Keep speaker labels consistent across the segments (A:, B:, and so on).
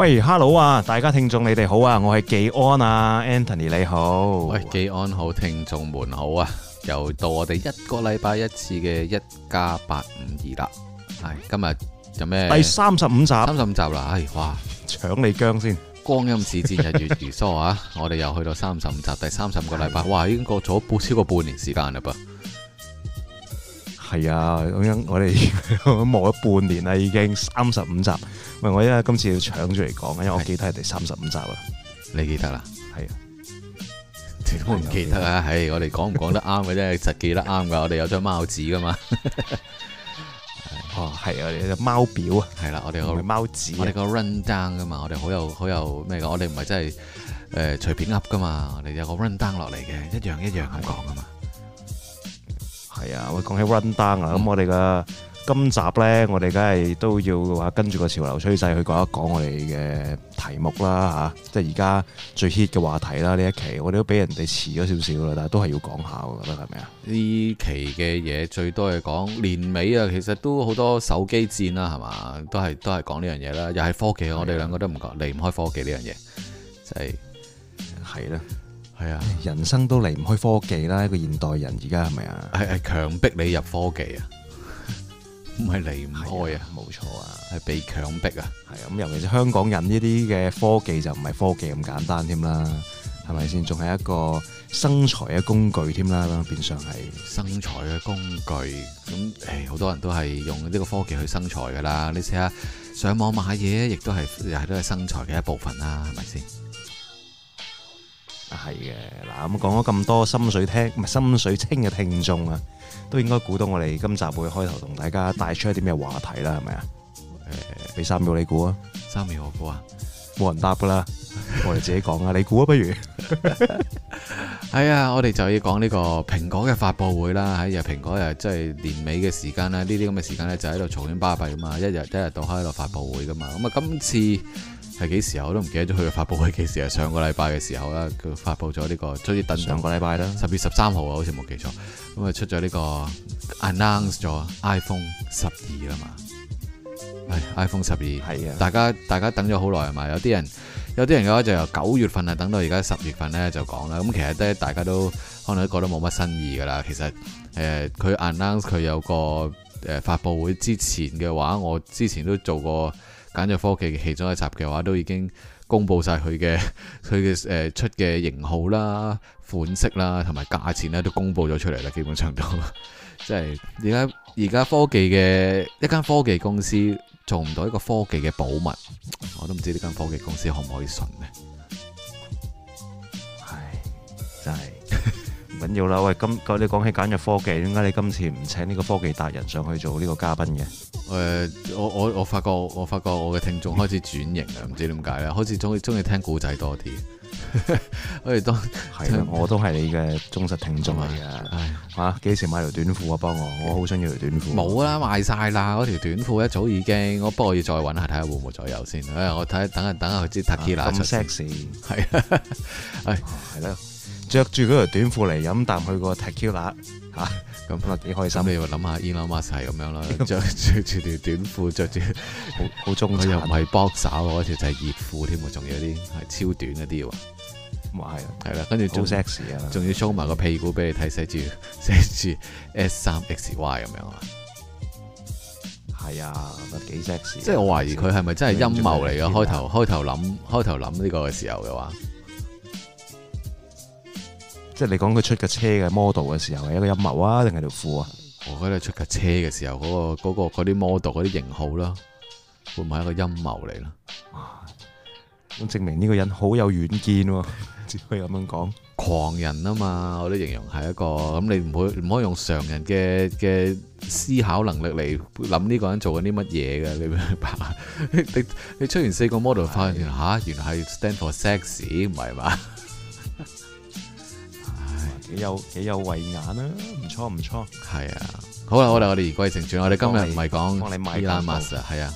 A: 喂，Hello 啊，大家聽眾你哋好啊，我係技安啊，Anthony 你好。喂，技安好，聽眾們好啊，又到我哋一個禮拜一次嘅一家八五二啦，係，今日有咩？第三十五集，三十五集啦，唉、哎，哇，搶你姜先，光陰似箭，日月如梭啊， 我哋又去到三十五集，第三十五個禮拜，吧哇，已經過咗半，超過半年時間啦噃。係
B: 啊，咁樣我哋磨咗半年啦，已經三十五集。問我而家今次要
A: 搶住嚟講，因為我記得係第三十五集啊。你記得啦？係啊的，點會唔記得啊？唉，我哋講唔講得啱嘅啫，實 記得啱噶。我哋有張貓紙噶嘛？哦，係啊，我哋有,有個貓表啊，係啦，我哋個貓紙，我哋個 rundown 噶嘛，我哋好有好有咩噶，我哋唔係真係誒隨便噏噶嘛，我哋有個 rundown 落嚟嘅，一樣一樣咁講噶嘛。係啊，我講起 Run Down 啊，
B: 咁我哋嘅今集呢，我哋梗係都要話跟住個潮流趨勢去講一講我哋嘅題目啦吓，啊，即係而家最 hit 嘅話題啦呢一期，我哋都俾人哋遲咗少少啦，但係都係要講下，我覺得係咪啊？
A: 呢期嘅嘢最多係講年尾啊，其實都好多手機戰啦，係嘛，都係都係講呢樣嘢啦，又係科技，是的我哋兩個都唔講，離唔開科技呢樣嘢，就係係啦。係啊，人生都離唔開科技啦，一個現代人而家係咪啊？係係強逼你入科技啊，唔係離唔開啊，冇錯啊，係被強逼啊。係啊，咁啊，尤其是
B: 香港人呢啲嘅科技就唔係科技咁簡單添啦，係咪先？仲係一個
A: 生財嘅工具添啦，變相係生財嘅工具。咁誒，好、哎、多人都係用呢個科技去生財噶啦。你試下上網買嘢，亦都係係都係生財嘅一部分啦，係咪先？係嘅，
B: 嗱，咁講咗咁多心水聽唔係心水清嘅聽眾啊，都應該估到我哋今集會開頭同大家帶出一啲咩話題啦，係咪啊？誒、呃，俾三秒你估啊，
A: 三秒我估啊，冇人答噶啦，我哋自己講啊， 你估啊，不如？係 啊，我哋就要講呢個蘋果嘅發布會啦，係啊，蘋果又真係年尾嘅時間啦，呢啲咁嘅時間咧就喺度嘈喧巴閉噶嘛，一日一日到黑喺度發布會噶嘛，咁啊今次。係幾時我都唔記得咗佢嘅發布會幾時啊？上個禮拜嘅時候啦，佢發布咗呢個，終於等兩個禮拜啦，十月十三號啊，好似冇記錯，咁啊出咗呢個 announce 咗 iPhone 十二啦嘛，iPhone 十二，係啊，大家大家等咗好耐係嘛？有啲人有啲人嘅話就由九月份啊等到而家十月份咧就講啦。咁其實都大家都可能都覺得冇乜新意噶啦。其實誒佢 announce 佢有個誒發布會之前嘅話，我之前都做過。簡約科技嘅其中一集嘅話，都已經公布曬佢嘅佢嘅誒出嘅型號啦、款式啦，同埋價錢咧都公布咗出嚟啦。基本上都即係而家而家科技嘅一間科技公司做唔到一個科技嘅保密，我都唔知呢間科技公司可唔可以信呢？
B: 唉真係唔緊要啦！喂，今個你講起簡約科技，點解你今次唔請呢個科技達人上去做呢個嘉賓嘅？
A: 誒、呃，我我我發覺，我發覺我嘅聽眾開始轉型啊，唔 知點解咧，好似中中意聽古仔多啲。好似當我也都係的 你嘅忠實聽眾啊！吓、啊、幾、啊、時買條短褲啊？幫我，的我好想要條短褲、啊。冇啦，賣晒啦，嗰條短褲一、啊、早已經。我不過要再搵下，睇下會唔會再有先。我睇等下等下佢知 Tequila、啊、出 sexy。係。係。係
B: 着住嗰條短褲嚟飲啖去個 Tequila。咁啊，幾、嗯、開心的！你話諗下，Elon
A: Musk 就係咁樣啦，着着住條短褲，着住好好中，又唔係 boxer 嗰條，就係熱褲添，仲有啲係超短嗰啲喎，咁啊係，係啦，跟住仲 sex 仲要 show 埋個屁股俾你睇，寫住寫住 S 三 XY 咁樣啊，係啊，幾 sex。即係我懷疑佢係咪真係陰謀嚟嘅？開頭開頭諗，開頭諗呢個嘅時候嘅話。即係你講佢出嘅車嘅 model 嘅時候係一個陰謀啊，定係條褲啊？我覺得出嘅車嘅時候嗰、嗰個、嗰個嗰啲 model 啲型號啦，會唔會係一個陰謀嚟咧？咁、啊、證明呢個人好有遠見、啊，只可以咁樣講。狂人啊嘛，我都形容係一個咁，你唔好唔可以用常人嘅嘅思考能力嚟諗呢個人做緊啲乜嘢嘅，你明白？你你出完四個 model 發現吓的、啊，原來係 stand for sexy 唔係嘛？幾有幾有慧眼啊！唔錯唔錯，係啊！好啦好啦，我哋言歸正傳，我哋今日唔係講，幫你買單 mask 啊，係啊，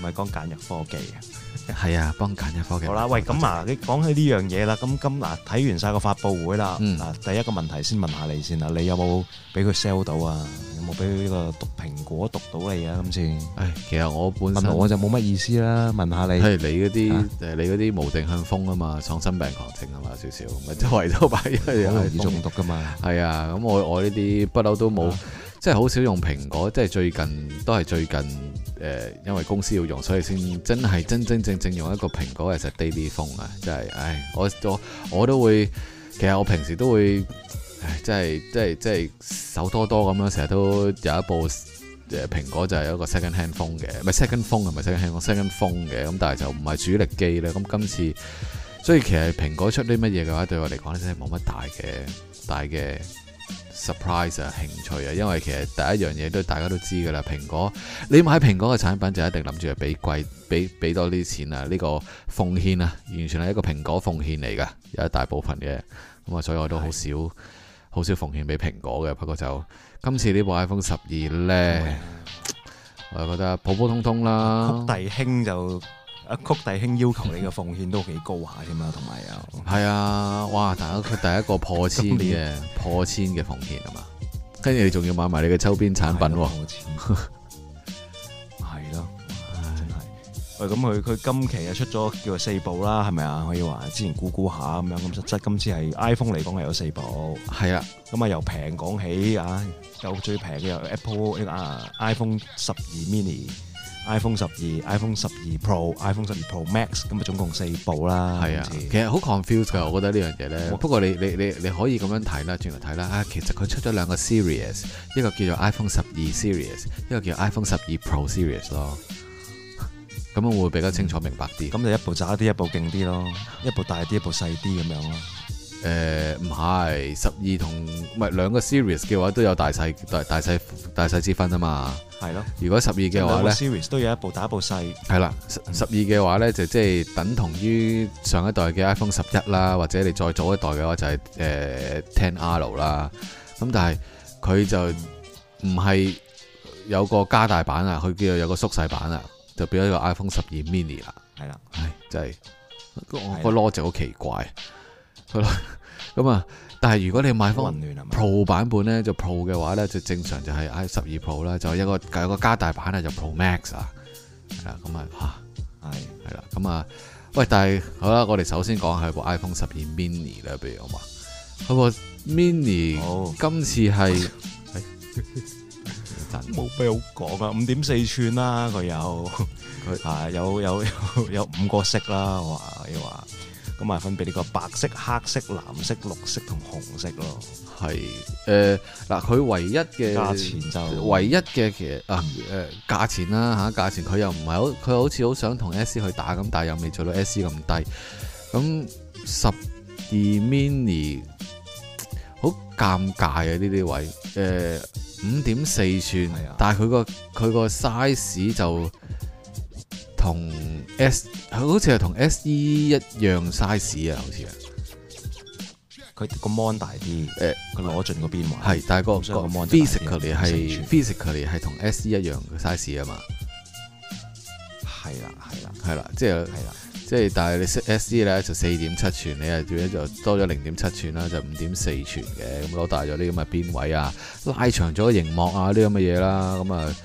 B: 唔係講簡約科技啊。
A: 係啊，幫緊一科嘅。好啦，喂，咁
B: 啊，你講起呢樣嘢啦，咁今嗱睇完晒個發佈會啦，嗱第一個問題先問下你先啦，你有冇俾佢 sell 到啊？有冇俾佢呢個
A: 毒蘋果毒到你啊？今次，誒，其實我本身我就冇乜意思啦，問下你，係你嗰啲誒，你嗰啲無定向風啊嘛，喪心病狂症啊嘛，少少，咪即係周圍都擺一，好容易中毒噶嘛。係啊，咁我我呢啲不嬲都冇。即係好少用蘋果，即係最近都係最近、呃、因為公司要用，所以先真係真真正，正正用一個蘋果係成 daily phone 啊！真係，唉，我我，我都會，其實我平時都會，即係即係即係手多多咁樣，成日都有一部誒蘋果就係有一個 second hand phone 嘅，唔係 second phone，唔係 second hand, second hand，我 second phone 嘅，咁但係就唔係主力機啦，咁今次，所以其實蘋果出啲乜嘢嘅話，對我嚟講真係冇乜大嘅大嘅。surprise 啊，興趣啊，因為其實第一樣嘢都大家都知噶啦，蘋果你買蘋果嘅產品就一定諗住係俾貴，俾俾多啲錢啊，呢個奉獻啊，完全係一個蘋果奉獻嚟噶，有一大部分嘅咁啊，所以我都好少，好是的 少奉獻俾蘋果嘅，不過就今次呢部 iPhone 十二呢，我就覺得普普通通啦，弟兄就。一曲弟兄要求你嘅奉獻都幾高下添嘛，同埋又，係有啊，哇！第一佢第一個破千嘅年破千嘅奉獻啊嘛，跟住你仲要買埋你嘅周邊產品喎，係咯，真係。喂， 咁佢佢今
B: 期啊出咗叫做四部啦，係咪啊？可以話之前估估下咁樣咁實質，今次係 iPhone 嚟講係有四部，係啊的。咁啊由平講起啊，又最平嘅 Apple 啊 iPhone 十二 Mini。iPhone 十二、iPhone 十二 Pro、iPhone 十二
A: Pro Max，咁啊總共四部啦。係啊，其實好 confuse 噶，我覺得呢樣嘢咧。不過你你你你可以咁樣睇啦，轉頭睇啦。啊，其實佢出咗兩個 series，一個叫做 iPhone 十二 series，一個叫 iPhone 十二 Pro series 咯。咁 我會比較清楚明白啲。咁、嗯、就一部差啲，一部勁啲咯，一部大啲，一部細啲咁樣咯。誒，唔係十二同唔係兩個 series 嘅話，都有大細大細大細之分啊嘛，係咯的。如果十二嘅話咧，
B: 都有一部大一部細。係
A: 啦，十二嘅話咧就即、是、係等同於上一代嘅 iPhone 十一啦，或者你再早一代嘅話就係誒 Ten R 啦。咁但係佢就唔係有個加大版啊，佢叫做有個縮細版啊，就變咗個 iPhone 十二 Mini 啦。係啦的，係真係我的個 logic 好奇怪。係咯，咁啊，但係如果你買 iPhone Pro 版本咧，是是就 Pro 嘅話咧，就正常就係 iPhone 十二 Pro 啦，就有一個有一個加大版是 Max，是啊，就 Pro Max 啊，係啊，咁啊吓，係係啦，咁啊，喂，但係好啦，我哋首先講下部 iPhone 十二 Mini 啦，譬如啊嘛，佢個 Mini，oh。今次係真冇咩好講啊，五點四寸啦佢有佢 啊有有有
B: 有五個色啦，我話要話。咁啊，分別呢個白色、黑色、藍色、綠色同紅色咯。
A: 係，誒、呃、嗱，佢唯一嘅價錢就唯一嘅其實啊誒、呃、價錢啦、啊、嚇價錢，佢又唔係好，佢好似好想同 S 去打咁，但係又未做到 S 咁低。咁十二 mini 好尷尬呀，呢啲位誒五點四吋，呃吋啊、但係佢個佢個 size 就。同 S，佢好似係同 S E 一樣 size 啊，好似啊，佢個 mon 大啲，誒、呃，佢攞盡個邊位係，但係、個個 mon physically 係 physically 係同 S E 一樣 size 啊嘛，係啦係啦係啦，即係係啦，即係但係你識 S E 咧就四點七寸，你係點樣就多咗零點七寸啦，就五點四寸嘅咁攞大咗呢咁嘅邊位啊，拉長咗個熒幕啊呢咁嘅嘢啦，咁啊，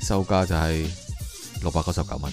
A: 售價就係六百九十九蚊。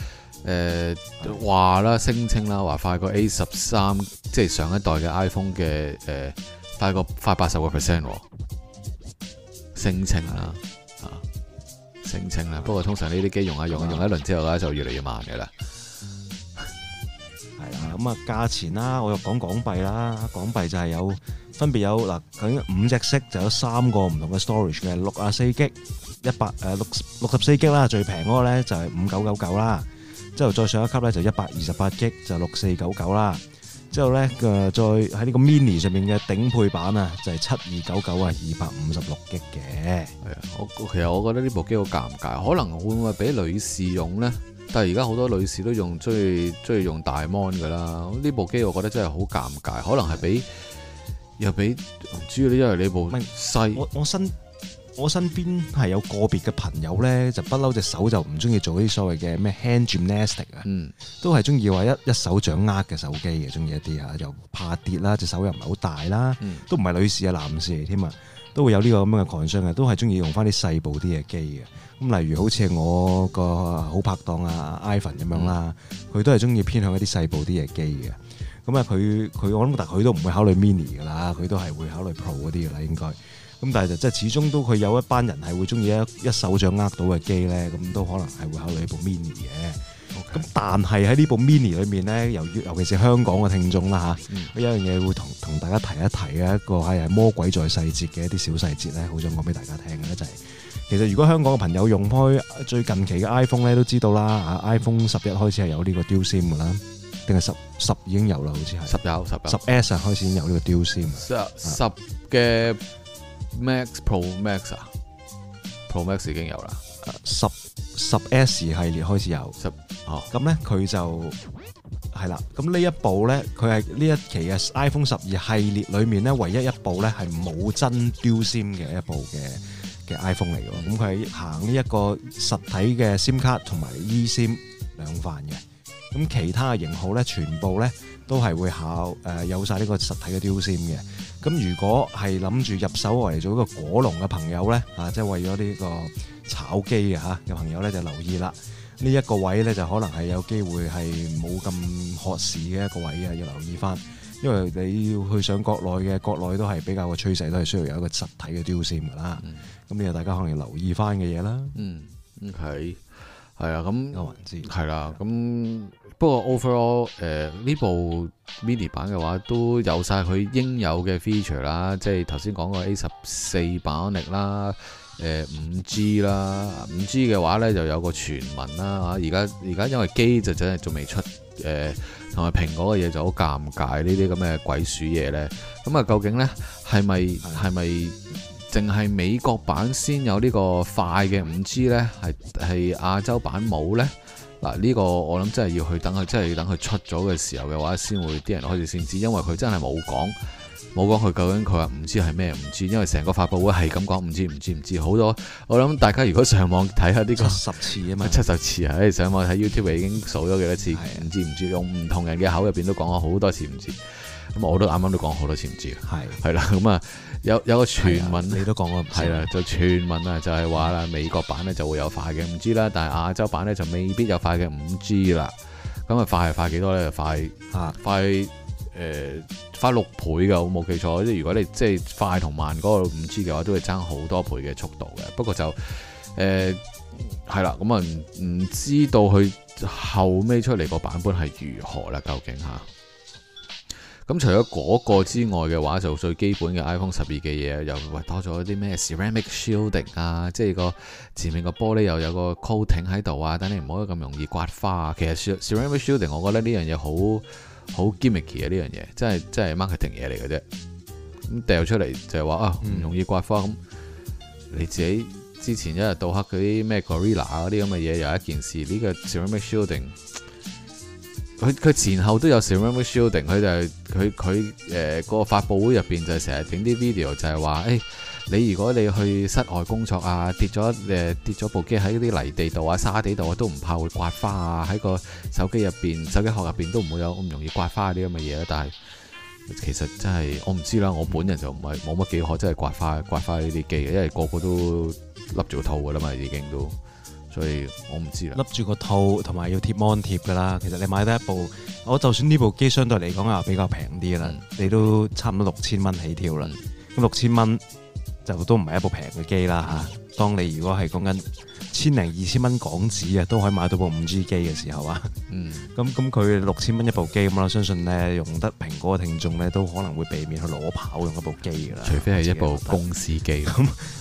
A: 誒，話、呃、啦，聲稱啦，話快過 A 十三，即係上一代嘅 iPhone 嘅誒、呃，快過快八十個 percent，聲稱啦，的啊，聲稱啦。的不過通常呢啲機用下用下的用一輪之後咧，就越嚟越慢嘅啦。係啦，咁啊，價錢啦，我又講港幣啦，港幣就
B: 係有分別有嗱，佢、啊、五隻色就有三個唔同嘅 storage 嘅六啊四 G 一百誒六六十四 G 啦，最平嗰個咧就係五九九九啦。之後再上一級咧就一百二十八 G 就六四九九啦。之後咧誒再喺呢個 mini 上面嘅頂配版啊就係七二九九啊，二百五十六 G 嘅。係啊，我
A: 其實我覺得呢部機好尷尬，可能會唔會俾女士用咧？但係而家好多女士都用，中意中意用大 mon 噶啦。呢部機我覺得真係好尷尬，可能係俾又俾唔知咧，因為呢部細，我我身。我身邊
B: 係有個別嘅朋友咧，就不嬲隻手就唔中意做啲所謂嘅咩 hand gymnastic 啊、嗯，都係中意話一一手掌握嘅手機嘅，中意一啲嚇又怕跌啦，隻手又唔係好大啦，嗯、都唔係女士啊男士嚟添啊，都會有呢個咁樣嘅 concern 嘅，都係中意用翻啲細部啲嘅機嘅。咁例如好似我個好拍檔啊 Ivan 咁樣啦，佢、嗯、都係中意偏向一啲細部啲嘅機嘅。咁啊，佢佢我諗佢都唔會考慮 mini 噶啦，佢都係會考慮 pro 嗰啲噶啦，應該。咁但係就即係始終都佢有一班人係會中意一一手掌握到嘅機咧，咁都可能係會考慮部 mini 嘅。咁但係喺呢部 mini 裏面咧，由於尤其是香港嘅聽眾啦嚇，一樣嘢會同同大家提一提嘅一個係魔鬼在細節嘅一啲小細節咧，好想講俾大家聽嘅咧就係，其實如果香港嘅朋友用開最近期嘅 iPhone 咧都知道啦，iPhone 十一開始係有呢個 Dual SIM 嘅啦，定係十十已經有啦，好似係十有十有十 S 開始有呢個 Dual
A: SIM，十十嘅。Max Pro Max 啊，Pro Max 已經有啦，十十 S 系列開始有，十哦，咁咧佢
B: 就係啦，咁呢一部咧，佢係呢一期嘅 iPhone 十二系列裏面咧，唯一一部咧係冇真 Dual SIM 嘅一部嘅嘅 iPhone 嚟嘅，咁佢係行呢一個實體嘅 SIM 卡同埋 eSIM 兩範嘅，咁其他嘅型號咧全部咧都係會考誒、呃、有晒呢個實體嘅 Dual SIM 嘅。咁如果係諗住入手為咗個果農嘅朋友咧、啊，即係為咗呢個炒機嘅吓嘅朋友咧，就留意啦。呢、這個、一個位咧就可能係有機會係冇咁合適嘅一個位啊，要留意翻。因為你要去上國內嘅，國內都係比較嘅趨勢，都係需要有一個實體嘅標先噶啦。咁又、嗯、大家可能要留
A: 意翻嘅嘢啦。嗯，係係啊，咁個環節係啦，咁。不過 overall 誒，呃、呢部 mini 版嘅話都有晒佢應有嘅 feature 啦，即係頭先講過 A 十四版力啦，誒，呃、五 G 啦，五 G 嘅話呢就有個傳聞啦，而家而家因為機就真係仲未出誒，同埋蘋果嘅嘢就好尷尬呢啲咁嘅鬼鼠嘢呢，咁啊究竟呢係咪係咪淨係美國版先有呢個快嘅五 G 呢？係亞洲版冇呢？嗱呢個我諗真係要去等佢，真係要等佢出咗嘅時候嘅話，先會啲人開始先知，因為佢真係冇講，冇講佢究竟佢話唔知係咩，唔知，因為成個發佈會係咁講，唔知唔知唔知，好多我諗大家如果上網睇下呢個十次啊嘛，七十次啊，誒上網睇 YouTube 已經數咗幾多次，唔知唔知，用唔同人嘅口入面都講咗好多次唔知。咁我都啱啱都講好多次，唔知係啦。咁啊的， 有有個傳聞，你都講過，係啦，就傳聞啊，就係話啦，美國版咧就會有快嘅五 G 啦。但係亞洲版咧就未必有快嘅五 G 啦。咁啊，快係快幾多咧？快、呃、啊，快快六倍嘅，我冇記錯。即係如果你即係快同慢嗰個五 G 嘅話，都會爭好多倍嘅速度嘅。不過就係啦，咁、呃、啊，唔、嗯、知道佢後尾出嚟個版本係如何啦，究竟嚇？咁除咗嗰個之外嘅話，就最基本嘅 iPhone 十二嘅嘢，又喂多咗啲咩 ceramic shielding 啊，即係個前面個玻璃又有個 coating 喺度啊，等你唔好咁容易刮花。其實 ceramic shielding 我覺得呢樣嘢好好 gimmicky 啊，呢樣嘢真係真係 marketing 嘢嚟嘅啫。咁掉出嚟就係話、嗯、啊，唔容易刮花。咁你自己之前一日到黑嗰啲咩 gorilla 啲咁嘅嘢有一件事。呢、呢個 ceramic shielding。佢佢前後都有 Ceramic Shield，佢就佢佢誒個發佈會入邊就係成日整啲 video，就係話誒你如果你去室外工作啊，跌咗誒跌咗部機喺啲泥地度啊、沙地度啊，都唔怕會刮花啊。喺個手機入邊、手機殼入邊都唔會有咁容易刮花嗰啲咁嘅嘢啦。但係其實真係我唔知啦，我本人就唔係冇乜幾可真係刮花、刮花呢啲機嘅，因為個個都笠住套噶啦嘛，已經都。所以我唔知啦，笠住個套同埋要貼膜貼噶啦。
B: 其實你買得一部，我就算呢部機相對嚟講啊比較平啲啦，你都差唔多六千蚊起跳啦。咁六千蚊就都唔係一部平嘅機啦嚇。當你如果係講緊千零二千蚊港紙啊，都可以買到部五 G 機嘅時候啊，嗯，咁咁佢六千蚊一部機咁啊，我相信咧用得蘋果嘅聽眾咧都可能會避免去攞跑用一部機噶啦，除非係一部公司機。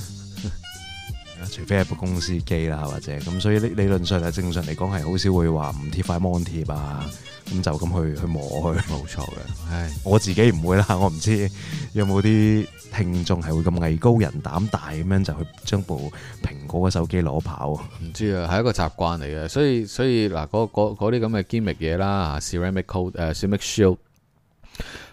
B: 除非係部公司機啦，或者咁，所以理理論上係正常嚟講係好少會話唔貼塊 mon 貼啊，咁就咁去去磨佢冇錯嘅。唉我自己唔會啦，我唔知有冇啲聽眾係會咁藝高人膽大咁樣就去將部蘋果嘅手機攞跑。
A: 唔知啊，係一個習慣嚟嘅，所以所以嗱嗰啲咁嘅堅密嘢啦，ceramic code、uh, ceramic shield。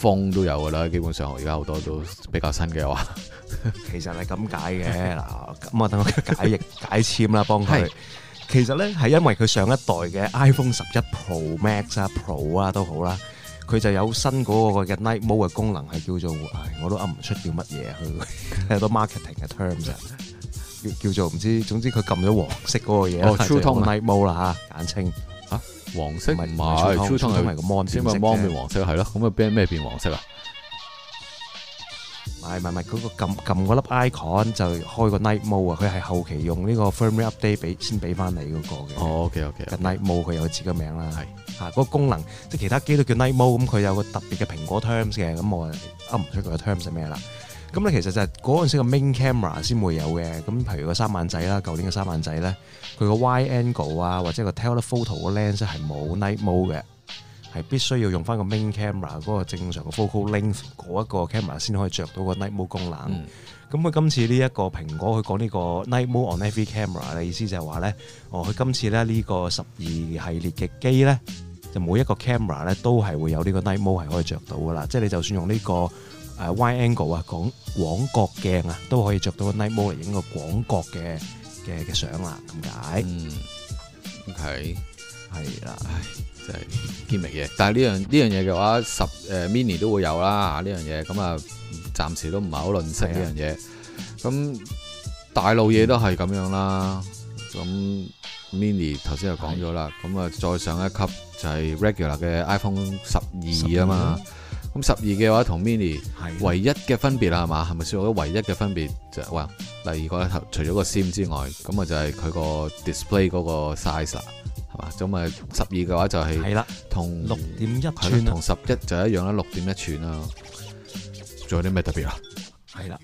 A: 風都有噶啦，基本上而家好多都比較新嘅話，其實係咁解嘅。嗱，
B: 咁我等我解譯
A: 解簽啦，幫佢。係，
B: 其實咧係因為佢上一代嘅 iPhone 十一 Pro Max 啊、Pro 啊都好啦，佢就有新嗰個嘅 Night Mode 嘅功能係叫做，唉，我都噏唔出叫乜嘢佢，好多 marketing 嘅 terms，叫叫做唔知，總之佢撳咗黃色嗰個嘢，哦，True Tone Night
A: Mode 啦，吓，簡稱。黃色唔係，充充埋個 mon 先，咪 mon 變黃色係咯，咁啊變咩變黃色啊？唔係唔係嗰
B: 個撳撳個粒 icon 就開個 night mode 啊，佢係後期用呢個 firmware update 俾先俾翻你嗰個嘅。OK OK，個 night mode 佢有自己個名啦，係嚇嗰個功能，即係其他機都叫 night mode，咁佢有個特別嘅蘋果 terms 嘅，咁我噏唔出佢嘅 terms 係咩啦？咁咧，其實就係嗰陣時個 main camera 先會有嘅。咁，譬如個三眼仔啦，舊年嘅三眼仔咧，佢個 wide angle 啊，或者個 telephoto 個 lens 係冇 night mode 嘅，係必須要用翻個 main camera 嗰個正常嘅 focal length 嗰一個 camera 先可以著到個 night mode 功能。咁佢今次呢一個蘋果佢講呢個 night mode on every camera 嘅意思就係話咧，哦，佢今次咧呢個十二系列嘅機咧，就每一個 camera 咧都係會有呢個 night mode 係可以著到噶啦。即係你就算用呢個。誒 Y、uh, angle 啊，講廣角鏡啊，都可以着到個 night mode 影個廣角嘅嘅嘅相啦，咁解？
A: 嗯，係係啦，唉，真係堅明嘢。明，但係呢樣呢樣嘢嘅話，十誒、uh, mini 都會有啦嚇，呢樣嘢咁啊，暫時都唔係好論識呢樣嘢。咁的大路嘢都係咁樣啦。咁、嗯、mini 頭先就講咗啦，咁啊的再上一級就係 regular 嘅 iPhone 十二啊 15? 嘛。咁十二嘅話同 mini 唯一嘅分別啦，係嘛？係咪先？唯一嘅分別就係話第二個除咗個尖之外，咁啊就係佢個 display 嗰個 size 啦，係嘛？咁啊十二嘅話就係係啦，同六點一寸，同十一就一樣啦，六點一寸啦。仲有啲咩特別啊？係啦，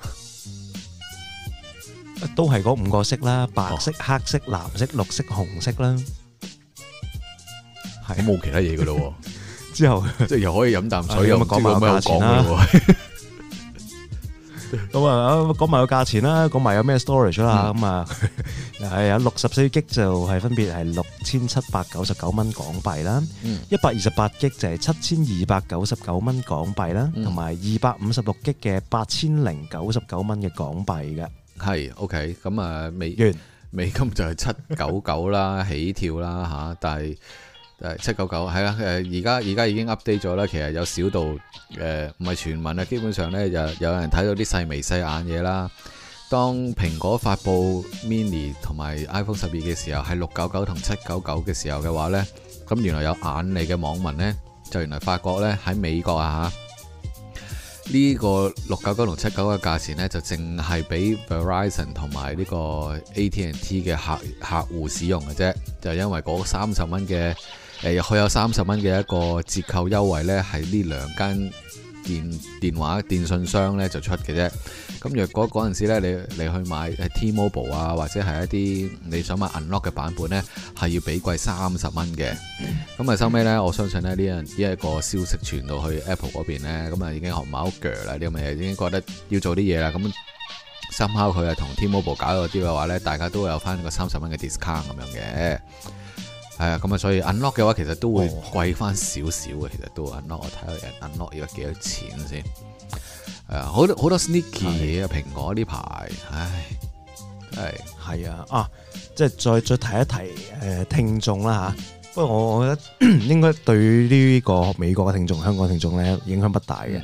A: 都係嗰五個色啦，白色、黑色、藍色、
B: 綠色、紅色啦。係冇其他嘢噶咯。之後即係又可以飲啖水咁，唔知道有咩講啦。咁啊，講埋個價錢啦，講埋有咩 storage 啦。咁啊，係有六十四 G 就係分別係六千七百九十九蚊港幣啦，一百二十八 G 就係七千二百九十九蚊港幣啦，同埋二百五十六 G 嘅八千零九
A: 十九蚊嘅港幣嘅。係，OK。咁啊，美元美金就係七九九啦，起跳啦吓，但係。七九九係啦，誒而家而家已經 update 咗啦。其實有少度誒唔係傳聞啦，基本上咧又有人睇到啲細微細眼嘢啦。當蘋果發布 Mini 同埋 iPhone 十二嘅時候，係六九九同七九九嘅時候嘅話咧，咁原來有眼利嘅網民咧，就原來發覺咧喺美國啊嚇，呢個六九九同七九嘅價錢咧就淨係俾 Verizon 同埋呢個 AT&T 嘅客客戶使用嘅啫，就因為嗰三十蚊嘅。誒，佢有三十蚊嘅一個折扣優惠咧，喺呢兩間電電話電信商咧就出嘅啫。咁若果嗰陣時咧，你你去買係 T-Mobile 啊，或者係一啲你想買 unlock 嘅版本咧，係要比貴三十蚊嘅。咁啊，收尾咧，我相信咧呢一呢一個消息傳到去 Apple 嗰邊咧，咁啊已經學貓腳啦，你咪已經覺得要做啲嘢啦。咁參考佢係同 T-Mobile 搞嗰啲嘅話咧，大家都會有翻個三十蚊嘅 discount 咁樣嘅。係啊，咁啊，所以 unlock 嘅話，其實都會貴翻少少嘅。哦、其實都 unlock，我睇下 unlock 要幾多錢先、啊。好多好多 sneaky 嘢啊，蘋、啊、果呢排，唉，係係啊，啊，即係再再提
B: 一提誒、呃、聽眾啦吓。不過我，我覺得應該對呢個美國嘅聽眾、香港嘅聽眾咧影響不大嘅。誒、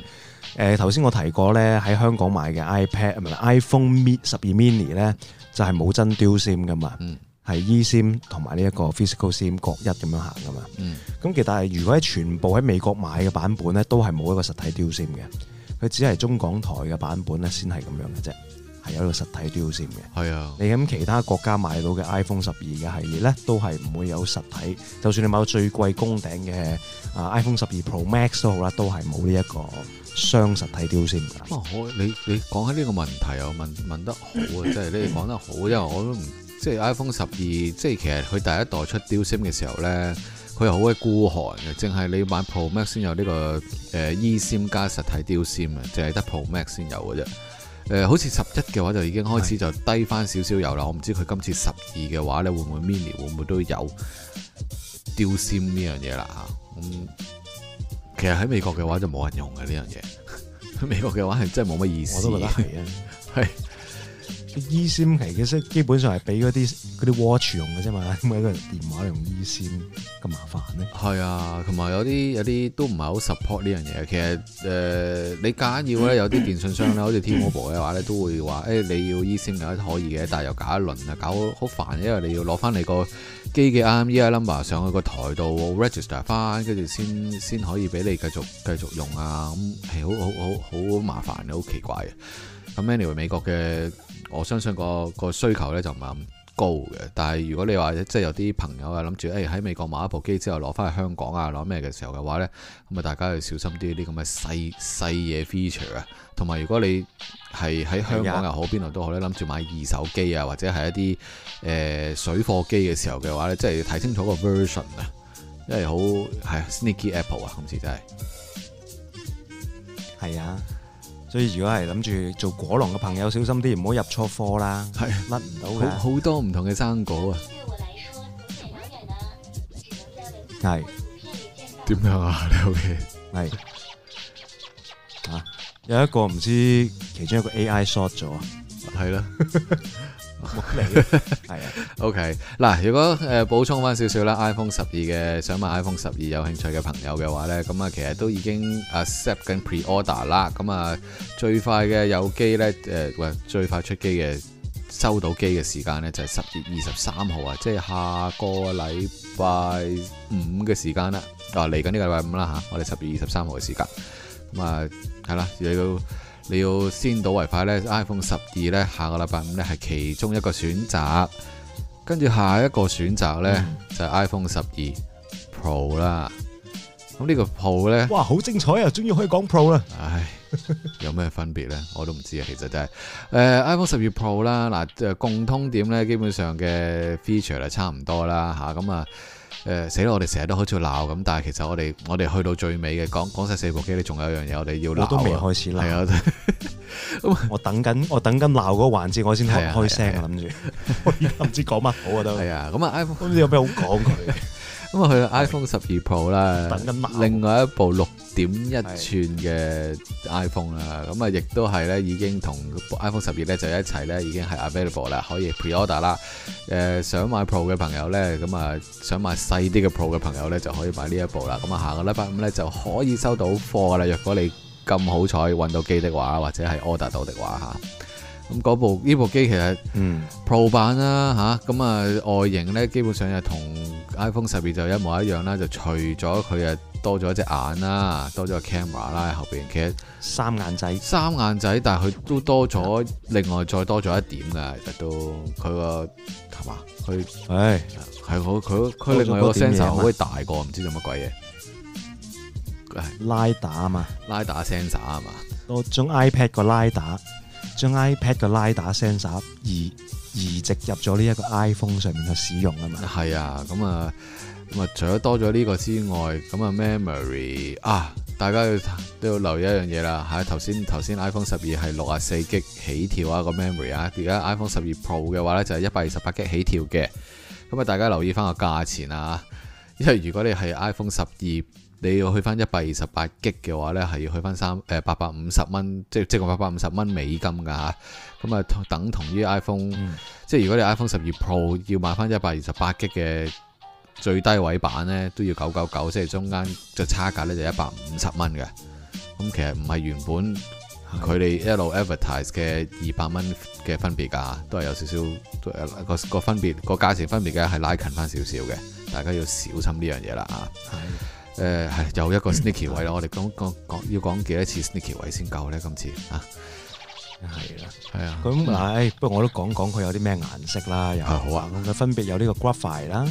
B: 嗯呃，頭先我提過咧喺香港買嘅 iPad 唔係 iPhone 12 mini 十二 mini 咧就係、是、冇真丟線噶嘛。嗯係 eSIM 同埋呢一個 physical SIM 各一咁樣行噶嘛？咁其實係如果喺全部喺美國買嘅版本咧，都係冇一個實體雕 SIM 嘅。佢只係中港台嘅版本咧先係咁樣嘅啫，係有一個實體雕 SIM 嘅。係啊，你咁其他國家買到嘅 iPhone 十二嘅系列咧，都係唔會有實體。就算你買到最貴公頂嘅啊 iPhone 十二
A: Pro Max 都好啦，都係冇呢一個雙實體雕 SIM。啊，你你講起呢個問題又問問得好啊，即係 你講得好，因為我都唔～即係 iPhone 十二，即係其實佢第一代出雕 sim 嘅時候咧，佢又好鬼孤寒嘅，淨係你買 Pro Max 先有呢、這個誒、呃、e sim 加實體雕 sim 嘅，淨係得 Pro Max 先有嘅啫。誒、呃，好似十一嘅話就已經開始就低翻少少有啦。是的 我唔知佢今次十二嘅話咧會唔會 mini 會唔會都有雕 sim 呢樣嘢啦嚇。咁、嗯、其實喺美國嘅話就冇人用嘅呢樣嘢，喺美國嘅話係真係冇乜意思。我都覺得係啊，
B: 係。 ESIM 其其實基本上係俾嗰啲啲 watch 用嘅啫嘛，點解個電話用 Esim 咁麻煩
A: 呢？係啊，同埋有啲有啲都唔係好 support 呢樣嘢。其實誒、呃，你揀要咧，有啲電信商咧，好似 T-Mobile 嘅話咧，都會話誒、哎、你要 Esim 有得可以嘅，但又搞一輪啊，搞好好煩，因為你要攞翻你個機嘅 IMEI number 上去個台度 register 翻，跟住先先可以俾你繼續繼續用啊。咁係好好好好麻煩，好奇怪嘅。咁 anyway 美國嘅。我相信個個需求咧就唔係咁高嘅，但係如果你話即係有啲朋友啊，諗住誒喺美國買一部機之後攞翻去香港啊，攞咩嘅時候嘅話呢，咁啊大家要小心啲呢啲咁嘅細細嘢 feature 啊，同埋如果你係喺香港又好，邊度、啊、都好咧，諗住買二手機啊或者係一啲誒、呃、水貨機嘅時候嘅話呢，即係要睇清楚個 version 好，係啊，因為好係 sneaky Apple 啊，今次真係，係啊。所以如果係諗住做果農
B: 嘅朋友，小心啲，唔好入錯科啦。係，甩唔到嘅。好好多唔同嘅生果啊。係。點樣啊？你好嘅。係。啊，有一個唔知其中一個 AI
A: shot 咗啊。係啦。係啊 ，OK 嗱，如果誒、呃、補充翻少少啦 iPhone 十二嘅想買 iPhone 十二有興趣嘅朋友嘅話呢，咁啊其實都已經 accept 緊 pre order 啦，咁啊最快嘅有機呢，誒，喂，最快出機嘅收到機嘅時間呢，就係、是、十月二十三號啊，即係下個禮拜五嘅時間啦，啊嚟緊呢個禮拜五啦吓，我哋十月二十三號嘅時間，咁啊係啦，都、嗯。嗯嗯嗯嗯嗯你要先睹為快咧，iPhone 十二咧下個禮拜五咧係其中一個選擇，跟住下一個選擇咧就係、是、iPhone 十二 Pro 啦。咁呢個 Pro 咧，哇好
B: 精彩啊！終於可以講 Pro 啦。 唉，
A: 有咩分別咧？我都唔知啊。其實就係誒 iPhone 十二 Pro 啦。嗱、啊，誒共通點咧，基本上嘅 feature 係差唔多啦。吓，咁啊！嗯誒，死啦！我哋成日都好中意鬧咁，但係其實我哋我哋去到最尾嘅，講講晒四部機，你仲有一樣嘢我哋要鬧啊！我都未開始鬧，係啊！我等
B: 緊我等緊鬧嗰個環節，我先開聲啊！諗住我而家唔知講乜好啊！都係啊！咁啊
A: ，iPhone，咁有咩好講佢？咁啊，佢 iPhone 十二 Pro 啦，另外一部六點一寸嘅是 iPhone 啦，咁啊，亦都係咧已經同 iPhone 十二咧就一齊咧，已經係 available 啦，可以 preorder 啦。誒、呃，想買 Pro 嘅朋友咧，咁啊，想買細啲嘅 Pro 嘅朋友咧，就可以買呢一部啦。咁啊，下個禮拜五咧就可以收到貨噶啦。若果你咁好彩揾到機的話，或者係 order 到的話吓。咁嗰部呢部機其實是 Pro 版啦嚇，咁、嗯、啊、嗯、外形咧基本上就同 iPhone 十二就一模一樣啦，就除咗佢啊多咗一隻眼啦，多咗個 camera 啦，後邊其實三眼仔，三眼仔，但係佢都多咗另外再多咗一點嘅，都佢高了 個係嘛佢，唉係好佢佢另外個 sensor 好鬼大個，唔知做乜鬼嘢，拉打嘛，拉打 sensor 係嘛，
B: 多咗 iPad 個拉打。將
A: iPad 嘅拉打 sensor 移移植入咗呢一個 iPhone 上面去使用啊嘛，係啊，咁啊咁啊，除咗多咗呢個之外，咁、嗯、啊 memory 啊，大家要都要留意一樣嘢啦，係頭先頭先 iPhone 十二係六啊四 G 起跳啊、那個 memory 啊，而家 iPhone 十二 Pro 嘅話咧就係一百二十八 G 起跳嘅，咁、嗯、啊大家留意翻個價錢啊，因為如果你係 iPhone 十二。你要去翻一百二十八 G 嘅話呢，係要去翻三誒八百五十蚊，即即係八百五十蚊美金㗎吓。咁啊，等同於 iPhone，、嗯、即係如果你 iPhone 十二 Pro 要買翻一百二十八 G 嘅最低位版呢，都要九九九，即係中間嘅差價呢，就一百五十蚊嘅。咁其實唔係原本佢哋一路 advertise 嘅二百蚊嘅分別㗎，都係有少少個個分別，個價錢分別嘅係拉近翻少少嘅，大家要小心呢樣嘢啦。誒係又一個 Sneaky 位咯，嗯、我哋講講講要講幾多次 Sneaky 位先夠咧？今次啊，係啦，係的啊，咁唉，不過我都講講佢有啲咩顏色啦，又係、啊、好啊，咁佢分別有呢個 Graphite
B: 啦，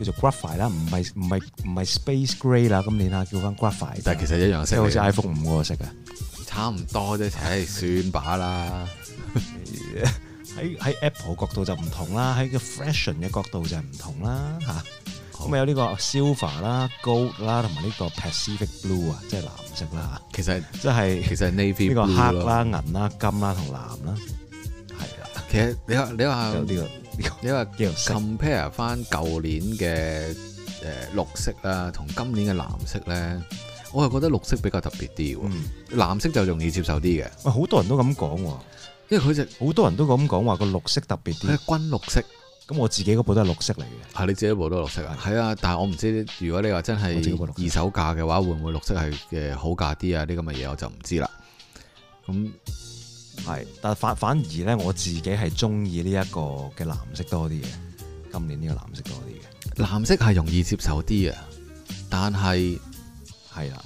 B: 叫做 Graphite 啦，唔係唔係唔係 Space Grey 啦，今年啊叫翻 Graphite，但係其實一樣色，好似 iPhone 五嗰個色啊，嗯、
A: 差唔多啫，唉算把啦，
B: 喺喺 Apple 角度就唔同啦，喺個 fashion 嘅角度就唔同啦，嚇、啊。咁好有呢個 silver 啦、gold 啦，同埋呢個 Pacific Blue
A: 啊，即係藍色啦，其實即係其實 navy 呢個黑啦、銀啦、金啦同藍啦，係啊。其實你話、這個、你話有呢個你話說 compare 翻舊年嘅誒綠色啦，同今年嘅藍色咧，我係覺得綠色比較特別啲喎。嗯、藍色就容易接受啲嘅。哇！好多人都咁講喎，
B: 因為佢就好多人都咁講話個綠色特別啲，軍綠色。咁我自己嗰部都係綠色嚟
A: 嘅。係、啊、你自己部都係綠色啊？係啊的，但係我唔知，如果你話真係二手價嘅話，會唔會綠色係嘅好價啲啊？呢咁嘅嘢我就唔知啦。咁係，但
B: 反反而咧，我自己係中意呢一個嘅藍色多啲嘅。今年呢個藍色
A: 多啲嘅，藍色係容易接受啲啊。但係係啦，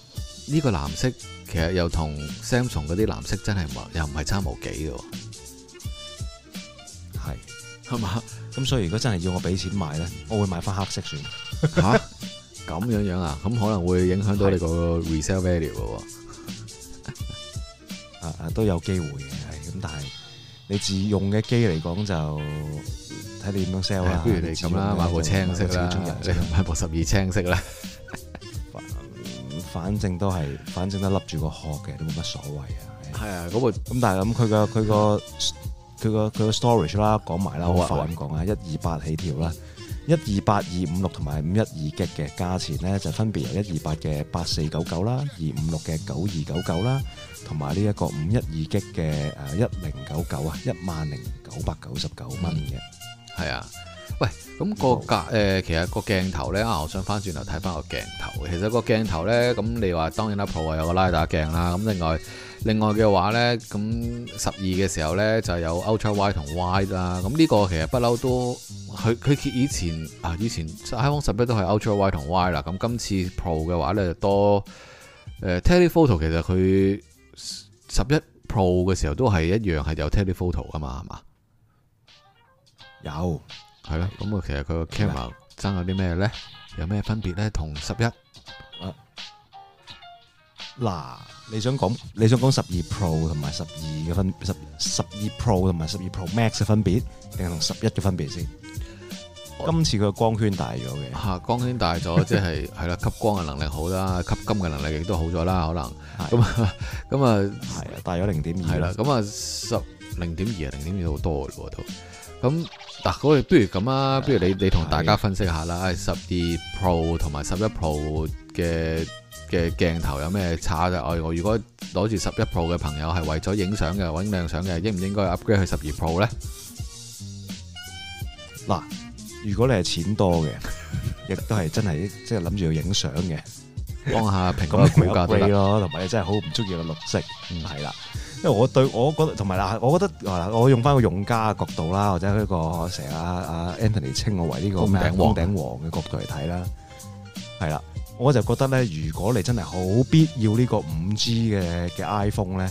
A: 呢的個藍色其實又同 Samsung 嗰啲藍色真係又唔係差無幾嘅。係係嘛？咁所以如果真係要我俾錢買咧，我會買翻黑色算。吓咁樣樣啊？咁可能會影響到你個 resale value 嘅的。 啊都有機會嘅，咁但係
B: 你自用嘅機嚟講就睇你點樣 sell 啦。不如你咁啦，買一部青色啦，買一始終人你買一部十二青色啦。 反正都係，反正都笠住個殼嘅，都冇乜所謂啊。係啊，嗰部咁但係咁佢個佢個。佢個佢個 storage 啦，講埋啦，好快咁講啊！一二八起跳啦，一二八二五六同埋五一二 G 嘅價錢咧，就分別由一二八嘅八四九九啦，二五六嘅九二九九啦，同埋呢一個五一二 G 嘅誒一零九九啊，一萬零九百九十九蚊嘅，
A: 係啊！喂，咁、那個格誒、呃，其實個鏡頭咧啊，我想翻轉頭睇翻個鏡頭。其實個鏡頭咧，咁你話當然啦，p p 有個拉打鏡啦，咁另外。另外嘅話呢，咁十二嘅時候呢，就有 Ultra Wide 同 Wide 啦。咁呢個其實不嬲都佢佢以前啊，以前 iPhone 十一都係 Ultra Wide 同 Wide 啦。咁今次 Pro 嘅話呢，就多誒 Telephoto。呃、Tele 其實佢十一 Pro 嘅時候都係一樣係有 Telephoto 噶嘛，係嘛有？有係啦。咁啊，其實佢個 camera 爭咗啲咩呢？的有咩分別呢？同十一嗱。啊。你想講，你想講十二 Pro 同埋十二嘅分十十二
B: Pro 同埋十二 Pro Max 嘅分別，定係同十一嘅分別先？
A: 今次佢嘅光圈大咗嘅，吓，光圈大咗， 即係係啦，吸光嘅能力好啦，吸金嘅能力亦都好咗啦，可能咁咁的啊，係啊，大咗零點二啦，咁啊十零點二啊，零點二好多嘅都咁嗱，嗰，不如咁啊，的不如你你同大家分析一下啦，十二的 Pro 同埋十一 Pro 嘅。嘅鏡頭有咩差就愛我。如果攞住十一 Pro 嘅朋友係為咗影相嘅，揾靚相嘅，應唔應該 upgrade 去十二 Pro 咧？嗱，如果你係錢
B: 多嘅，亦都係真係即係諗住要影相嘅，幫下蘋果嘅股價啲咯。同埋 你真係好唔中意個綠色，嗯係啦。因為我對我覺得同埋嗱，我覺得,我,覺得我用翻個用家嘅角度啦，或者一、呢個成日阿 Anthony 稱我為呢、呢個頂王頂王嘅角度嚟睇啦，係啦。我就覺得咧，如果你真係好必要這個的呢個五 G 嘅嘅 iPhone 咧，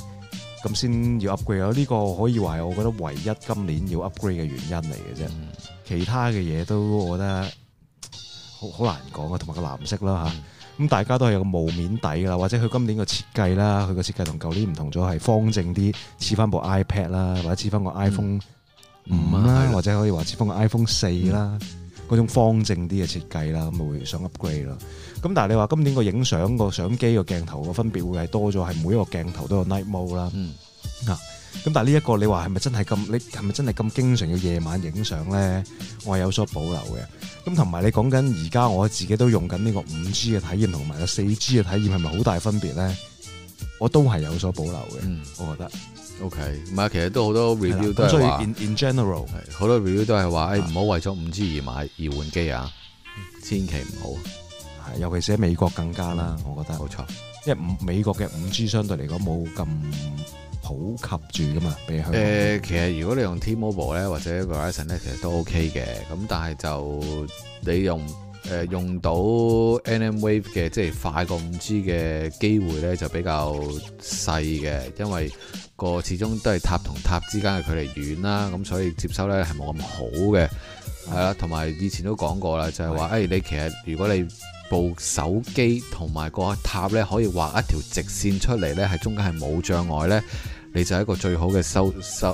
B: 咁先要 upgrade，有呢個可以話係我覺得唯一今年要 upgrade 嘅原因嚟嘅啫。嗯、其他嘅嘢都我覺得好好難講啊，同埋個藍色啦吓，咁、嗯啊、大家都係有個霧面底噶啦，或者佢今年個設計啦，佢個設計同舊年唔同咗，係方正啲，似翻部 iPad 啦，或者似翻個 iPhone 五啦、嗯，嗯、或者可以話似翻個 iPhone 四啦、嗯。嗰種方正啲嘅設計啦，咁咪會想 upgrade 咯。咁但係你話今年個影相個相機個鏡頭個分別會係多咗，係每一個鏡頭都有 night mode 啦。嗯。咁但係呢一個你話係咪真係咁？你係咪真係咁經常要夜晚影相咧？我係有所保留嘅。咁同埋你講緊而家我自己都用緊呢個五 G 嘅體驗同埋個四 G 嘅體驗係咪好大分別咧？我都係有所保留嘅。嗯，我覺得。O K，唔係，
A: 其實都好多 review 都係話，所以 in in general 係好多 review 都係話，誒唔好為咗五 G 而買而換機啊，千祈唔好，係尤其是喺美國更加啦，我覺得冇錯，因
B: 為五美國嘅五 G 相對嚟講冇咁普及住㗎嘛，俾佢誒其
A: 實如果你用 T-Mobile 咧或者 Verizon 咧，其實都 O K 嘅，咁但係就你用。誒用到 NM Wave 嘅，即係快過 5G 嘅機會呢，就比較細嘅，因為個始終都係塔同塔之間嘅距離遠啦，咁所以接收呢係冇咁好嘅，係啦，同埋以前都講過啦，就係話誒，你其實如果你部手機同埋個塔呢可以畫一條直線出嚟呢，係中間係冇障礙呢，你就係一個最好嘅收收誒誒、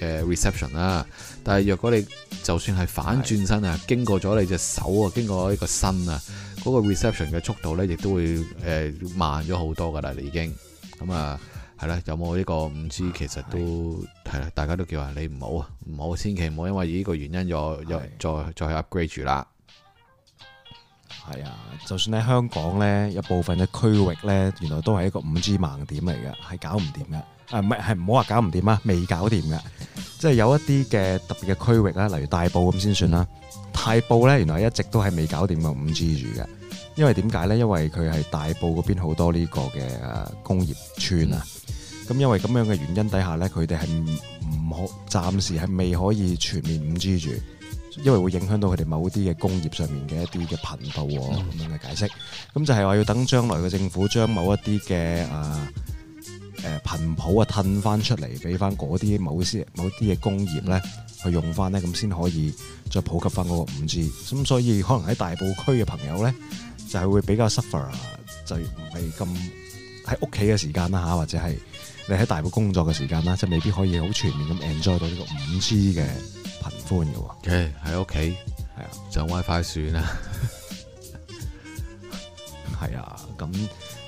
A: 呃、reception 啦。但係若果你就算係反轉身啊是的，經過咗你隻手啊，經過呢個身啊，嗰、那個 reception 嘅速度咧，亦都會誒、呃、慢咗好多噶啦，你已經咁啊，係啦，有冇呢個五 G 其實都係啦是的，大家都叫話，你唔好啊，唔好千祈唔好因為呢個原因又是的 再再再 upgrade 住啦。係啊，就算喺香港咧，一部分嘅區域
B: 咧，原來都係一個五 G 盲點嚟嘅，係搞唔掂嘅。誒唔好話搞唔掂啊，未搞掂嘅，即係有一啲嘅特別嘅區域啦，例如大埔咁先算啦。大、嗯、埔呢，原來一直都係未搞掂冇五 G 住嘅，因為點解呢？因為佢係大埔嗰邊好多呢個嘅工業村啊，咁、嗯、因為咁樣嘅原因底下呢，佢哋係唔唔可暫時係未可以全面五 G 住，因為會影響到佢哋某啲嘅工業上面嘅一啲嘅頻道喎，咁樣嘅解釋。咁、嗯、就係話要等將來嘅政府將某一啲嘅誒。啊誒頻譜啊，褪翻出嚟，俾翻嗰啲某些某啲嘅工業咧，去用翻咧，咁先可以再普及翻嗰個五 G。咁所以可能喺大埔區嘅朋友咧，就係會比較 suffer，就唔係咁喺屋企嘅時間啦嚇，或者係你喺大埔工作嘅時間啦，即係未必可以好全面
A: 咁 enjoy 到呢個五 G 嘅頻寬嘅喎。OK，喺屋企係啊，就 WiFi 算啦。係 啊，咁。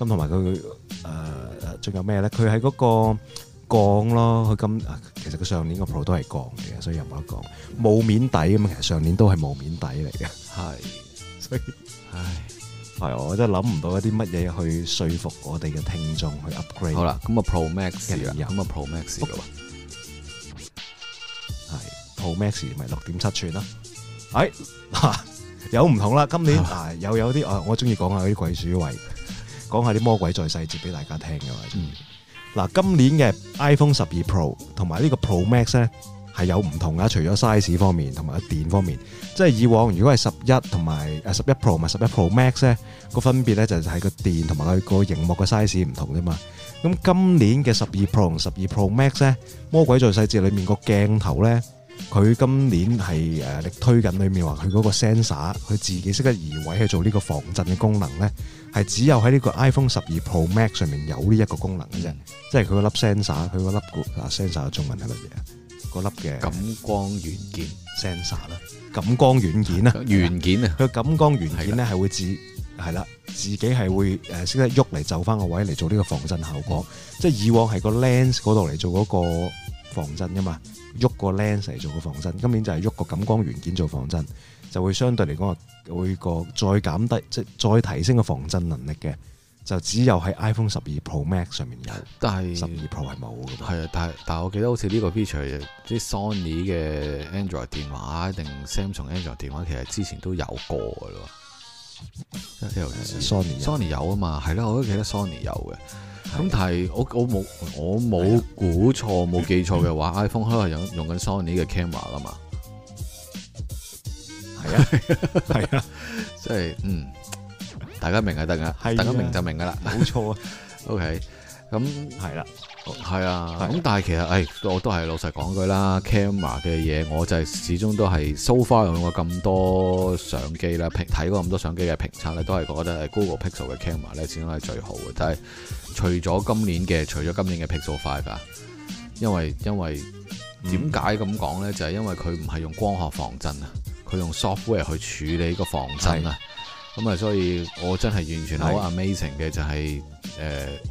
B: 咁同埋佢誒誒，仲有咩咧？佢喺嗰個降咯，佢咁其實佢上年個 Pro 都係降嘅，所以又冇得降，冇面底咁啊！其實上年都係冇面底嚟嘅，係，所以唉，係我真係諗唔到一啲乜嘢去説服我哋嘅聽眾去 upgrade。好啦，咁啊 Pro Max 嚟嘅，咁啊 Pro Max 咯，係 Pro Max 咪六點七吋啦。哎，有唔同啦，今年啊又有啲啊，我中意講下嗰啲鬼鼠位。講下啲魔鬼在細節俾大家聽嘅話。嗱、嗯，今年嘅 iPhone 十二 Pro 同埋呢個 Pro Max 咧，係有唔同嘅，除咗 size 方面同埋個電方面。即係以往如果係十一同埋誒十一 Pro 同埋十一 Pro Max 咧，個分別咧就係個電同埋佢個螢幕嘅 size 唔同啫嘛。咁今年嘅十二 Pro 同十二 Pro Max 咧，魔鬼在細節裏面個鏡頭咧。佢今年係誒力推緊裏面話佢嗰個 sensor，佢自己識得移位去做呢個防震嘅功能咧，係只有喺呢個 iPhone 十二 Pro Max 上面有呢一個功能嘅啫。即係佢個粒 sensor，佢個粒嗱 sensor 嘅中文係乜嘢啊？粒嘅感光元件 sensor 啦，感光元件啊，元件啊，個感光元件咧係會自係啦，自己係會誒識得喐嚟走翻個位嚟做呢個防震效果。即係以往係個 lens 嗰度嚟做嗰個防震噶嘛。喐個 Lens 嚟做個防震，今年就係喐個感光元件做防震，就會相對嚟講啊，會個再減低即係再提升個防震能力嘅，就只有喺 iPhone 十二 Pro Max 上面有，但係十二 Pro 係冇
A: 嘅嘛。係啊，但係但係我記得好似呢個 feature 即 Sony 嘅 And Android 電話定 Samsung Android 電話其實之前都有過嘅咯。Sony，Sony 的有啊嘛，係咯，我都記得 Sony 有嘅。咁但係我我冇我冇估錯冇記錯嘅話，iPhone 開係用用緊 Sony 嘅 camera 啊嘛，係啊，係啊，即係嗯，大家明啊得噶大家明就明噶啦，冇錯啊。OK，咁係啦，係啊。咁但係其實誒，我都係老實講句啦，camera 嘅嘢，我就係始終都係 so far 用過咁多相機啦，評睇過咁多相機嘅評測咧，都係覺得 Google Pixel 嘅 camera 咧始終係最好嘅，就係。除咗今年嘅，除咗今年嘅 Pixel 5啊，因為因為點解咁講咧？就係因為佢唔係用光學防震啊，佢用 software 去處理個防震啊。咁啊是的、嗯，所以我真係完全好 amazing 嘅，就係誒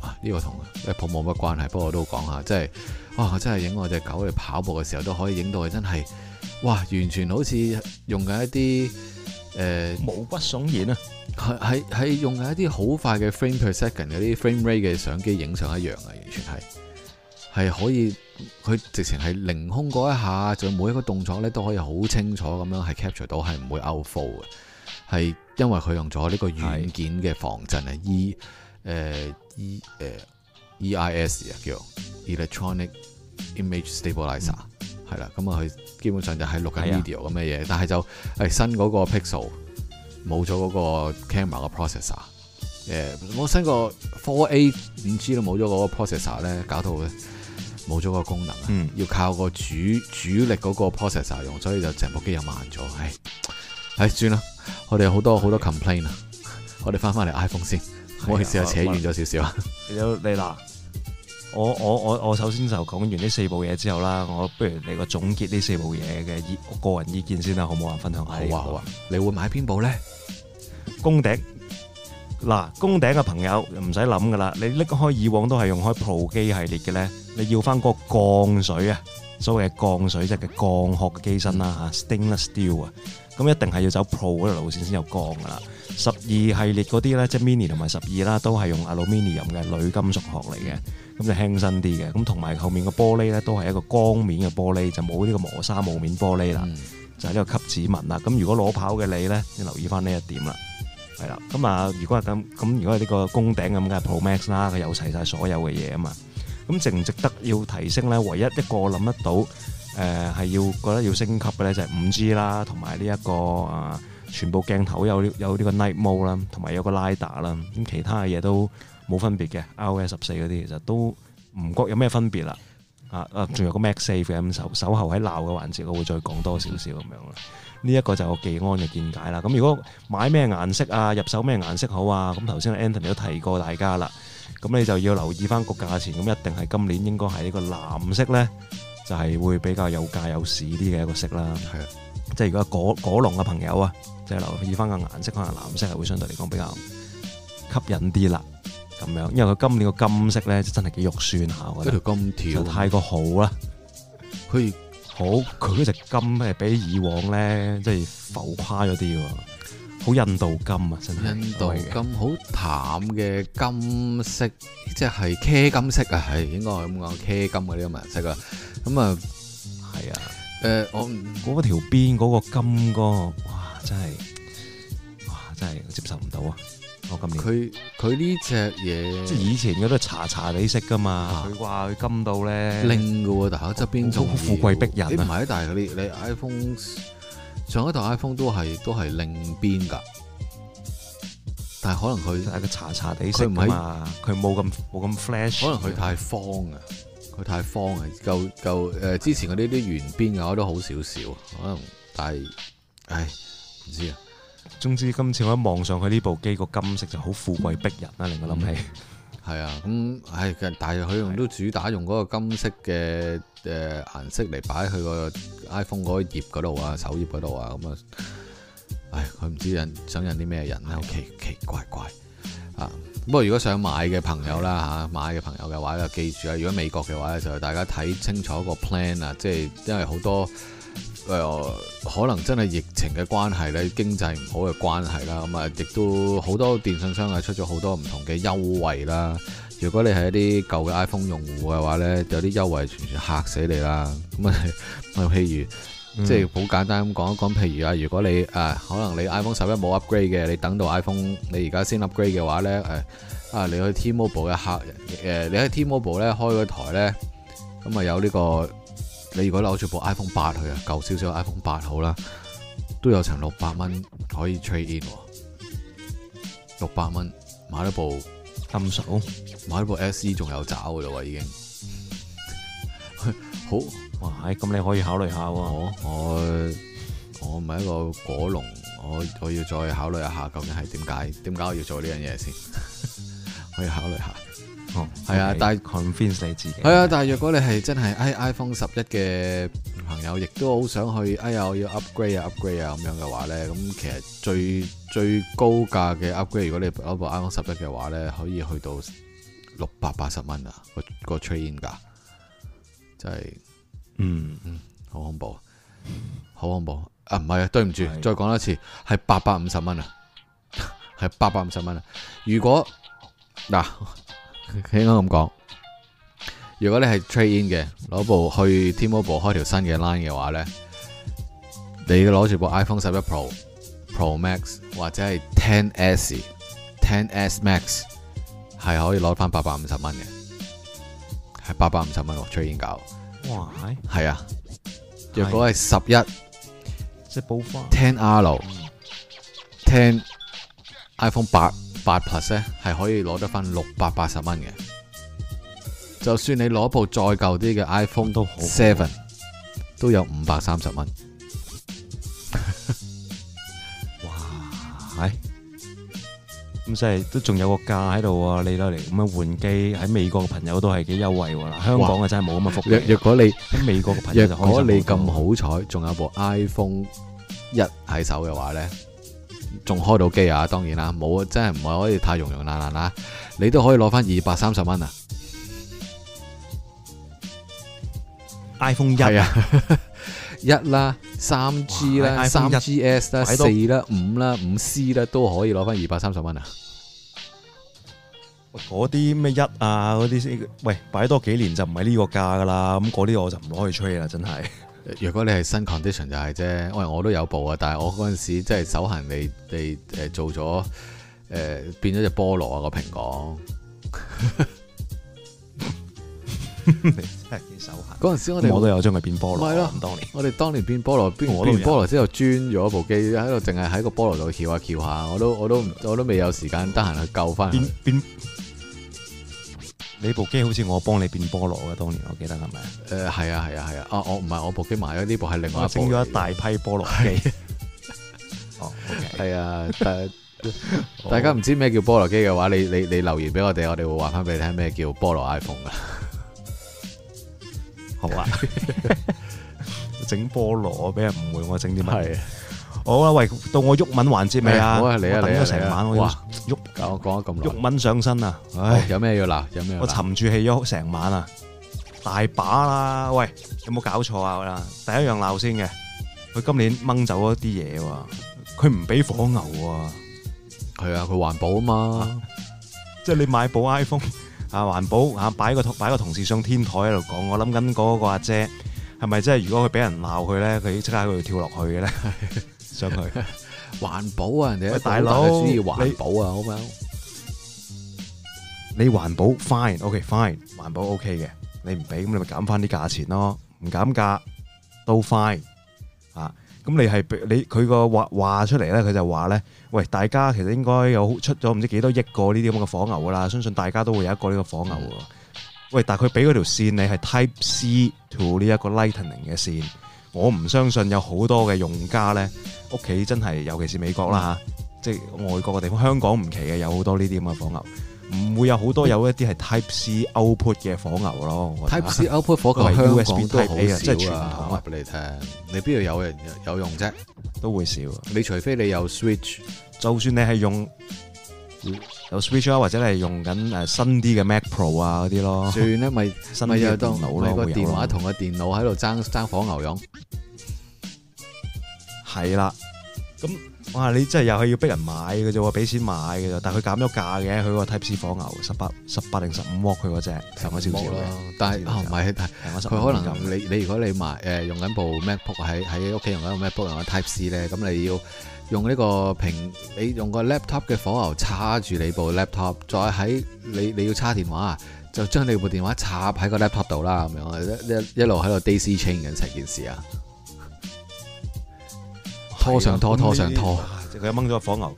A: 哇，呢個同 Apple 冇乜關係，不過我都講下，即係哇，真係影我隻狗去跑步嘅時候都可以影到，佢真係哇，完全好似用緊一啲誒毛骨悚然啊！係用緊一啲好快嘅 frame per second 嗰啲 frame rate 嘅相機影相一樣啊，完全係可以，佢直情係凌空嗰一下，就每一個動作咧都可以好清楚咁樣係 capture 到，係唔會 out fall 嘅。係因為佢用咗呢個軟件嘅防震啊、呃、E E EIS 啊叫 Electronic Image Stabilizer，係啦、嗯，咁啊佢基本上就係錄緊 video 咁嘅嘢，但係就係新嗰個 Pixel。冇咗嗰個 camera 嘅 processor，誒，我、yeah, 新個 four A 點知都冇咗嗰個 processor 咧，搞到冇咗個功能啊，嗯、要靠個主主力嗰個 processor 用，所以就成部機又慢咗，係，唉，算啦，我哋好多好多 complain 啊，我哋翻翻嚟 iPhone 先，我哋試下扯遠咗少少啊，
B: 你你嗱，我我我我首先就講完呢四部嘢之後啦，我不如嚟個總結呢四部嘢嘅個人意見先啦，好唔好啊？分享下。好啊，好啊，你會買邊部咧？工頂嗱，工頂嘅朋友唔使諗噶啦，你拎開以往都係用開 Pro 機系列嘅咧，你要翻嗰個鋼水啊，所謂嘅鋼水即係嘅鋼殼機身啦嚇，Stainless Steel 啊，咁一定係要走 Pro 嗰條路線先有鋼噶啦。十二系列嗰啲咧，即係 Mini 同埋十二啦，都係用 Aluminium 嘅鋁金屬殼嚟嘅，咁就輕身啲嘅，咁同埋後面嘅玻璃咧都係一個光面嘅玻璃，就冇呢個磨砂霧面玻璃啦，就係呢個吸指紋啦。咁如果攞跑嘅你咧，要留意翻呢一點啦。係啦，咁啊、嗯嗯嗯嗯嗯嗯，如果係咁，咁如果係呢個宮頂咁嘅 Pro Max 啦，佢有齊晒所有嘅嘢啊嘛，咁、嗯、值唔值得要提升咧？唯一一個我諗得到，誒、呃、係要覺得要升級嘅咧，就係五 G 啦，同埋呢一個啊、呃，全部鏡頭有有呢個 Night Mode 啦、嗯，同埋有個 LiDAR 啦，咁其他嘅嘢都冇分別嘅，iOS 十四嗰啲其實都唔覺有咩分別啦。啊啊，仲、啊、有個 MagSafe 嘅咁手守候喺鬧嘅環節，我會再講多少少咁樣啦。呢、這、一個就是我技安嘅見解啦。咁如果買咩顏色啊，入手咩顏色好啊？咁頭先 Anthony 都提過大家啦。咁你就要留意翻個價錢，咁一定係今年應該係呢個藍色咧，就係、是、會比較有價有市啲嘅一個色啦。係啊的，即係如果果果龍嘅朋友啊，即、就、係、是、留意翻個顏色，可能藍色係會相對嚟講比較吸引啲啦。咁樣，因為佢今年個金色咧，真係幾肉酸下，我覺得條金條，就太過好啦。佢好，佢嗰隻金係比以往咧，
A: 即係浮誇咗啲喎。好印度金啊，真係印度金，好淡嘅金色，即係 K 金色啊，係應該係咁講，K 金嗰啲咁顏色啊。咁啊，係啊，誒，我嗰條邊嗰個
B: 金個，哇，真係，哇，真係接受唔到啊！佢佢呢隻嘢，哦、隻即係以前嗰啲茶茶地色噶嘛。
A: 佢話佢金到咧，鈴噶喎，但係側邊從富貴逼人，唔係但係嗰，你 iPhone 上一代 iPhone 都係都係鈴邊噶，但係可能佢係個茶茶地色啊嘛。佢冇咁冇咁 flash，可能佢太方啊，佢太方啊，夠夠誒！呃、的之前嗰啲啲圓邊我都好少少，可能但係唉唔知啊。總之，今次我一望上去呢部機個金色就好富貴逼人啦，令我諗起。係、嗯、啊，咁唉，但係佢用都的主打用嗰個金色嘅誒顏色嚟擺喺佢個 iPhone 嗰頁嗰度啊、首頁嗰度啊，咁啊，唉，佢唔知印想印啲咩人呢？好奇的、OK，奇怪怪啊。不過如果想買嘅朋友啦嚇的、啊，買嘅朋友嘅話咧，記住啊，如果美國嘅話咧，就大家睇清楚個 plan 啊，即係因為好多。誒可能真係疫情嘅關係咧，經濟唔好嘅關係啦，咁啊亦都好多電信商係出咗好多唔同嘅優惠啦。如果你係一啲舊嘅 iPhone 用戶嘅話呢，有啲優惠全全嚇死你啦。咁啊、嗯，譬如即係好簡單咁講一講，譬如啊，如果你誒、啊、可能你 iPhone 十一冇 upgrade 嘅，你等到 iPhone 你而家先 upgrade 嘅話呢，誒啊你去 T-Mobile 嘅客人，你喺 T-Mobile 咧開嗰台呢，咁啊有呢、呢個。你如果攞住部 iPhone 八去啊，舊少少 iPhone 八好啦，都有成六百蚊可以 trade in，六百蚊買咗部金手，買咗部 SE 仲有找噶啦喎，已經好哇，咁你可以考慮下喎。我我我唔係一個果農，我我要再考慮一下，究竟係點解，點解我要做呢樣嘢先，可以考慮下。哦，係啊，okay，但係 convince 你自己。係 convinced you 啊，但係若果你係真係 iPhone 十一嘅朋友，亦都好想去，哎呀，我要 upgrade 啊 upgrade 啊咁樣嘅話咧，咁其實最最高價嘅 upgrade，如果你攞部 iPhone 十一嘅話咧，可以去到六百八十蚊啊，那個個 train 價，真係，嗯嗯，好、嗯、恐怖，好、嗯、恐怖啊！唔係啊，對唔住，是的 再講一次，係八百五十蚊啊，係八百五十蚊啊！如果嗱。佢應該咁講，如果你係 trade in 嘅，攞部去 T-Mobile 開條新嘅 line 嘅話咧，你攞住部 iPhone 十一 Pro Pro Max 或者係 Ten S Ten S Max 係可以攞翻八百五十蚊嘅，係八百五十蚊落 trade in 搞。哇！係啊，若果係十一，
B: 即係保翻
A: Ten R Ten iPhone 八。八 Plus 咧，係可以攞得翻六百八十蚊嘅。就算你攞部再舊啲嘅 iPhone 都好，Seven 都有五百三十蚊。哇！咁即係都
B: 仲有個價喺度啊！你攞嚟咁樣，換機喺美國嘅朋友都係幾優惠喎。香港嘅，真係冇咁嘅福利。若果你喺美國嘅朋友，若果你咁
A: 好彩，仲有部 iPhone 一喺手嘅話咧。仲開到機啊！當然啦，冇真係唔可以太融融爛爛啦。你都可以攞翻二百三十蚊啊！iPhone 一啊一啦，三 G 啦，三哇 GS 啦，四 iPhone 1, 啦，五多啦，五 C 啦，都可以攞翻二百三十蚊啊！
B: 嗰啲咩一啊，嗰啲喂，擺多幾年就唔係呢個價
A: 噶啦。咁嗰啲我就唔攞去吹 r 啦，真係。如果你係新 condition 就係啫，喂，我都有部啊，但係我嗰陣時即係手痕你哋做咗、呃、變咗隻菠蘿啊、個蘋果，手痕嗰陣 時我，我我都有將佢變菠蘿。啊、我哋當，當年變菠蘿，變變菠蘿之後，鑽咗部機喺度，淨係喺個菠蘿度撬下撬下，我都我都我都未有時間得閒去救翻。你部機好似我幫你變菠蘿嘅，當年我記得係咪？誒，係、呃、啊，係啊，係啊。啊，我唔係，我部機賣咗，呢部係另外一部。我整咗一大批菠蘿機。哦，係啊，大大家唔知咩叫菠蘿機嘅話，你你你留言俾我哋，我哋會話翻俾你聽咩叫吧 菠蘿 iPhone 啊？好啊，整菠蘿俾人誤會我整啲乜嘢？
B: 好啦，喂，到我鬱文環節未啊？好啊，你啊，等咗成晚，哇，鬱，我講咗咁耐，鬱文上身啊！唉，有咩要鬧？有咩要鬧？我沉住氣咗成晚啊，大把啦！喂，有冇搞錯啊？第一樣鬧先嘅，佢今年掹走一啲嘢喎，佢唔俾火牛喎，係啊，佢環保啊嘛，即係你買部 iPhone 啊，環保啊，擺個擺個同事上天台喺度講，我諗緊嗰個阿姐係咪真係如果佢俾人鬧佢咧，佢即刻喺度跳落去嘅咧？
A: 上
B: 去，環保啊！人哋大佬鍾意環保啊，好唔好？你環保 fine，OK，fine，環保 OK 嘅。你唔俾咁，你咪減翻啲價錢咯。唔減價都 fine 啊。咁你係你佢個話話出嚟咧，佢就話咧，喂，大家其實應該有出咗唔知幾多億個呢啲咁嘅火牛噶啦。相信大家都會有一個呢個火牛。喂，但係佢俾嗰條線你係 Type C to 呢一個 Lightning 嘅線，我唔相信有好多嘅用家咧。屋企真係，尤其是美國啦嚇，即係外國嘅地方。香港唔奇嘅，有好多呢啲咁嘅火牛，唔會有好多有一啲係 Type C output 嘅火牛咯。Type C output, output 火牛係香港都好少啊，即係傳統話俾你聽，
A: 你邊度有人有用啫？都會少。你除非你有 Switch，就算你係用有
B: Switch 啊，或者你係用緊誒新啲嘅 Mac Pro 啊嗰啲咯。算
A: 啦，咪新嘅電腦咯，個電話同
B: 個電腦喺度爭爭火牛用。係啦，咁哇你真係又係要逼人買嘅啫喎，俾錢買嘅啫。但係佢減咗價嘅，
A: 佢個 Type C 火牛十八十八定十五 W 佢話啫，十、那個、啊啊、少但少嘅。但係唔係，佢但可能你你如果你買誒、呃、用緊部 MacBook 喺喺屋企用緊部 MacBook 用緊 Type C 咧，咁你要用呢個屏，你用個 laptop 嘅火牛叉住你部 laptop，再喺你你要叉電話就將你部電話插喺個 laptop 度啦，咁樣一一路喺度 DC chain 緊成件事啊。
B: 拖上拖拖上拖，即係佢掹咗個火牛。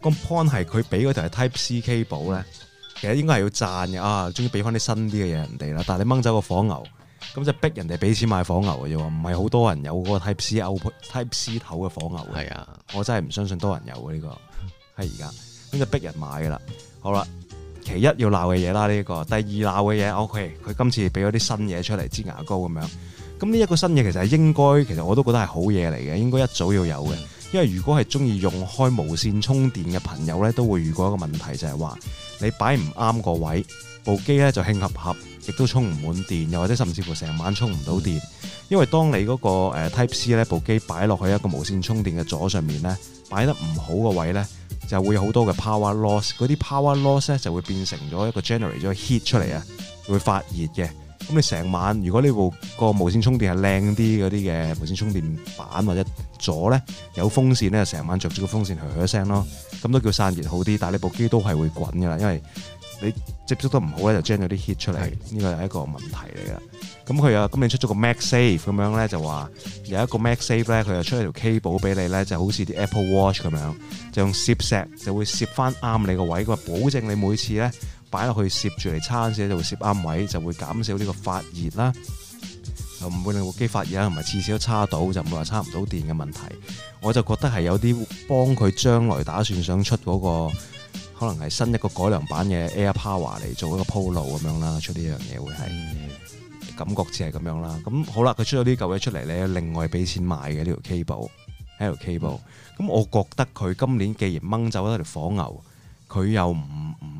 B: 個 point 係佢俾嗰條 type C cable 呢，其實應該係要讚嘅啊，終於俾翻啲新啲嘅嘢人哋啦。但係你掹走個火牛，咁就逼人哋俾錢買火牛嘅啫。唔係好多人有嗰個 type C O type C 頭嘅火牛，係啊，我真係唔相信多人有嘅呢、這個係而家，咁就逼人買噶啦。好啦，其一要鬧嘅嘢啦，呢、這個第二鬧嘅嘢，OK，佢今次俾咗啲新嘢出嚟，支牙膏咁樣。咁呢一個新嘢其實係應該，其實我都覺得係好嘢嚟嘅，應該一早要有嘅。因為如果係中意用開無線充電嘅朋友呢，都會遇過一個問題，就係話你擺唔啱個位，部機呢就輕合合，亦都充唔滿電，又或者甚至乎成晚充唔到電。因為當你嗰個 Type C 呢部機擺落去一個無線充電嘅座上面呢，擺得唔好個位呢，就會有好多嘅 power loss。嗰啲 power loss 呢就會變成咗一個 generate 咗 heat 出嚟啊，會發熱嘅。咁你成晚，如果呢部個無線充電係靚啲嗰啲嘅無線充電板或者座咧，有風扇咧，就成晚著住個風扇噏噏聲咯，咁都叫散熱好啲。但係你部機都係會滾噶啦，因為你接觸得唔好咧，就將咗啲 heat 出嚟，呢個係一個問題嚟嘅。咁佢又，咁你出咗個 MagSafe 咁樣咧，就話有一個 MagSafe 咧，佢又出咗條 K 寶俾你咧，就好似啲 Apple Watch 咁樣，就用攝石就會攝翻啱你個位，佢話保證你每次咧。擺落去攝住嚟叉，而且就會攝啱位，就會減少呢個發熱啦，又唔會令部機發熱啦，同埋至少都叉到，就唔會話叉唔到電嘅問題。我就覺得係有啲幫佢將來打算想出嗰個可能係新一個改良版嘅 Air Power 嚟做一個鋪路咁樣啦，出呢樣嘢會係感覺似係咁樣啦。咁好啦，佢出咗呢嚿嘢出嚟咧，另外俾錢買嘅呢條 cable，呢條 cable。咁我覺得佢今年既然掹走一條火牛，佢又唔唔～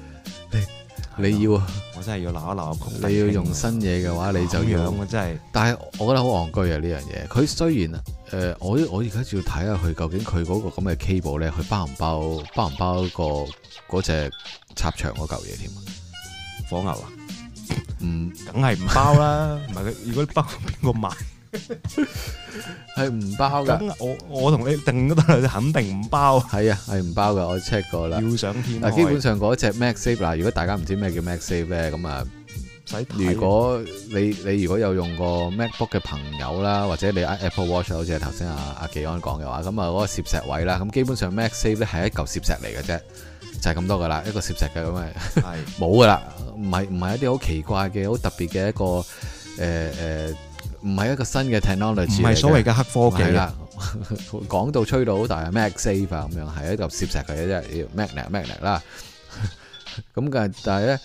A: 你要，啊，我真係要鬧一鬧啊！你要用新嘢嘅話，你就要。啊、真係，但係我覺得好戇居啊呢樣嘢。佢雖然啊，誒、呃，我我而家就要睇下佢究竟佢嗰個咁嘅 keyboard 咧，佢包唔包包唔包、個嗰隻插牆嗰嚿嘢添啊？火牛啊？嗯，梗係唔包啦。
B: 唔係， 如果你包邊個買？
A: 係唔 包噶？我我同你
B: 定咗啦，
A: 肯定唔包。係啊，係唔包噶。我 check 過啦。要上天基本上嗰隻 MagSafe 嗱，如果大家唔知咩叫 MagSafe 咧，咁啊，如果你你如果有用過 MacBook 嘅朋友啦，或者你 Apple Watch，好似係頭先阿阿技安講嘅話，咁啊，嗰個攝石位啦，咁基本上 MagSafe 咧係一嚿攝石嚟嘅啫，就係、是、咁多噶啦，一個攝石嘅咁啊，係冇噶啦，唔係唔係一啲好奇怪嘅好特別嘅一個誒誒。呃呃唔係一個新嘅 technology 嚟嘅唔係所謂嘅黑科技啦。講到吹到好大，MagSafe 啊，咁樣係一度涉石佢嘅啫，要 Magnet Magnet 啦。咁 但係咧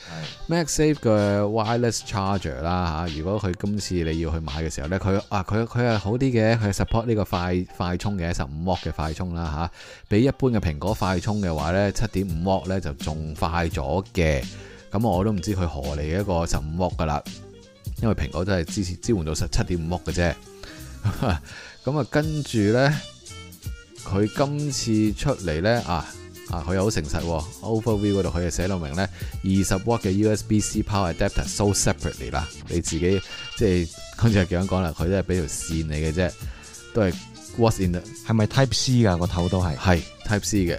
A: ，MagSafe 嘅 Wireless Charger 啦嚇，ger, 如果佢今次你要去買嘅時候咧，佢啊佢佢係好啲嘅，佢 support 呢個快快快充嘅十五 W 嘅快充啦嚇。比一般嘅蘋果快充嘅話咧，七點五 W 咧就仲快咗嘅。咁我都唔知佢何嚟嘅一個十五 W 噶啦。因為蘋果真係支持支援到十七點五瓦嘅啫，咁啊跟住咧，佢今次出嚟咧啊啊，佢又好誠實喎。Overview 嗰度佢又寫到明咧，二十 W 嘅 USB C power adapter sold separately 啦，你自己即係今次係咁樣講啦？佢都係俾條線你嘅啫，都係 what in s in 係咪 Type C 噶個頭都係係 Type C 嘅。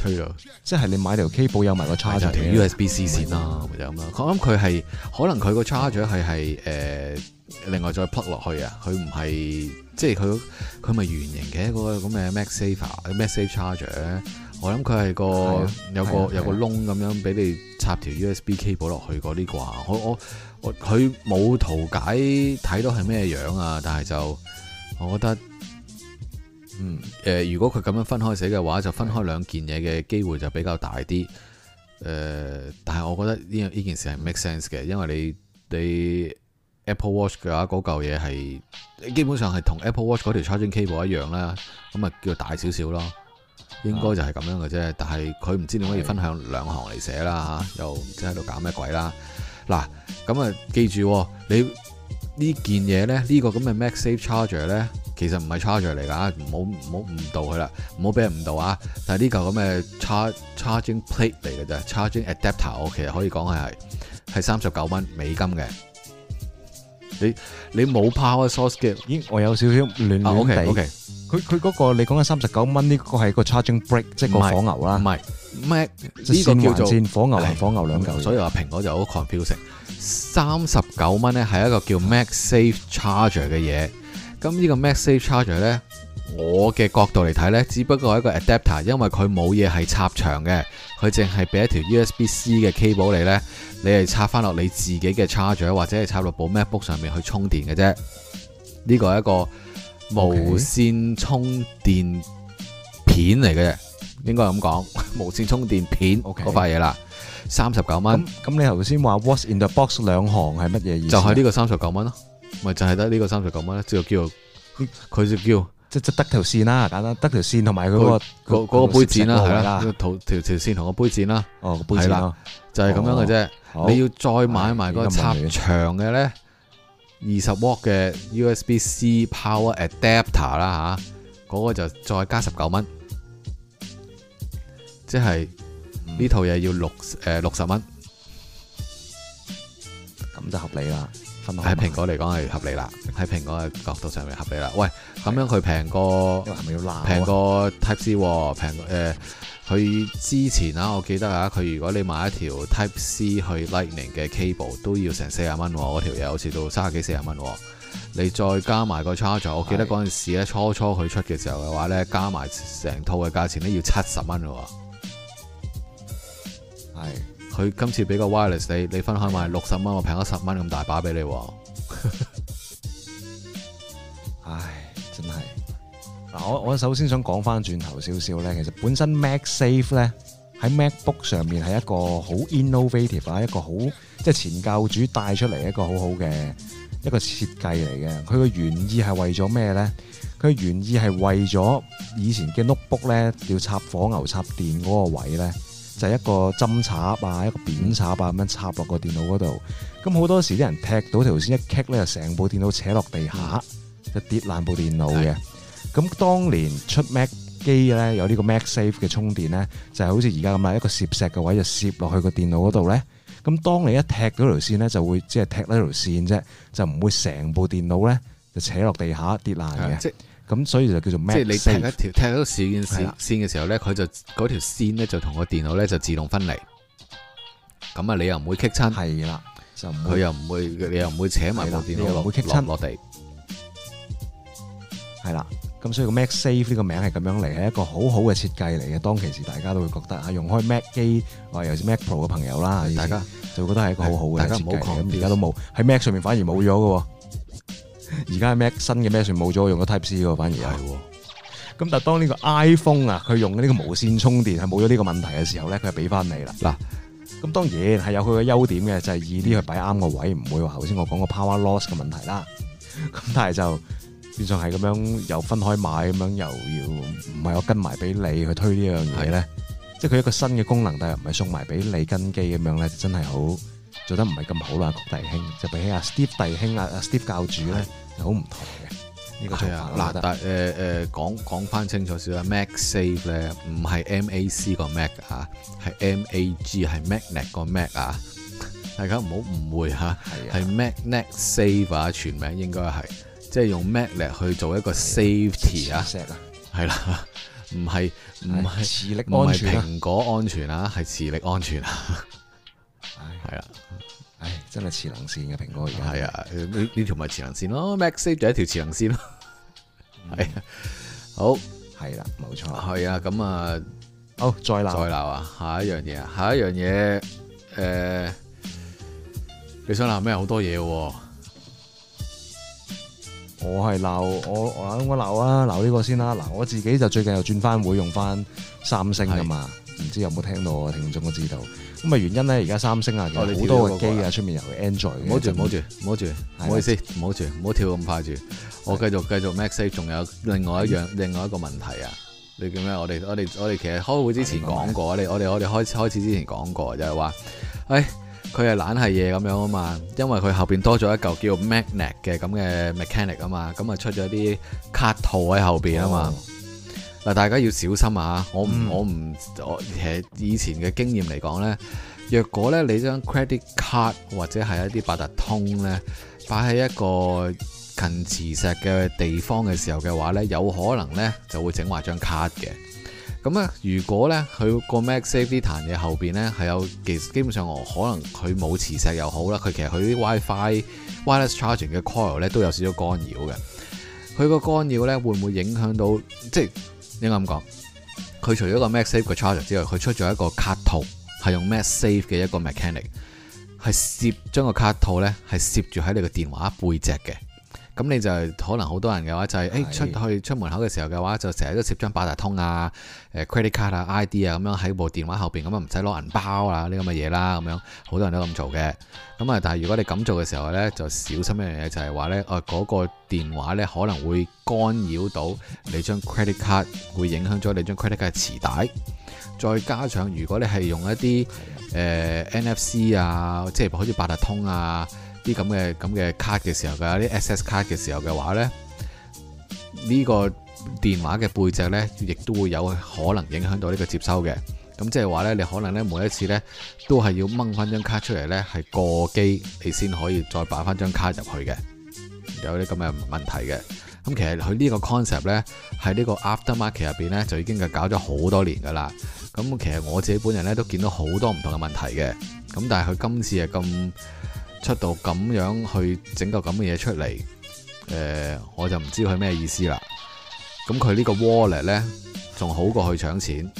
A: 推咗，即係你買條 cable 有埋個 charger 條 USB C 線啦，咪的就咁啦。我諗佢係可能佢個 charger 係係誒，另外再撲落去啊。佢唔係即係佢佢咪圓形嘅嗰個咁嘅 MagSafe MagSafe charger 我。我諗佢係個有個有個窿咁樣俾你插條 USB cable 落去嗰啲啩。我我佢冇圖解睇到係咩樣啊，但係就我覺得。嗯、呃，如果佢咁樣分開寫嘅話，就分開兩件嘢嘅機會就比較大啲。誒、呃，但係我覺得呢呢件事係 make sense 嘅，因為你你 Apple Watch 嘅話，嗰嚿嘢係基本上係同 Apple Watch 嗰條 charging cable 一樣啦，咁啊叫大少少咯，應該就係咁樣嘅啫。啊、但係佢唔知道點可以分享兩行嚟寫啦嚇，是的又唔知喺度搞咩鬼啦。嗱，咁啊記住你呢件嘢呢，呢、呢個咁嘅 MagSafe Charger 呢。其實唔係 charger 嚟噶，唔好唔好誤導佢啦，唔好俾人誤導啊！但係呢嚿咁嘅 charging plate 嚟嘅咋，charging adapter 我其實可以講係係三十九蚊美金嘅。你你冇 power source 嘅，我有少少暖暖 O K 佢佢嗰個你講緊三十九蚊呢個係個 charging brick，即係是個火牛啦。唔係唔係，呢個叫做火牛同火牛兩嚿、哎嗯。所以阿平果就好 confusing。三十九蚊咧係一個叫 Mac Safe Charger 嘅嘢。咁呢個 MagSafe Charger 呢，我嘅角度嚟睇呢，只不過係一個 adapter，因為佢冇嘢係插牆嘅，佢淨係俾一條 USB C 嘅 cable 你呢，你係插翻落你自己嘅 charger 或者係插落部 MacBook 上面去充電嘅啫。呢個係一個無線充電片嚟嘅，啫，Okay. 應該咁講，無線充電片嗰塊嘢啦，三十九蚊。咁你頭先話 What's in the box 兩行係乜嘢意思？就係呢個三十九蚊咯。咪就係得呢個三十九蚊咧，就叫佢就叫即即得條線啦，簡單得條線同埋嗰個嗰嗰個杯墊啦，係啦，條條線同個杯墊啦，哦，杯墊啦，就係咁樣嘅啫。你要再買埋個插長嘅咧，二十瓦嘅 USB C power adapter 啦，吓嗰個就再加十九蚊，即係呢套嘢要六誒六十蚊，咁就合理啦。喺蘋果嚟講係合理啦，喺蘋果嘅角度上面合理啦。喂，咁樣佢平過平過 Type C，平誒佢之前啊，我記得啊，佢如果你買一條 Type C 去 Lightning 嘅 cable 都要成四十蚊，嗰條嘢好似到三十幾四十蚊。你再加埋個 charger，我記得嗰陣時咧，係。初初佢出嘅時候嘅話咧，加埋成套嘅價錢咧要七十蚊嘅喎。係。佢今次俾個 Wireless 你，你分開買六十蚊，我平咗十蚊咁大把俾你喎。 唉，真係嗱，我我
B: 首先想講翻轉頭少少咧，其實本身 MagSafe 咧喺 MacBook 上面係一個好 innovative 一個好即係前教主帶出嚟一個好好嘅一個設計嚟嘅。佢個原意係為咗咩咧？佢原意係為咗以前嘅 Notebook 咧要插火牛插電嗰個位咧。就係一個針插啊，一個扁插啊咁樣插落個電腦嗰度。咁好多時啲人踢到條線一 kick 咧，就成部電腦扯落地下，嗯、就跌爛部電腦嘅。咁、嗯、當年出 Mac 機咧，有呢個 MacSafe 嘅充電咧，就係、是、好似而家咁啊，一個攝石嘅位就攝落去個電腦嗰度咧。咁、嗯、當你一踢到條線咧，就會即係踢咗條線啫，就唔會成部電腦咧就扯落地下跌爛嘅。嗯即咁所以就叫做 Mac，即係你踢一
A: 條踢到線線嘅時候咧，佢對了 就嗰條線咧就同個電腦咧就自動分離。咁啊，你又唔會棘親，係啦，就佢又唔會，你又唔會扯埋部了電腦腦落嚟，係啦。咁所以個 Mac Safe
B: 呢個名係咁樣嚟，係一個好好嘅設計嚟嘅。當其時，大家都會覺得啊，用開 Mac 機，尤其是 Mac Pro 嘅朋友啦家，大家就會覺得係一個好好嘅大家設計。而家都冇喺 Mac 上面，反而冇咗嘅。而家係咩新嘅 Mac，全部冇咗，用咗 Type C 個反而係，咁但係當呢個 iPhone 啊，佢用呢個無線充電係冇咗呢個問題嘅時候咧，佢係俾翻你啦。嗱，咁當然係有佢嘅優點嘅，就係易啲去擺啱個位，唔會話頭先我講個 power loss 嘅問題啦。咁但係就變相係咁樣又分開買，咁樣又要唔係我跟埋俾你去推呢樣嘢咧，即係佢一個新嘅功能，但係唔係送埋俾你跟機咁樣咧，真係好。做得唔係咁好啦，谷弟兄就比起阿 Steve 弟兄
A: 啊，阿 Steve 教主咧好唔同嘅。呢個係啊嗱，但係誒誒講講翻清楚少啦。MagSafe 咧唔係 M A C 個 Mac 啊，係 M A G 係 Magnet 個 Mac 啊。大家唔好誤會嚇，係 Magnet Save 啊，全名應該係即係用 Magnet 去做一個 Safety 啊，係啦，唔係唔係磁力安全啊，唔係蘋果安全啊，係磁力安全啊。係啦，唉，真係磁能線嘅蘋果而家係啊，呢呢條咪磁能線咯 MacBook 仲係一條磁能線咯，係、嗯、啊，好係啦，冇錯，係啊，咁啊，好、啊啊哦、再鬧再鬧啊，下一樣嘢啊，下一樣嘢，誒、呃，你想鬧咩？好多嘢喎、啊，我係鬧我我諗我鬧啊，鬧呢個先啦，嗱，我
B: 自己就最近又轉翻會用翻三星噶嘛，唔是知有冇聽到啊？我聽眾都知道。咁啊原因咧，而家三星啊，好多個機啊，出面用 Android 唔好住唔好住唔好住，唔好意
A: 思唔好住，唔好跳咁快住。的我繼續繼續 MagSafe 仲有另外一樣的另外一個問題啊。你叫咩？我哋我哋我哋其實開會之前講過，我哋我哋我哋開始開始之前講過，就係話，哎，佢係懶係嘢咁樣啊嘛。因為佢後邊多咗一嚿叫 magnet 嘅咁嘅 mechanic 啊嘛，咁啊出咗啲卡套喺後邊啊嘛。哦嗱，大家要小心啊！我唔，嗯、我唔，我以前嘅經驗嚟講呢，若果咧你將 credit card 或者係一啲八達通呢擺喺一個近磁石嘅地方嘅時候嘅話呢，有可能呢就會整壞張卡嘅。咁啊，如果呢，佢個 MagSafe 啲彈嘅後邊呢係有，其實基本上我可能佢冇磁石又好啦，佢其實佢啲 WiFi wireless charging 嘅 coil 呢都有少少干擾嘅。佢個干擾呢會唔會影響到即？應該咁講，佢除咗個 MagSafe 嘅 charger 之外，佢出咗一個卡套，係用 MagSafe 嘅一個 mechanic，係攝，將個卡套呢係攝住喺你嘅電話背脊嘅。咁你就可能好多人嘅話就係、是是，出去出門口嘅時候嘅話就成日都攝張八達通啊、呃、credit card 啊、ID 啊咁樣喺部電話後邊。咁啊唔使攞銀包啊呢咁嘅嘢啦，咁樣好多人都咁做嘅。咁啊，但係如果你咁做嘅時候呢，就小心一樣嘢就係話呢嗰、呃嗰個電話呢可能會干擾到你張 credit card，會影響咗你張 credit card 嘅磁帶。再加上如果你係用一啲的、呃、NFC 啊，即係好似八達通啊。啲咁嘅咁嘅卡嘅時候嘅，啲 access 卡嘅時候嘅話呢，呢、呢個電話嘅背脊呢亦都會有可能影響到呢個接收嘅。咁即係話呢，你可能呢每一次呢都係要掹翻張卡出嚟呢，係過機你先可以再擺翻張卡入去嘅，有啲咁嘅問題嘅。咁其實佢呢個 concept 呢，喺呢個 after market 入面呢，就已經係搞咗好多年噶啦。咁其實我自己本人呢，都見到好多唔同嘅問題嘅。咁但係佢今次係咁，出到咁樣去整個咁嘅嘢出嚟，呃，我就唔知佢咩意思啦。咁佢呢個 wallet 咧，仲好過去搶錢，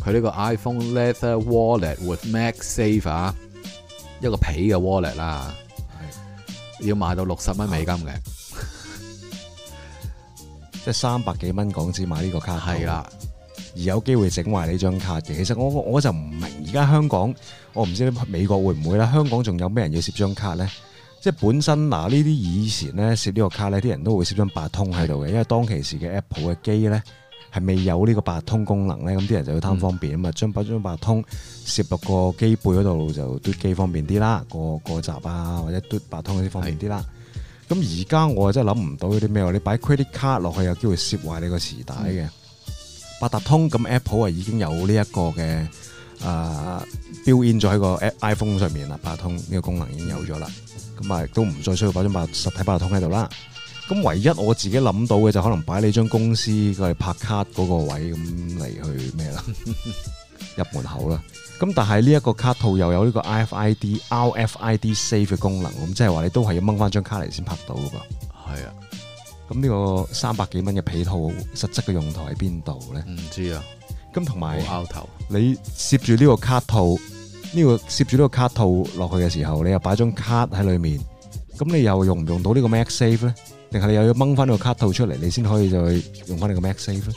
A: 佢呢個 iPhone Leather Wallet with MagSafe 啊，一個皮嘅 wallet 啦的，要賣到六十蚊美金嘅，的 即係三百幾蚊港紙買呢
B: 個卡而有機會整壞你張卡嘅，其實我我就唔明而家香港，我唔知美國會唔會啦。香港仲有咩人要攝張卡呢？即係本身嗱，呢啲以前呢，攝呢個卡呢，啲人都會攝張八通喺度嘅，的因為當其時嘅 Apple 嘅機呢，係未有呢個八通功能呢。咁啲人就要貪方便啊嘛，將八張八通攝落個機背嗰度就嘟機方便啲啦，過過閘啊或者嘟八通嗰啲方便啲啦。咁而家我真係諗唔到啲咩喎。你擺 credit card 落去有機會攝壞你個磁帶嘅。嗯八達通咁 Apple 啊，已經有呢、這、一個嘅啊 built in 咗喺個 iPhone 上面啦，八達通呢個功能已經有咗啦，咁啊亦都唔再需要擺張八實體八達通喺度啦。咁唯一我自己諗到嘅就是可能擺你張公司嘅拍卡嗰個位咁嚟去咩啦， 入門口啦。咁但係呢一個卡套又有呢個 IFID、 RFID safe 嘅功能，咁即係話你都係要掹翻張卡嚟先拍到嘅噃。係啊。咁呢個三百幾蚊嘅皮套，實質嘅用途喺邊度咧？唔知啊。咁同埋，你攝住呢個卡套，呢個攝住呢個卡套落去嘅時候，你又擺張卡喺裡面，咁你又用唔用到呢個 MagSafe 咧？定係你又要掹翻呢個卡套出嚟，你先可以再用翻呢個 MagSafe 咧？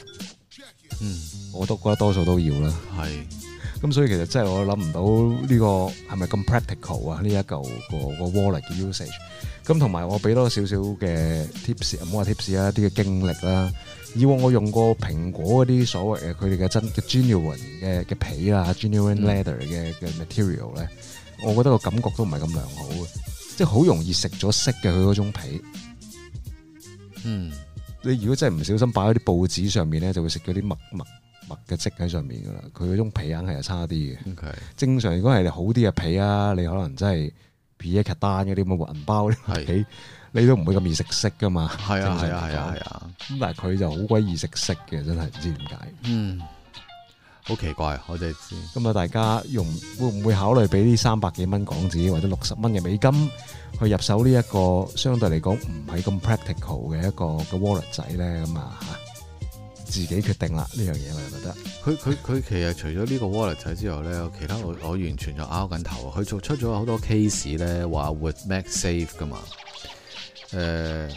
B: 嗯，我都覺得多數都要啦。係。咁所以其實真係我諗唔到呢個係咪咁 practical 啊？呢一嚿個個 wallet 嘅 usage。咁同埋我俾多少少嘅 tips 啊，唔好話 tips 啊，一啲嘅經歷啦、啊。以往我用過蘋果嗰啲所謂嘅佢哋嘅真嘅 genuine 嘅嘅皮啊，genuine leather 嘅嘅 material 咧，我覺得個感覺都唔係咁良好嘅，即係好容易食咗色嘅佢嗰種皮。
A: 嗯，
B: 你如果真係唔小心擺喺啲報紙上面咧，就會食嗰啲墨墨墨嘅漬喺上面噶啦。佢嗰種皮硬係差啲嘅。Okay. 正常如果係好啲嘅皮啊，你可能真係。皮一卡單嗰啲咁嘅銀包，你你都唔會咁易食色噶嘛？係啊係啊係啊係啊！咁、啊啊啊、但係佢就好鬼易食色嘅，真
A: 係唔知點解。嗯，好奇怪，我就知。
B: 咁啊，大家用會唔會考慮俾呢三百幾蚊港紙或者六十蚊嘅美金去入手呢、這個、一個相對嚟講唔係咁 practical 嘅一個嘅 wallet 仔咧？咁啊吓自己決定啦，呢樣嘢我
A: 就覺得佢佢佢其實除咗呢個 wallet 仔之後咧，其他我我完全就拗緊頭啊！佢做出咗好多 case 咧，話 with MagSafe 噶嘛？誒、呃，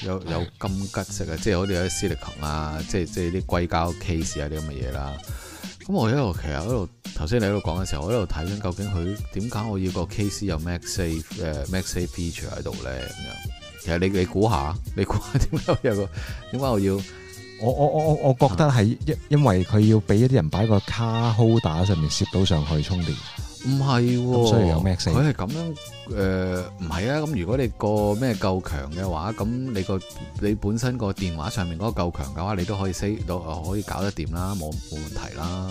A: 有有金吉色是啊，即係好似有啲 silicone 啊，即係即係啲硅膠 case 啊啲咁嘅嘢啦。咁我一路其實一路頭先你喺度講嘅時候，我一路睇緊究竟佢點解我要個 case 有 MagSafe 誒、呃、MagSafe feature 喺度咧？咁樣其實你你估下，你估下點解有個點解我要？
B: 我我我我我覺得係因因為佢要俾一啲人擺個卡 holder，上面攝到上去充電。
A: 唔係喎，所以有 Max 佢係咁樣誒，唔係啊，咁、呃啊、如果你個咩夠強嘅話，咁你、你個你本身個電話上面嗰個夠強嘅話，你都可以 save 到，可以搞得掂啦，冇冇問題啦。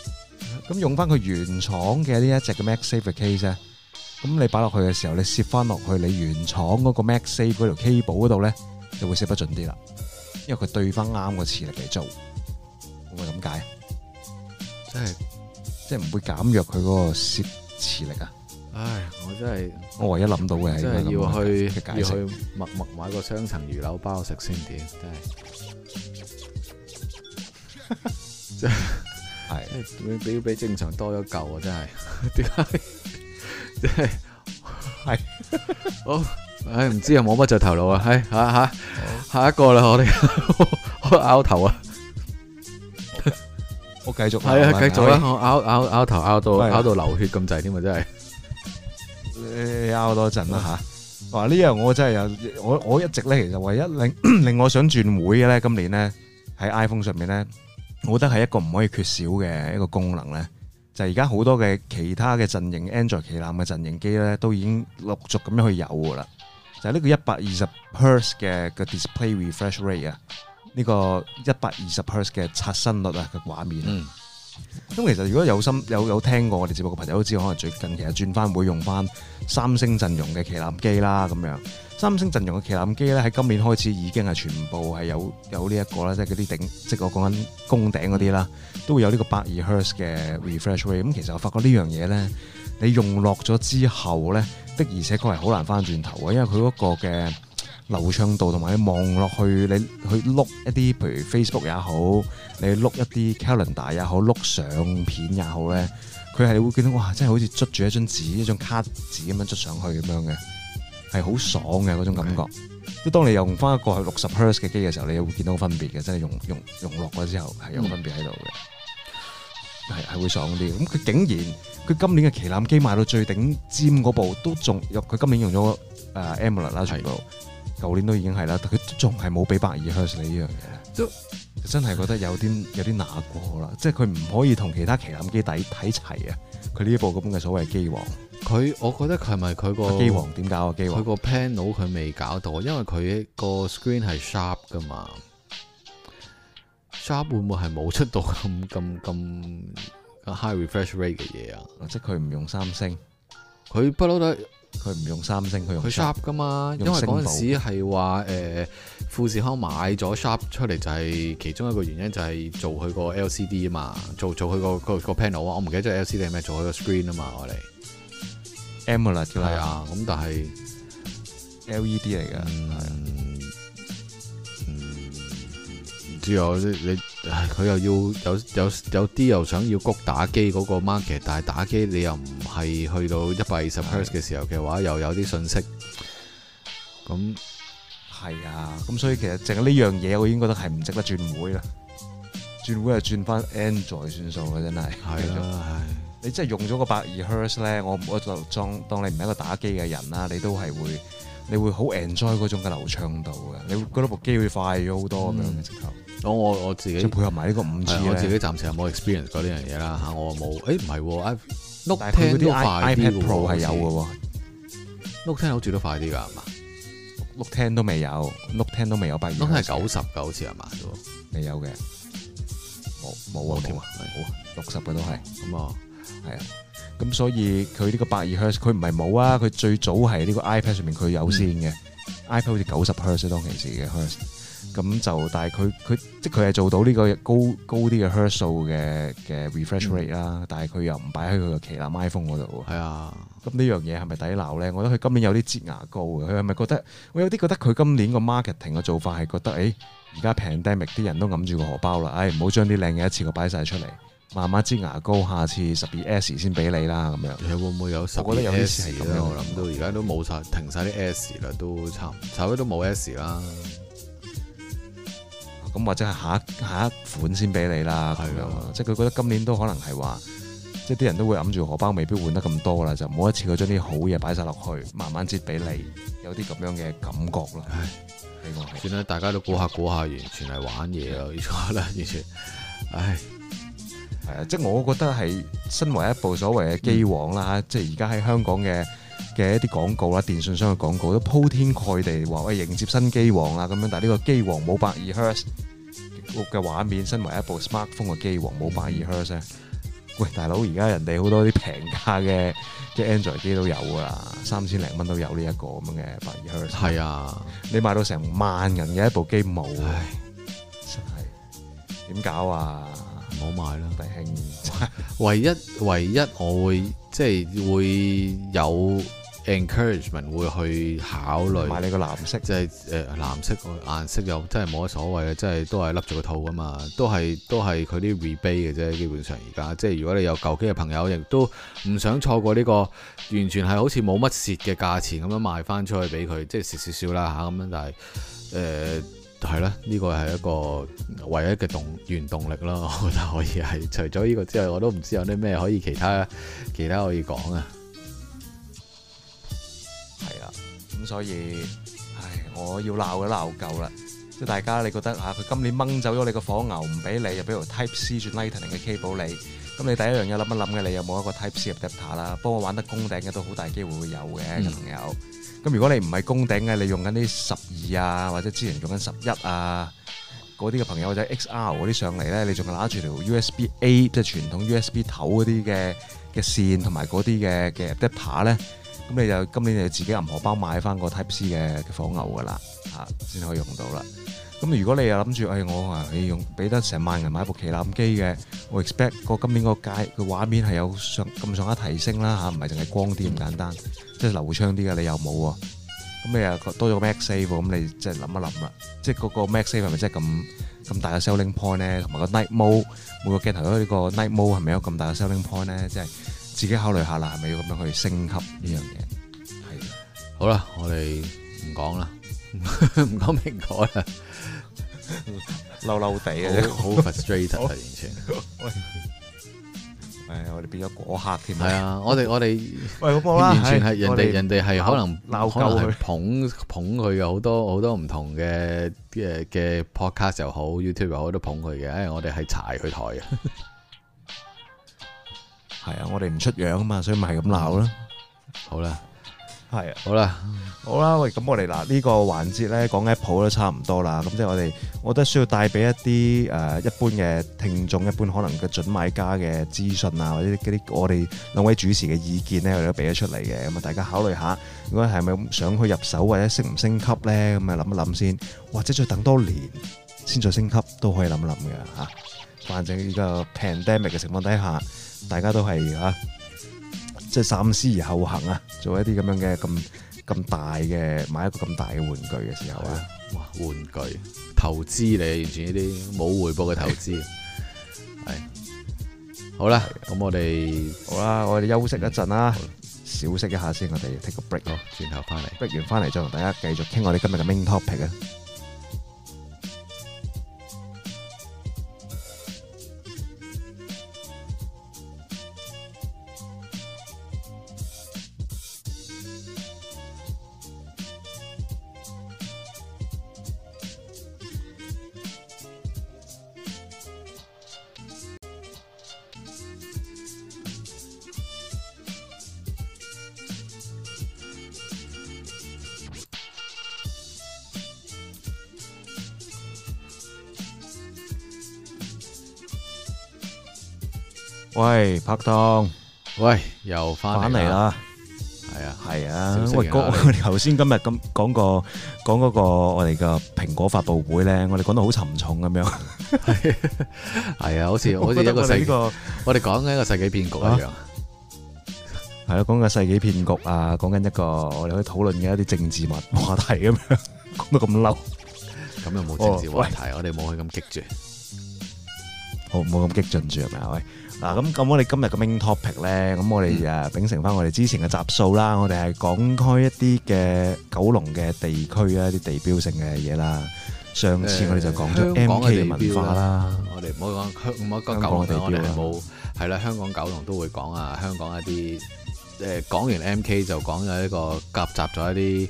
B: 咁用翻佢原廠嘅呢一隻嘅 MagSafe 嘅 case 咧，咁你擺落去嘅時候，你攝翻落去你原廠嗰個 MagSafe 嗰條 cable 嗰度咧，就會攝得準啲啦，因為佢對翻啱個磁力嚟做，會唔會咁解啊？是即係即係唔會減弱佢嗰個攝磁力啊？
A: 唉，我真係我唯一諗到嘅係要去要去默默買個雙層魚柳包食先點，真是。 係，比比正常多咗嚿啊！真係，點解？真係，係，好，唉，唔知啊，冇乜着頭腦啊，係，吓吓，下一個啦，我哋，我拗頭啊，我繼續，係啊，繼續啊，我拗拗拗頭拗到拗到流血咁滯添啊，真係，
B: 你拗多陣啦吓，哇，呢樣我真係有，我我一直咧，其實唯一令令我想轉會嘅咧，今年咧喺 iPhone 上面咧。我覺得係一個唔可以缺少嘅一個功能咧，就係而家好多嘅其他嘅陣型 Android 旗艦嘅陣型機咧，都已經陸續咁樣去有噶啦。就係、是、呢個一百二十 Hertz 嘅 display refresh rate 啊，呢個一百二十 Hertz 嘅刷新率啊嘅畫面。咁、嗯、其實如果有心有有聽過我哋節目嘅朋友都知道，可能最近其實轉翻會用翻三星陣容嘅旗艦機啦咁樣。三星陣容嘅旗艦機咧，喺今年開始已經係全部係有有呢一個啦，即係嗰啲頂，即係我講緊功頂嗰啲啦，都會有呢個百二赫茲嘅 refresh rate、嗯。咁其實我發覺呢樣嘢咧，你用落咗之後咧，的而且確係好難翻轉頭嘅，因為佢嗰個嘅流暢度同埋你望落去，你去碌一啲，譬如 Facebook 也好，你碌一啲 calendar 也好碌相片也好咧，佢係會見到哇，真係好似捽住一張紙、一張卡紙咁樣捽上去咁樣嘅。係好爽嘅嗰種感覺，即 Okay. 當你用翻一個係六十赫茲嘅機嘅時候，你又會見到分別嘅，真係用用用落咗之後係有分別喺度嘅，係係、mm. 會爽啲。咁佢竟然佢今年嘅旗艦機賣到最頂尖嗰部都仲，佢今年用咗誒 AMOLED 啦，呃、et, 全部，舊是年都已經係啦，佢仲係冇畀百二赫茲呢樣嘢，真係覺得有啲有啲難過啦，即係佢唔可以同其他旗艦機抵睇齊啊！佢呢一部咁嘅所謂機王。
A: 佢，我覺得佢係咪佢個機皇點搞個機皇？佢個 panel 佢未搞到，因為佢個 screen 係 sharp 㗎嘛。sharp 會唔會係冇出到咁咁咁 high refresh rate 嘅嘢啊？即係佢唔用三星，佢不嬲都佢唔用三星，佢用佢 sharp 㗎嘛？因為嗰陣時係話，呃，富士康買咗 sharp 出嚟，就係，就係其中一個原因就係做佢個 LCD 啊嘛，做做佢個個個 panel 啊。我唔記得咗 LCD 係咩，做佢個 screen 啊嘛，我哋。AMOLED 係啊，咁但係是 LED 嚟嘅，係、嗯、啊，唔、嗯、知啊。你佢又要有有有啲又想要谷打機嗰個 market，但係打機你又唔係去到一百二十 percent 嘅時候嘅話，啊、又有啲信息，咁
B: 係啊，咁所以其實淨係呢樣嘢，我已經覺得係唔值得轉會啦，轉會係轉翻 Android 算數嘅真係，係、啊。 你真係用咗個百二赫茲咧，我我就裝當你唔係一個打機嘅人啦，你都係會，你會好 enjoy 嗰
A: 種嘅流暢度嘅，你會覺得部機會快咗好多咁樣嘅直頭。咁我、嗯嗯嗯、我自己配合埋呢個五 G，我自己暫時係冇 experience 嗰啲嘢啦吓，我冇。誒唔係喎，Note iPad Pro 係有嘅喎像的，Note 10好似都快啲㗎係嘛？Note 10都未有，Note 10都未有百二，都係九十嘅好似係嘛？你有嘅，
B: 冇冇啊？冇啊，冇六十嘅都係咁啊。係啊，咁所以佢呢個百二赫，佢唔係冇啊，佢最早係呢個 iPad 上面佢有線嘅、嗯、iPad 好似九十赫啫，當其時嘅咁就，但係佢佢即係佢係做到呢個高高啲嘅赫數嘅嘅 refresh rate 啦，但係佢又唔擺喺佢個旗艦 iPhone 嗰度。係啊，咁呢樣嘢係咪抵鬧咧？我覺得佢今年有啲擠牙膏，佢係咪覺得我有啲覺得佢今年個 marketing 嘅做法係覺得誒而家 pandemic，啲、哎、人都揞住個荷包啦，唉、哎，唔好將啲靚嘢一次過擺晒出嚟。慢慢擠牙膏，下次十二 S 先俾你啦，咁樣，
A: 你會唔會有？我覺得有啲事啦，了我諗到而家都冇晒，停晒啲 S 啦，都差唔多，差唔多都冇 S 啦。
B: 咁或者係下一下一款先俾你啦，咁樣，的即係佢覺得今年都可能係話，即係啲人都會揞住荷包，未必換得咁多啦，就唔好一次佢將啲好嘢擺晒落去，慢慢擠俾你，有啲咁樣嘅感覺啦。
A: 唉，我算啦，大家都估下估下，是的完全係玩嘢咯，而家啦， 完全，唉。誒，即係我覺得係身為一部所謂嘅機王
B: 啦，即係而家喺香港嘅嘅一啲廣告啦、電信商嘅廣告都鋪天蓋地話，喂，迎接新機王啦咁樣。但係呢個機王冇百二赫嘅畫面，身為一部 smartphone 嘅機王冇百二赫啫。喂，大佬，而家人哋好多啲平價嘅即係 Android 機都有㗎啦，三千零蚊都有呢一個咁嘅百二赫。係啊，你買到成萬人嘅一部機冇，真係點搞
A: 啊！我買啦，弟兄。唯一唯一我會即係會有 encouragement 會去考慮買你個藍色，即係誒、呃、藍色顏色又真係冇乜所謂嘅，即係都係笠住個套噶嘛，都係都係佢啲 rebate 嘅啫。基本上而家即係如果你有舊機嘅朋友，亦都唔想錯過呢、這個完全係好似冇乜蝕嘅價錢咁樣賣翻出去俾佢，即係蝕少少啦吓咁樣，但係誒。呃係啦，呢個係一個唯一嘅動，原動力啦，我覺得可以係除咗呢個之外，我都唔知有啲咩可以其他其他可以講啊。係啊，
B: 咁所以，唉，我要鬧嘅鬧夠啦。即係大家，你覺得吓佢今年掹走咗你個火牛，唔俾你，又俾條 Type C 轉 Lightning 嘅 cable 你。咁你第一樣嘢諗一諗嘅，你有冇一個 Type C 入 Adapter 啦？幫我玩得功頂嘅都好大機會會有嘅，朋友。咁如果你唔係攻頂嘅，你用緊啲十二啊，或者之前用緊十一啊，嗰啲嘅朋友或者 XR 嗰啲上嚟咧，你仲係攞住條 USB A 即係傳統 USB 頭嗰啲嘅嘅線同埋嗰啲嘅嘅 adapter 咧，咁你就今年就要自己銀荷包買翻個 Type C 嘅火牛噶啦，嚇、啊、先可以用到啦。咁如果你又諗住，誒我啊，用俾得成萬人買一部旗艦機嘅，我 expect 個今年個界個畫面係有上咁上一提升啦嚇，唔係淨係光啲咁簡單，即係流暢啲嘅，你有冇喎？咁你又多咗個 MagSafe，咁你即係諗一諗啦，即係嗰個 MagSafe 係咪真係咁咁大嘅 selling point 咧？同埋個 Night Mode，每個鏡頭都呢個 Night Mode 係咪有咁大嘅 selling point 咧？即係自己考慮下啦，係
A: 咪要咁樣去升級呢樣嘢？係。好啦，我哋唔講啦，唔講蘋果啦。嬲嬲地啊，好 frustrated 啊，完全。係啊、哎，我哋變咗果客添。係啊，我哋我哋完全係人哋人哋係可能鬧夠佢捧捧佢嘅，好多好多唔同嘅嘅 podcast 又好，YouTube 又好都捧佢嘅。我哋係拆佢台啊，
B: 係啊，我哋唔出樣啊嘛，所以咪係咁鬧咯。 好啦。係，好啦，嗯、好啦，喂，咁我哋嗱呢個環節咧，講 Apple 都差唔多啦，咁即係我哋，我覺得需要帶俾一啲誒、呃、一般嘅聽眾，一般可能嘅準買家嘅資訊啊，或者嗰啲我哋兩位主持嘅意見咧，我哋都俾咗出嚟嘅。咁啊大家考慮下，如果係咪想去入手或者升唔升級咧，咁啊諗一諗先，或者再等多年先再升級都可以諗一諗嘅吓，反正呢個 pandemic 嘅情況底下，大家都係吓。啊即係三思而後行啊！做一啲咁樣嘅咁咁大嘅買一個咁大嘅玩具
A: 嘅時候啊！哇，玩具投資嚟，完全呢啲冇回報嘅投資。係好啦，咁我哋好啦，我哋休息一陣啦，
B: 的小息一下先，我哋 take 個 break 咯，轉頭翻嚟，break 完翻嚟再同大家繼續傾我哋今日嘅 main topic 啊！
A: 喂，拍檔，喂，又翻翻嚟啦，
B: 係啊，係啊，喂，我哋，頭先今日咁講個講嗰個我哋嘅蘋果發布會咧，我哋講到好沉重咁樣，係啊，好似好似一個世個，
A: 我哋講緊一個世紀騙局一樣，
B: 係咯，講個世紀騙局啊，講緊一個我哋可以討論嘅一啲政治物話題咁樣，講得咁嬲，咁又冇政治話題，我哋冇去咁激住，好冇咁激進住係咪啊？喂。嗱咁咁，我哋今日嘅 main topic 咧，咁我哋誒秉承翻我哋之前嘅集數啦，我哋係講開一啲嘅九龍嘅地區啊，啲地標性嘅嘢啦。上次我哋就講咗 M K 文化啦，
A: 我哋唔好講香，唔好講九龍嘅地標啦。冇係啦，香港九龍都會講啊，香港一啲誒，講完 M K 就講咗一個夾雜咗一啲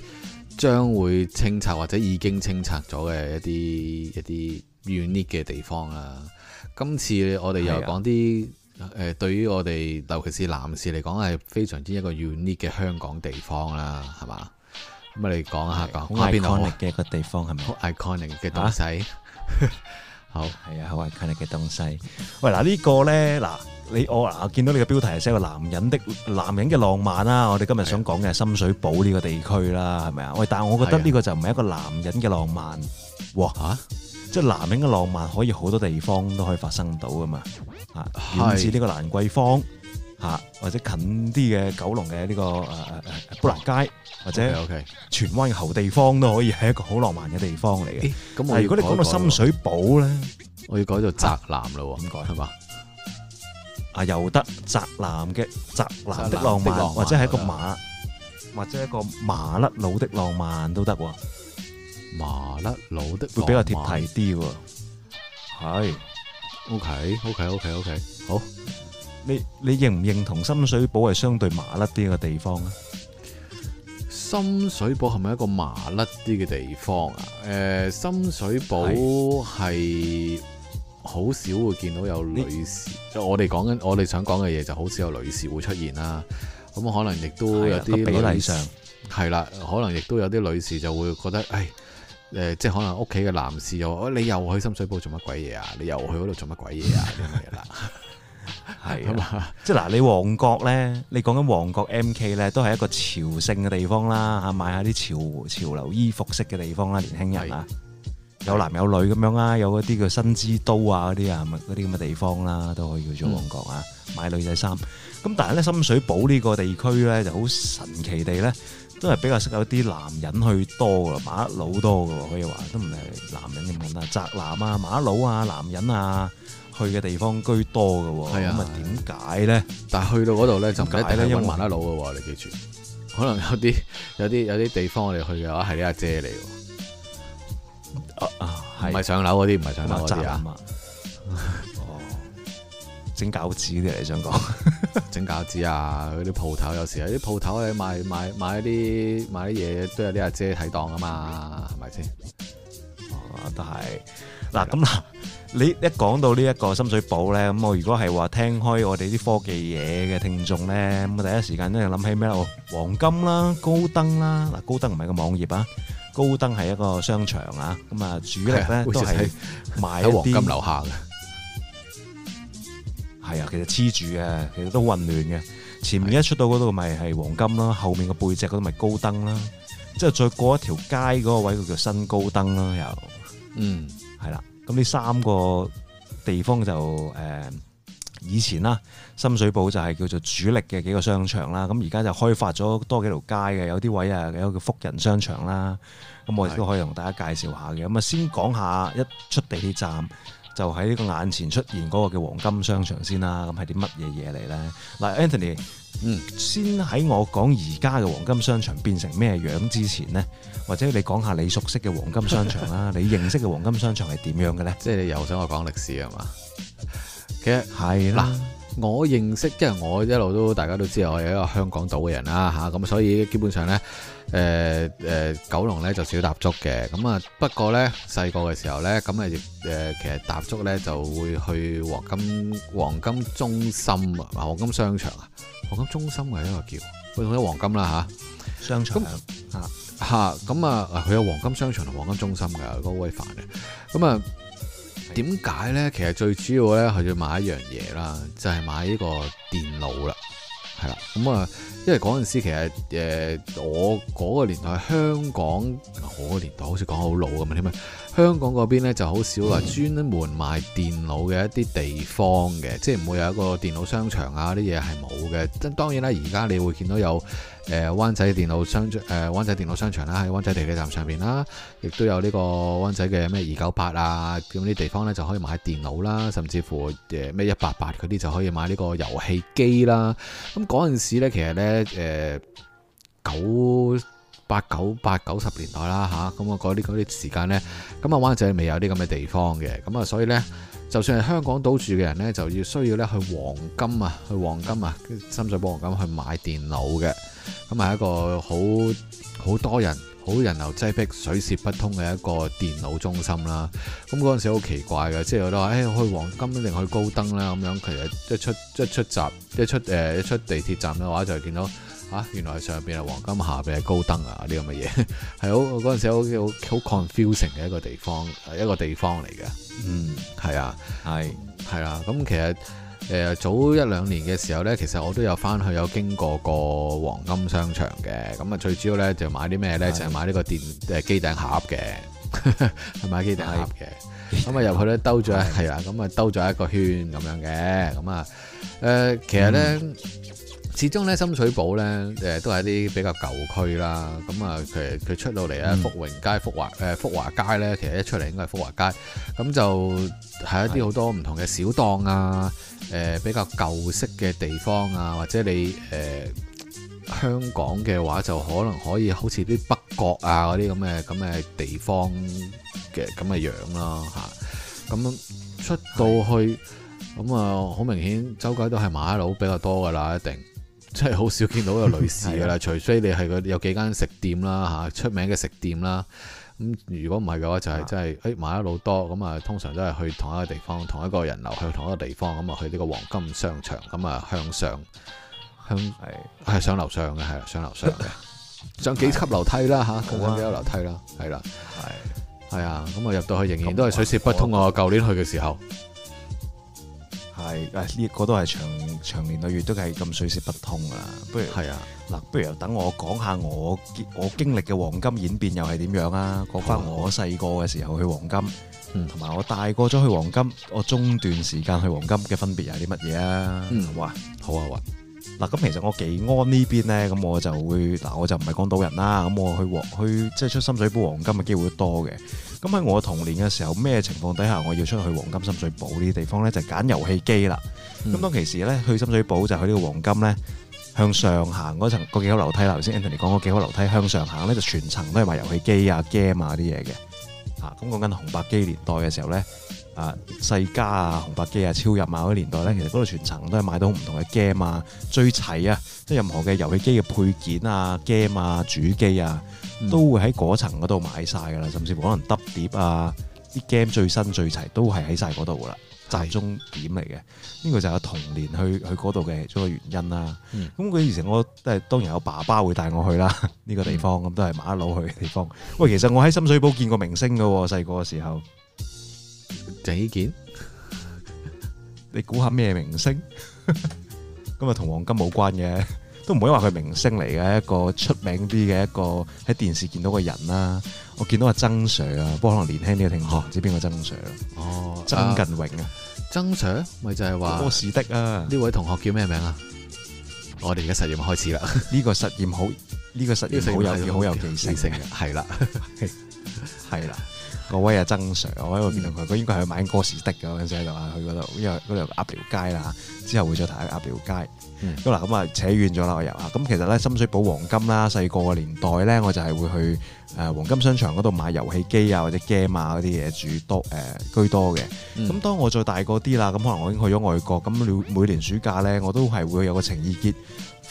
A: 將會清拆或者已經清拆咗嘅一啲一啲遠啲嘅地方啊。今次我哋又講啲。誒對於我哋尤其是男士嚟講係非常之一個 unique 嘅香港地方啦，係嘛？咁我哋講下講對下邊度嘅一個地方係咪？好 iconic 嘅東西，好係啊，好 iconic 嘅 東
B: 西。喂，嗱、這個、呢個咧，嗱你我嗱見到你嘅標題係寫一個男人的男人嘅浪漫啦，我哋今日想講嘅係深水埗呢個地區啦，係咪啊？喂，但係我覺得呢個就唔係一個男人嘅浪漫喎嚇。哇即係男人嘅浪漫，可以好多地方都可以發生到噶嘛，啊，甚至呢個蘭桂坊，吓或者近啲嘅九龍嘅呢個誒誒誒砵蘭街，或者 OK，荃灣嘅後地方都可以係一個好浪漫嘅地方嚟嘅。但係如果你講到深水埗咧，我要改到宅男啦，咁改係嘛？啊，又得宅男嘅宅男的浪漫，或者係一個馬，或者一個麻甩佬的浪漫都得喎。
A: 麻甩佬的會比較貼題
B: 啲喎，係，OK，OK，OK，OK，好，你你認唔認同深水埗係相對麻
A: 甩啲嘅地方咧、呃？深水埗係咪一個麻甩啲嘅地方啊？誒，深水埗係好少會見到有女士，你我哋講緊我哋想講嘅嘢，就好少有女士會出現啦。咁可能亦都有啲比例上係啦，可能亦都有啲女士就會覺得，誒。誒、呃，即係可能屋企嘅男士又，你又去深水埗做乜鬼嘢啊？你又去嗰度做乜鬼嘢啊？啲咁嘅啦，係啊嘛，即係嗱，你旺角咧，你講緊旺
B: 角 M K 咧，都係一個朝聖嘅地方啦，嚇買下啲潮潮流衣服式嘅地方啦，年輕人啊，是有男有女咁樣啦，的有嗰啲叫新之都啊，嗰啲啊，咪嗰啲咁嘅地方啦，都可以叫做旺角啊，嗯、買女仔衫。咁但係咧，深水埗呢個地區咧，就好神奇地咧。都係比較適合啲男人去多嘅，麻甩佬多嘅可以話，都唔係男人咁簡單，宅男啊、麻甩佬啊、男人啊
A: 去嘅地方居多嘅。係啊，咁啊點解咧？但係去到嗰度咧，呢就唔係睇緊麻甩佬嘅喎，為你記住。可能有啲有啲有啲地方我哋去嘅話係啲阿姐嚟嘅。啊啊，係唔係上樓嗰啲？唔係上樓嗰啲啊。 整餃子啲嘢想講，整餃子啊，嗰啲鋪頭有時啊，啲鋪頭咧賣賣賣一啲賣啲嘢，都有啲阿姐睇檔啊嘛，係咪先？哦，都係。嗱咁嗱，你一講到呢一個
B: 深水埗咧，咁我如果係話聽開我哋啲科技嘢嘅聽眾咧，咁啊第一時間咧都係諗起咩咧？哦，黃金啦，高登啦。嗱，高登唔係個網頁啊，高登係一個商場啊。咁啊主力咧都係喺黃金樓下嘅。係啊，其實黐住啊，其實都混亂嘅。前面一出到嗰度咪係黃金啦，是的 後面個背脊嗰度咪高登啦，即係再過一條街嗰個位置叫新高登啦，又嗯，係啦。咁呢三個地方就誒、呃、以前啦，深水埗就係叫做主力嘅幾個商場啦。咁而家就開發咗多幾條街嘅，有啲位啊有叫福仁商場啦。咁我亦都可以同大家介紹下嘅。咁啊是的，先講下一出地鐵站，就喺呢個眼前出現嗰個叫黃金商場先啦，咁係啲乜嘢嘢嚟呢？嗱，Anthony，嗯，先喺我講而家嘅黃金商場變成咩樣之前呢，或者你講下你熟悉嘅黃
A: 金商場啦， 你認
B: 識嘅黃金商場係點
A: 樣嘅呢？即係你又想我講歷史係嘛？其實係啦。啊我認識，即係我一路都大家都知道我係一個香港島嘅人啦嚇，咁、啊、所以基本上咧，誒、呃、誒、呃，九龍咧就少踏足嘅，咁啊不過咧細個嘅時候咧，咁誒誒，其實踏足咧就會去黃金黃金中心啊，黃金商場啊，黃金中心嘅一個叫去睇黃金啦嚇，啊、
B: 商
A: 場嚇嚇咁啊，佢有、啊、黃金商場同黃金中心嘅嗰位煩嘅，咁啊。點解咧？其實最主要咧係要買一樣嘢啦，就係、是、買呢個電腦啦，係啦。咁、嗯、啊，因為嗰陣時其實誒、呃、我嗰個年代香港，我個年代好似講好老咁啊，點解？香港嗰邊咧就好少話專門賣電腦嘅一啲地方嘅，即係唔會有一個電腦商場啊啲嘢係冇嘅。當然啦，而家你會見到有誒、呃、灣仔電腦商誒、呃、灣仔電腦商場啦，喺灣仔地鐵站上邊啦，亦都有呢個灣仔嘅咩二九八啊咁啲地方呢就可以買電腦啦，甚至乎誒咩一八八嗰啲就可以買呢個遊戲機啦。咁嗰陣時咧，其實呢，誒、呃、九。八九八九十年代啦吓，咁啊嗰啲嗰啲時間呢，咁啊灣仔未有啲咁嘅地方嘅，咁啊所以呢，就算係香港島住嘅人呢，就要需要呢去黃金啊，去黃金啊，深水埗黃金去買電腦嘅，咁係一個好好多人好人流擠迫、水泄不通嘅一個電腦中心啦。咁嗰陣時好奇怪嘅，即係我都話，誒、哎、去黃金一定去高登啦咁樣，其實一出一出閘一出、一出、一出、呃、一出地鐵站嘅話，就係、是、見到。啊，原來上邊係黃金下，下邊係高登啊！啲咁嘅嘢係好，嗰陣時好好 confusing 嘅一個地方，一個地方嚟嘅。嗯，係啊，係係啦。咁、啊、其實誒、呃、早一兩年嘅時候咧，其實我都有翻去有經過過黃金商場嘅。咁啊，最主要咧就買啲咩咧，是就係買呢個電誒機頂盒嘅，係 買機頂盒嘅。咁啊入去咧兜咗係 啊，咁啊兜咗一個圈咁樣嘅。咁啊誒，其實咧。嗯。始終咧，深水埗咧，誒都係一啲比較舊區啦。咁啊，其實佢出到嚟咧，福榮街、福華誒福華街咧，其實一出嚟應該係福華街。咁就係一啲好多唔同嘅小檔啊，誒是的 比較舊式嘅地方啊，或者你誒香港嘅話，就可能可以好似啲北角啊嗰啲咁嘅咁嘅地方嘅咁嘅樣咯吓，咁出到去，咁啊好明顯周街都係麻甩佬比較多㗎喇，一定。真係好少見到有女士噶啦，除非你係有幾間食店啦嚇，出名嘅食店啦。咁如果唔係嘅話，就係真係，誒買一路多咁啊。通常都係去同一個地方，同一個人流去同一個地方咁啊。去呢個黃金商場咁啊，向上，向係上樓上嘅係啦，上樓上嘅上幾級樓梯啦嚇，上幾級樓梯啦，係啦，係係啊。咁啊入到去，仍然都係水泄不通啊！我舊年去嘅時候。係誒呢個都係長長年累月都係咁水泄不通噶啦，不如係
B: 啊嗱，不如等我講下我我經歷嘅黃金演變又係點樣啊？講翻我細個嘅時候去黃金，同埋、嗯、我大個咗去黃金，我中段時間去黃金嘅分別係啲乜嘢啊？嗯、好哇、啊，好啊，哇！嗱，咁其實我技安呢邊咧，咁我就會，嗱，我就唔係港島人啦，咁我去黃去即係出深水埗黃金嘅機會多嘅。咁喺我童年嘅時候，咩情況底下我要出去黃金深水埗呢啲地方咧，就揀遊戲機啦。咁當其時咧，去深水埗就去呢個黃金咧向上行嗰層嗰幾級樓梯啦。頭先 Anthony 講嗰幾級樓梯向上行咧，就全層都係賣遊戲機啊、game 啊啲嘢嘅。嚇，咁講緊紅白機年代嘅時候咧。啊，世嘉啊、紅白機啊、超人啊嗰、啲、年代咧，其實嗰度全層都係買到唔同嘅 game 啊，最齊啊，即係任何嘅遊戲機嘅配件啊、game 啊、主機啊，都會喺嗰層嗰度買晒噶啦，嗯、甚至乎可能揼碟啊，啲 game 最新最齊都係喺晒嗰度噶啦，集是 中點嚟嘅。呢個就係童年去去嗰度嘅咁原因啦、啊。咁佢、嗯、以前我都係當然有爸爸會帶我去啦，呢、這個地方咁、嗯、都係麻甩佬去嘅地方。喂，其實我喺深水埗見過明星噶、啊，細個嘅時候。鄭伊健，你估下咩明星？ 今日同黃金冇關嘅，都唔可以話佢明星嚟，嘅一個出名啲嘅一個喺電視見到個人啦。我見到阿曾 Sir 啊，不過可能年輕啲嘅同學唔知邊個曾 Sir 哦，曾近榮啊，
A: 曾 Sir 咪就係話波士的啊。呢位同學叫咩名啊？我哋而家實驗開始啦。呢個實驗好，呢、呢個實驗好有好有記性嘅，係啦，
B: 係啦。 個威啊，位曾 sir，我喺度見到佢，佢應該係去買歌時的嗰陣時喺度啊，去嗰度，因為嗰度鴨寮街啦，之後會再睇提鴨寮街。好啦，嗯，咁啊扯遠咗啦，我由啊，咁其實咧，深水埗黃金啦，細個嘅年代咧，我就係會去誒，呃、黃金商場嗰度買遊戲機啊，或者 game 啊嗰啲嘢，主多誒，呃、居多嘅。咁，嗯、當我再大個啲啦，咁可能我已經去咗外國，咁每年暑假咧，我都係會有個情意結。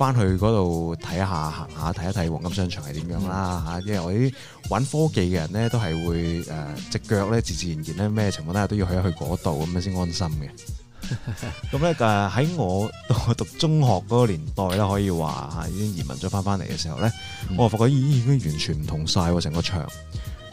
B: 翻去嗰度睇下，行下睇一睇黃金商場係點樣啦嚇。嗯、因為我啲玩科技嘅人咧都係會誒隻、呃、腳咧自自然然咧咩情況下都要去一去嗰度咁樣先安心嘅。咁咧誒喺我讀中學嗰個年代咧，可以話已經移民咗翻翻嚟嘅時候咧，嗯、我就發覺已經完全唔同晒喎，成個場。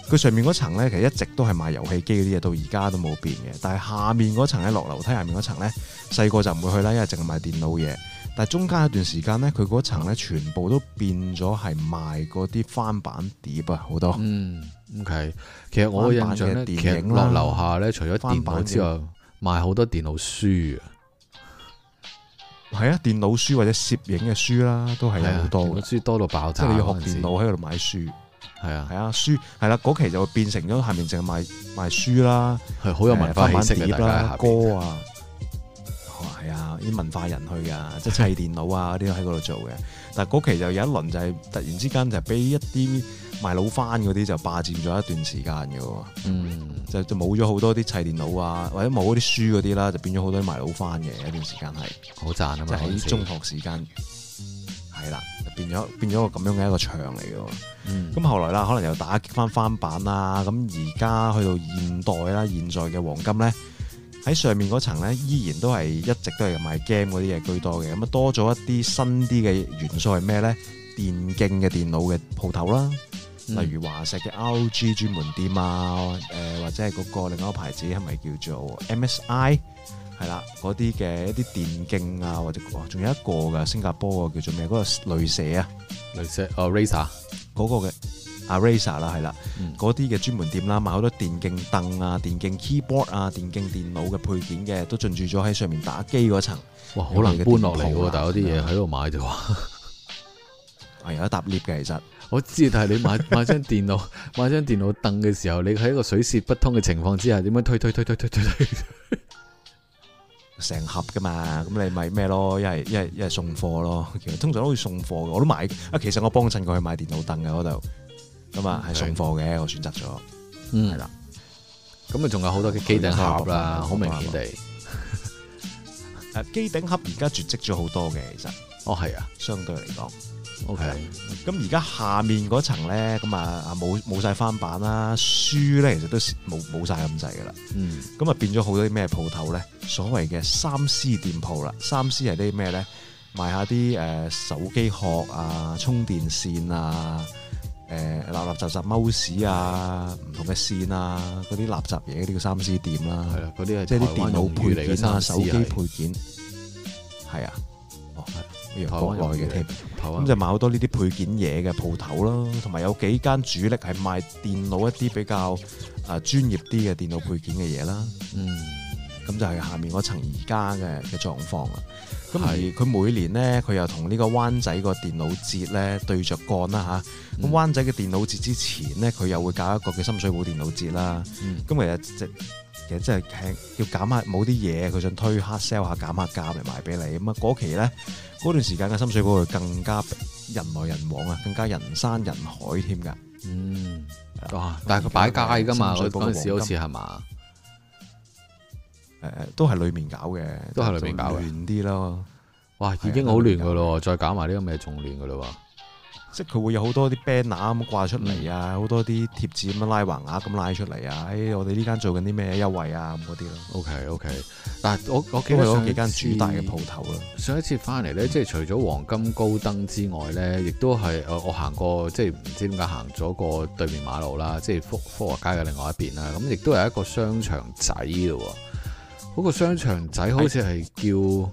B: 佢上面嗰層咧其實一直都係賣遊戲機嗰啲嘢，到而家都冇變嘅。但係下面嗰層喺落樓梯下面嗰層咧，細個就唔會去啦，因為淨係賣電腦嘢。但中間一段時間咧，佢嗰層咧全部都變咗係賣嗰啲翻版碟啊，好多。嗯，OK 其。
A: 其實我印象咧，落樓下咧，除咗翻版之外，賣好版多電腦書啊。係啊，電腦書或者攝影嘅書啦，都係好多，
B: 書多到爆炸。即係你要學電腦喺度買書，係啊的，係啊，書係啦。嗰期就會變成咗下面淨係賣賣書啦，係好有文化嘅的。版碟歌啊。哦，係啊，啲文化人去㗎，即係砌電腦啊啲喺嗰度做嘅。但係嗰期就有一輪就係突然之間就俾一啲賣老翻嗰啲就霸佔咗一段時間嘅。嗯，就就冇咗好多啲砌電腦啊，或者冇嗰啲書嗰啲啦，就變咗好多啲賣老翻嘅一段時間係好賺啊嘛，喺中學時間。係啦、嗯，對了變咗變咗個咁樣嘅一個場嚟嘅。咁、嗯、後來啦，可能又打擊翻翻版啦。咁而家去到現代啦，現在嘅黃金咧。喺上面嗰層咧，依然都係一直都係賣 game 嗰啲嘢居多嘅，咁啊多咗一啲新啲嘅元素係咩咧？電競嘅電腦嘅鋪頭啦，嗯、例如華碩嘅 ROG 專門店啊，誒、呃、或者係嗰個另一個牌子係咪叫做 MSI？係啦，嗰啲嘅一啲電競啊，或者仲有一個嘅新加坡啊叫做咩？嗰、嗰個雷蛇啊，雷蛇啊、oh, Razer 嗰個嘅。阿 Razer 啦，係啦，嗰啲嘅專門店啦，賣好多電競凳啊、電競 keyboard 啊、電競電腦嘅配件嘅，都進駐
A: 咗喺上面打機嗰層。哇，好難搬落嚟喎，鋪但有啲嘢喺度買就話，係有一搭 lift 嘅。其實我知道，但係你買買張電腦 買張電腦凳嘅時候，你喺一個水泄不通嘅情況之下，點樣推推推推推推？成盒㗎嘛，咁你咪咩咯？一係一係一係送貨咯。其實通常都會送貨嘅，
B: 我都買。啊，其實我幫襯過去買電腦凳嘅嗰度。咁啊，係 Okay. 送貨嘅，我選擇咗。嗯，
A: 係啦了。
B: 咁啊，仲有好多嘅機頂盒啦，好明顯地。誒，機頂盒而家 絕跡咗好多嘅，其實。哦，係啊，相對嚟講。O Okay . K。咁而家下面嗰層咧，咁啊啊冇冇曬翻版啦，書咧其實都冇冇曬咁滯噶啦。嗯。咁啊，變咗好多啲咩鋪頭咧？所謂嘅三 C 店鋪啦，三 C 係啲咩咧？賣下啲誒手機殼啊，充電線啊。誒，垃垃雜雜 mouse 啊，唔同嘅線啊，嗰啲垃圾嘢嗰啲叫三 C 店啦，啊，係啦，啊，啲即係啲電腦配件啊，手機配件，係啊，哦，係，啊，原來台灣 國內嘅添，咁就賣好多呢啲配件嘢嘅鋪頭咯，同埋有幾間主力係賣電腦一啲比較啊專業啲嘅電腦配件嘅嘢啦，嗯，咁就係下面嗰層而家嘅嘅狀況啦。係佢每年咧，佢又同呢個灣仔個電腦節咧對着幹啦嚇。咁、嗯、灣仔嘅電腦節之前咧，佢又會搞一個嘅深水埗電腦節啦。咁、嗯、其實即其實真係要減下冇啲嘢，佢想推黑 sell 下減下價嚟賣俾你。咁、那、啊、個，嗰期咧嗰段時間嘅深水埗就更加人來人往啊，更加人山人海添㗎。嗯，哇！在是的但係佢擺街㗎嘛，深水埗嗰時好似係嘛？
A: 誒都係裏面搞嘅，都係裏面搞嘅。亂啲咯，哇！已經好亂嘅咯，搞再搞埋呢個嘢，仲亂
B: 嘅嘞喎！即係佢會有好多啲 banner 咁掛出嚟啊，好、嗯、多啲貼紙咁拉橫
A: 額咁拉出嚟啊！誒、嗯哎，我哋呢間做緊啲咩優惠啊咁嗰啲咯。OK OK，嗱我我記得有幾間主大嘅鋪頭啦。上一次翻嚟咧，即係除咗黃金高登之外咧，亦都係我，我行過即係唔知點解行咗個對面馬路啦，嗯、即係福華街嘅另外一邊啦。咁亦都係一個商場仔嘅喎。嗰個商場仔好似係叫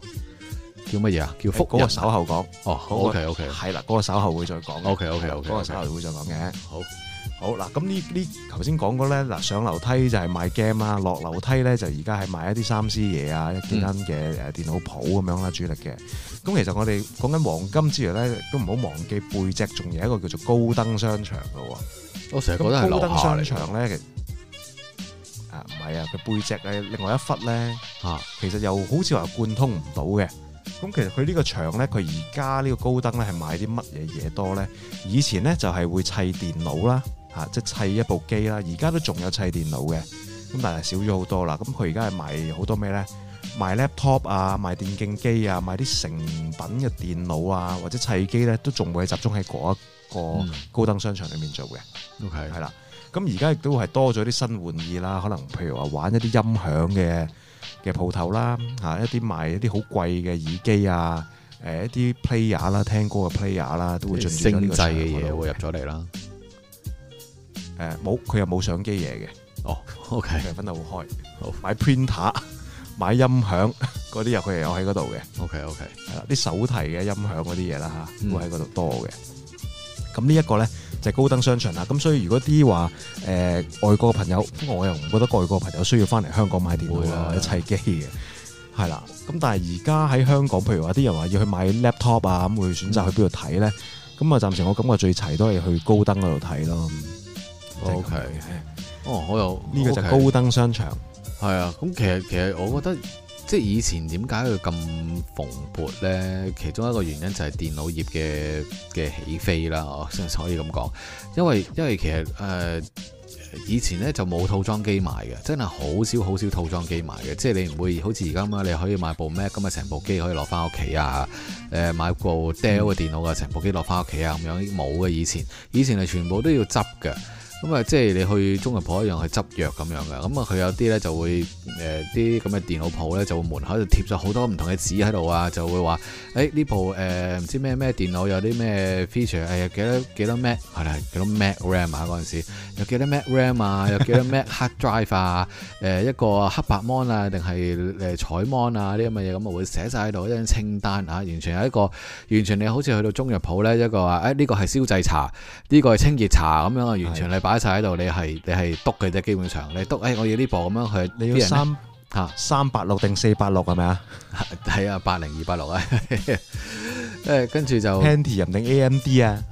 A: 叫乜嘢啊？叫福嗰個稍後講。哦，O K O K，係
B: 啦，嗰個稍後會再講。O K O K O K，嗰個稍後會再講嘅。好好，嗱，咁呢，呢頭先講過咧，嗱，上樓梯就係賣 game 啦，落樓梯咧就而家係賣一啲三 C 嘢啊，一間嘅誒電腦鋪咁樣啦，主力嘅。咁其實我哋講緊黃金之餘咧，都唔好忘記背脊仲有一個叫做高登商場嘅。我成日覺得係高登商場咧。唔係啊，佢、啊、背脊咧，另外一忽咧，嚇、啊，其實又好似話貫通唔到嘅。咁其實佢呢個場咧，佢而家呢個高登咧係賣啲乜嘢嘢多咧？以前咧就係、是、會砌電腦啦，嚇、啊，即係砌一部機啦。而家都仲有砌電腦嘅，咁但係少咗好多啦。咁佢而家係賣好多咩咧？賣 laptop 啊，賣電競機啊，賣啲成品嘅電腦啊，或者砌機咧，都仲會集中喺嗰一個高登商場裡面做嘅。OK，係啦。的咁而家亦都係多咗啲新玩意啦，可能譬如話玩一啲音響嘅嘅鋪頭啦，吓，一啲賣一啲好貴嘅耳機啊，誒，一啲 player 啦，聽歌嘅 player 啦，都會進駐呢個場。精製嘅嘢會入咗嚟啦。誒、啊，冇，佢又冇相機嘢嘅。哦，OK，佢分得好開。好，Okay, okay. 買 printer，買音響嗰啲又佢又有喺嗰度嘅。OK，OK，係啦，啲 Okay, okay. 手提嘅音響嗰啲嘢啦吓，會喺嗰度多嘅。嗯咁呢一個咧就係，是，高登商場啦，咁所以如果啲話誒外國嘅朋友，我又唔覺得外國朋友需要翻嚟香港買電腦啊，砌機嘅，係啦，啊。咁但係而家喺香港，譬如話啲人話要去買 laptop 啊，咁會選擇去邊度睇咧？咁啊，暫時我感覺最齊都係去高登嗰度睇咯。嗯、OK，的哦，
A: 好，有呢個就係高登商場，係啊，okay。咁其實其實我覺得。即係以前點解，佢咁蓬勃呢？其中一個原因就係電腦業嘅嘅起飛啦，哦，可以咁講。因為因為其實誒、呃、以前呢就冇套裝機賣嘅，真係好少好少套裝機賣嘅。即係你唔會好似而家咁啊，你可以買部咩？咁啊，成部機可以攞翻屋企啊。誒買部 Dell 嘅電腦啊，成部機攞翻屋企啊咁樣，冇嘅。以前以前係全部都要執嘅。咁啊、嗯，即係你去中藥鋪一樣去執藥咁樣嘅，咁啊佢有啲咧就會誒啲咁嘅電腦鋪咧就會門口度貼咗好多唔同嘅紙喺度啊，就會話誒呢部誒唔知咩咩電腦、哎呃、電腦有啲咩 feature，誒、哎、幾多幾多 mac 係啦，幾多 mac ram 啊嗰陣時有幾多 mac ram 啊，有幾多 mac hard drive 啊，誒 一個黑白芒啊，定係誒彩芒啊啲咁嘅嘢，咁啊會寫晒喺度一張清單啊，完全一個完全你好似去到中藥鋪咧一個話誒呢個係消滯茶，呢、這個係清潔茶咁樣啊，完全你把喺晒喺度，你係你係督嘅啫，基本上你督，誒，我要呢部咁樣去，你要三吓三八六定四八六係咪啊？係啊，八零二八六啊，誒，跟住就，Pentium 唔定 AMD 啊，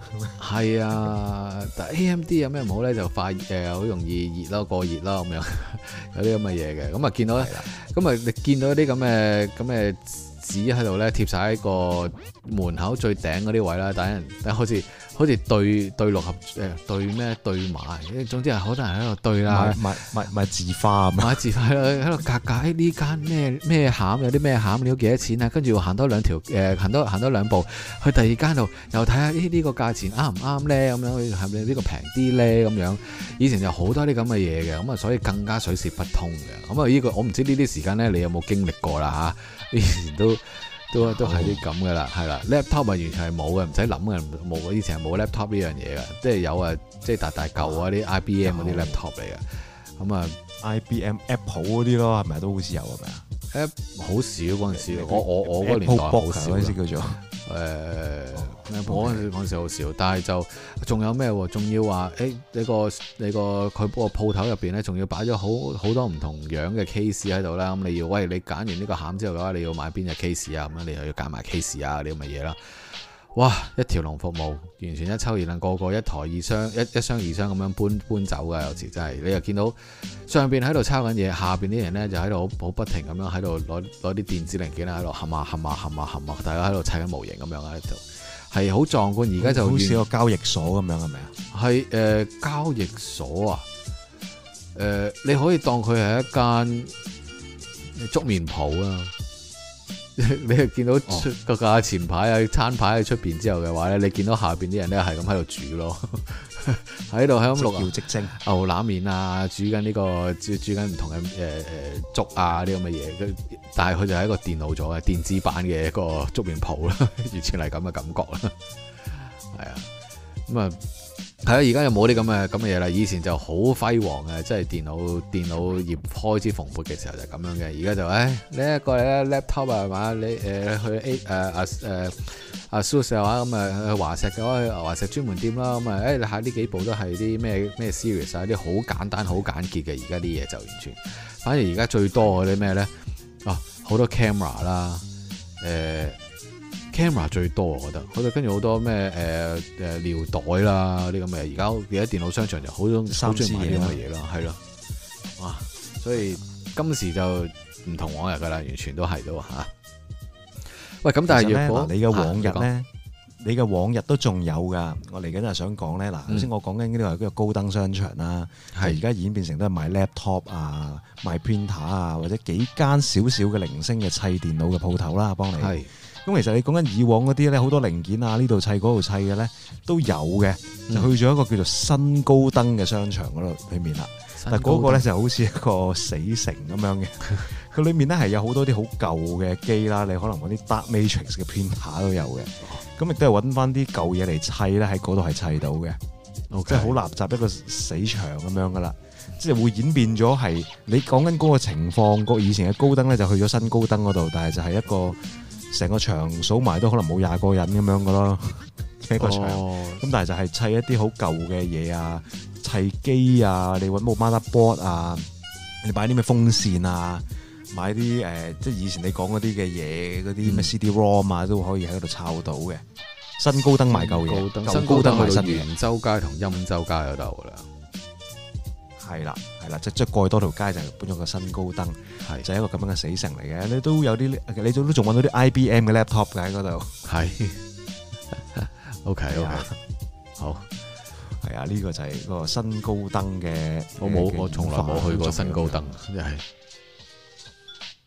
A: 係啊，但係 AMD 有咩唔好咧？就快誒，好容易熱咯，過熱咯，咁樣有啲咁嘅嘢嘅。咁啊，見到咧，咁啊，你見到啲咁嘅咁嘅紙喺度咧，貼晒喺個。門口最頂嗰啲位啦，等人，好似好似對對六合誒，對咩對埋，總之係好多人喺度對啦，買買，買字花啊嘛，買字花咯，喺度格格，誒呢間咩咩餡有啲咩餡，唔知幾多錢啊，跟住行多兩條誒，行多行多兩步去第二間度，又睇下、呢個、呢呢個呢個價錢啱唔啱咧，咁樣係咪呢個平啲咧，咁樣以前就好多啲咁嘅嘢嘅，咁啊所以更加水泄不通嘅，咁啊、呢個、呢個我唔知呢啲時間咧，你有冇經歷過啦、啊、吓，以前都。都都係啲咁噶啦，係啦，laptop 咪完全係冇嘅，唔使諗嘅，冇以前係冇 laptop 呢樣嘢嘅，即係有啊，即係大大舊啊啲、嗯、IBM 嗰啲 laptop 嚟嘅，咁啊就，IBM Apple 嗰啲咯，係咪都好似有係咪啊？Apple 好少嗰陣時，我我我嗰年代好少啦。誒，我嗰陣時好少，但係就仲有咩喎？仲要話誒、欸，你個你個佢個鋪頭入邊咧，仲要擺咗好好多唔同樣嘅 case 喺度啦。咁你要，喂，你揀完呢個餡之後嘅話，你要買邊隻 case 啊？咁樣你又要揀埋 case 啊？呢啲咁嘅嘢啦。哇！一條龍服務，完全一抽二拎，個個一台二箱，一一箱二箱咁樣搬搬走噶，有時真係，你又見到上邊喺度抄緊嘢，下邊啲人咧就喺度好不停咁樣喺度攞攞啲電子零件喺度冚啊冚啊冚啊冚啊，大家喺度砌緊模型咁樣喺度，係好壯觀。而家就好似個交易所咁樣係咪啊？係交易所啊，誒你可以當佢係一間粥麵鋪啊。 你係見到出個價錢牌啊、哦、餐牌喺出邊之後嘅話咧，你見到下邊啲人咧係咁喺度煮咯，喺度響錄啊，即蒸牛腩麵啊，煮緊、這、呢個煮煮緊唔同嘅誒誒粥啊呢咁嘅嘢，但係佢就係一個電腦咗嘅電子版嘅一個粥麵鋪啦， 完全係咁嘅感覺啦，係 啊，咁啊。係啊，而家又冇啲咁嘅咁嘅嘢啦。以前就好輝煌嘅，即係電腦電腦業開始蓬勃嘅時候就咁樣嘅。而家就誒、哎，你一過嚟咧，laptop、呃呃、啊，係嘛？你誒去 A 誒啊誒啊 sus 啊，咁啊去華碩嘅話去華碩專門店啦，咁啊你睇呢幾部都係啲咩咩 series 啊，啲好簡單好簡潔嘅。而家啲嘢就完全。反而而家最多嗰啲咩咧？啊，好多 camera 啦、啊，誒。Camera 最多，我覺得，我哋跟住好多咩誒誒尿袋啦，啲咁嘅。而家而家電腦商場就好多好中意呢啲咁嘅嘢啦，係咯、啊，啦哇！所以今時就唔同往日噶啦，完全都係都嚇。喂，咁但係如果呢、啊、你嘅往日咧，
B: 啊、你嘅往日都仲有噶。我嚟緊啊想講咧，嗱，啱先我講緊呢啲話，嗰個高登商場啦，係而家演變成都係賣 laptop 啊，賣 printer 啊，或者幾間少少嘅零星嘅砌電腦嘅鋪頭啦，幫你。咁其實你講緊以往嗰啲咧，好多零件啊，呢度砌嗰度砌嘅咧都有嘅，就去咗一個叫做新高登嘅商場嗰度裏面啦。嗯、但嗰個咧就好似一個死城咁樣嘅，佢裏 面咧係有好多啲好舊嘅機啦，你可能揾啲《The Matrix》嘅片下都有嘅。咁亦都係搵翻啲舊嘢嚟砌咧，喺嗰度係砌到嘅，嗯、即係好垃圾一個死場咁樣噶啦。嗯、即係會演變咗係你講緊嗰個情況，個以前嘅高登咧就去咗新高登嗰度，但係就係一個。成個場數埋都可能冇廿個人咁樣噶咯，成個場。咁、oh. 但係就係砌一啲好舊嘅嘢啊，砌機啊，你揾部 motherboard 啊，你買啲咩風扇啊，買啲誒、呃、即係以前你講嗰啲嘅嘢，嗰啲咩 CD-ROM 啊都可以喺度抄到嘅。新高登賣舊嘢，新高登去新田周街同欽州街嗰度啦。係啦，係啦，即即隔多條街就係搬咗個新高登，係是的 就係一個咁樣嘅死城嚟嘅。你都有啲，你都仲揾到啲 I B M 嘅 laptop 喺嗰度。係，O K O K，好，係啊，呢、這個就係個新高登嘅。我冇，我從來冇去過新高登，真係的。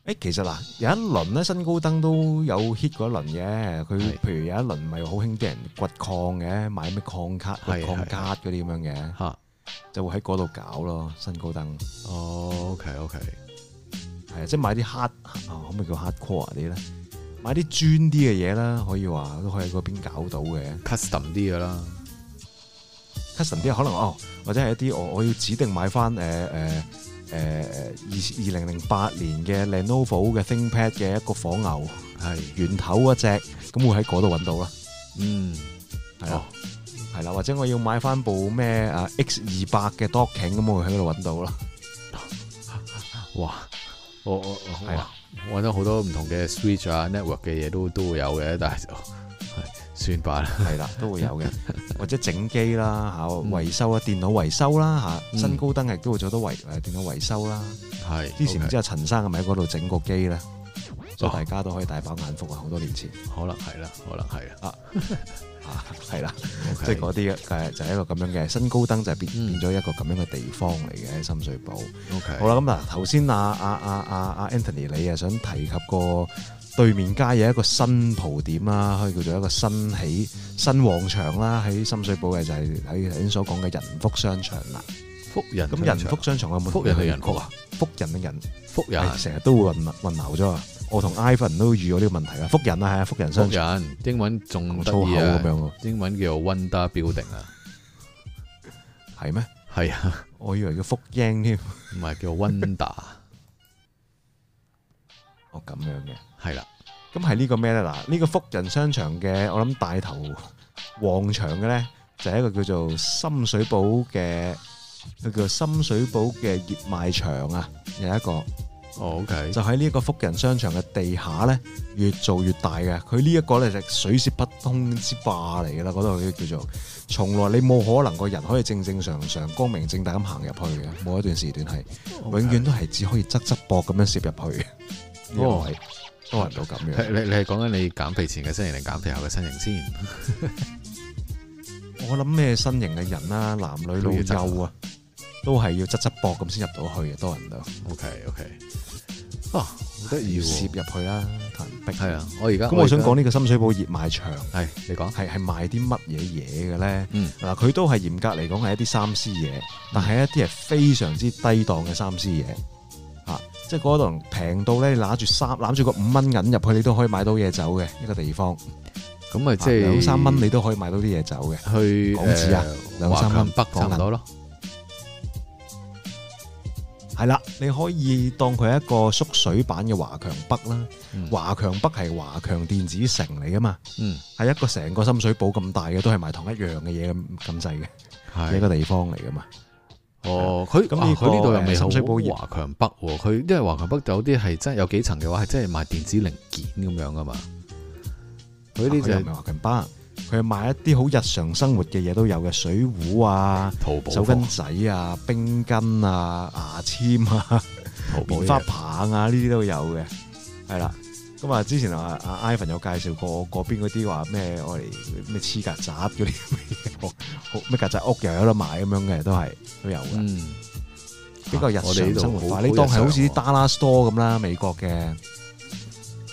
B: 誒，其實嗱，有一輪咧，新高登都有 hit 過一輪嘅。佢的譬如有一輪咪好興啲人掘礦嘅，買咩礦卡、礦卡嗰啲咁樣嘅吓。就會喺嗰度搞咯，新高登。哦、oh,，OK OK，係啊，即係買啲黑、哦，可唔可以叫 hardcore 啲咧？買啲專啲嘅嘢啦，可以話都可以喺嗰邊搞到嘅，custom 啲噶啦，custom 啲可能哦，或者係一啲我我要指定買翻誒誒誒二二零零八年嘅 Lenovo 嘅 ThinkPad 嘅一個火牛係圓是頭嗰隻，咁會喺嗰度搵到啦。
A: 嗯，
B: 係啊。Oh. 係啦，或者我要買翻部咩啊 X 二百嘅 Docking 咁，我喺度揾
A: 到啦。哇！我我我係啊，揾到好多唔同嘅 Switch 啊、Network 嘅嘢都都會有嘅，但係就算吧，啦。係啦，都會有嘅，或者整機啦，
B: 吓維修啊，
A: 電腦維修啦，吓新高登亦都會
B: 做到維電腦維修啦。係之前唔知阿陳生係咪喺嗰度整過機咧？所以大家都可以大飽眼福啊！好多年前，可能係啦，可能係啊。啊，係啦，即係嗰啲嘅，誒就係一個咁樣嘅新高登，就係變變咗一個咁樣嘅地方嚟嘅，喺深水埗。好啦，咁嗱，頭先啊啊啊啊啊 Anthony，你啊想提及過對面街有一個新蒲點啦，可以叫做一個新起新旺場啦，喺深水埗嘅就係喺頭先所講嘅仁福商場啦。福人咁仁福商場有冇福人嘅人曲啊？
A: 福人嘅人，福人成日都會混混淆咗啊！我同
B: Ivan 都遇到呢個問題啊，福人啊係啊，福人商場，
A: 英文仲粗口咁樣，英文叫做 Wonder Building 啊，係咩？係啊，我以為叫福英添，唔係叫 Wonder，哦咁樣
B: 嘅，係啦，咁係呢個咩咧？嗱，呢個福人商場嘅，我諗大頭旺場嘅咧，就係一個叫做深水埗嘅，佢叫深水埗嘅熱賣場啊，有一個。o、oh, k、okay. 就喺呢一個福人商場嘅地下咧，越做越大嘅，佢呢一個咧就水泄不通之霸嚟嘅啦，嗰度叫做從來你冇可能個人可以正正常常光明正大咁行入去嘅，冇一段時段係 Okay. 永遠都係只可以側側膊咁樣攝入去。哦，係
A: 都係唔到咁樣。Oh. Oh. Oh. 你你係講緊你減肥前嘅身形定減肥後嘅身形先？
B: 我諗咩身形嘅人啊，男女老幼啊。都係要側側膊咁先入到去嘅，多人都 OK OK，啊，得意喎，攝入去啦，同人逼，係啊，我而家咁，我想講呢個深水埗熱賣場，係你講，係係賣啲乜嘢嘢嘅咧？嗱，佢都係嚴格嚟講係一啲三 C 嘢，但係一啲係非常之低檔嘅三 C 嘢，嚇，即係嗰度平到咧，攬住三攬住個五蚊銀入去，你都可以買到嘢走嘅一個地方，咁咪即係兩三蚊你都可以買到啲嘢走嘅，去港紙啊，兩三蚊北站唔到咯。係啦，你可以當佢係一個縮水版嘅華強北啦。華強北係華強電子城嚟噶嘛，係、嗯、一個成個深水埗咁大嘅，都係
A: 賣同一樣嘅嘢咁滯嘅一個地方嚟噶嘛。哦，佢咁佢呢度又唔係深水埗華強北喎，佢因為華強北就有啲係真係有幾層嘅話，係真係賣電子零件咁樣他這啊嘛。佢呢啲就係華強北。佢賣一啲好
B: 日常生活嘅嘢都有嘅，水壺啊、淘寶 手巾仔啊、啊冰巾啊、牙籤啊、棉淘寶 花棒啊，呢啲、啊、都有嘅。係啦，咁啊，之前啊，阿 Ivan 有介紹過嗰邊嗰啲話咩，我哋咩黐曱甴嗰啲咩嘢，好咩曱甴屋又有，有得買咁樣嘅，都係都有
A: 嘅。呢、嗯、比較日常生活，嗱你當係好似
B: 啲 Dollar Store 咁啦，美國嘅、啊，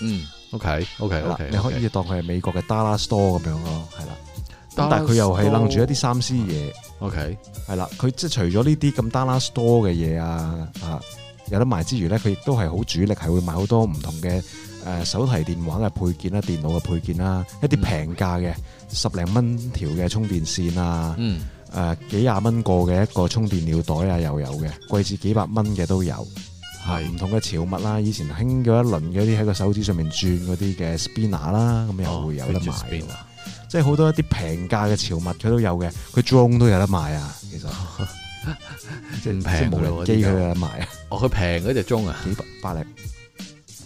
B: 嗯。OK，OK 啦，okay, okay, okay, okay，你可以當佢係美國嘅 Dollar Store 咁樣咯，係啦。咁 Dollar
A: Store? 但係佢又係楞住一
B: 啲三 C 嘢。OK，係啦，佢即係除咗呢啲咁 Dollar Store 嘅嘢啊，啊有得賣之餘咧，佢亦都係好主力，係會賣好多唔同嘅誒、啊、手提電話嘅配件啦、電腦嘅配件啦，一啲平價嘅、嗯、十零蚊條嘅充電線啊，
A: 嗯，
B: 誒、啊、幾廿蚊個嘅一個充電尿袋啊，又有嘅，貴至幾百蚊嘅都有。係唔是同嘅潮物啦，是以前興咗一輪嗰啲喺個手指上面轉嗰啲嘅 spinner 啦、哦，咁又會有得賣、嗯、即係好多一啲平價嘅潮物，佢都有嘅，佢裝都有得賣啊。其實唔平，哦、即係是無人機佢有得賣啊。
A: 哦，佢平嗰隻裝啊，幾百零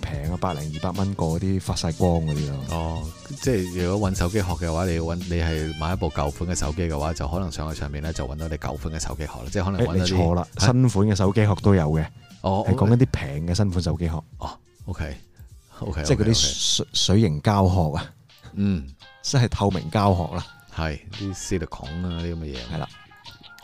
A: 平啊，百零二百蚊個啲發晒光嗰啲咯。哦，即係如果揾手機殼嘅話，你揾你係買一部舊款嘅手機嘅話，就可能上去上面咧就揾到你舊款嘅手機殼啦。即係可能你錯啦，啊、
B: 新款嘅手機殼都有嘅。哦，係講緊啲平嘅新款手機殼，哦，OK，OK，
A: 即係嗰啲水
B: 水型膠殼啊，嗯，即係透明膠殼啦，係啲 silicone 啊啲咁嘅嘢，係啦。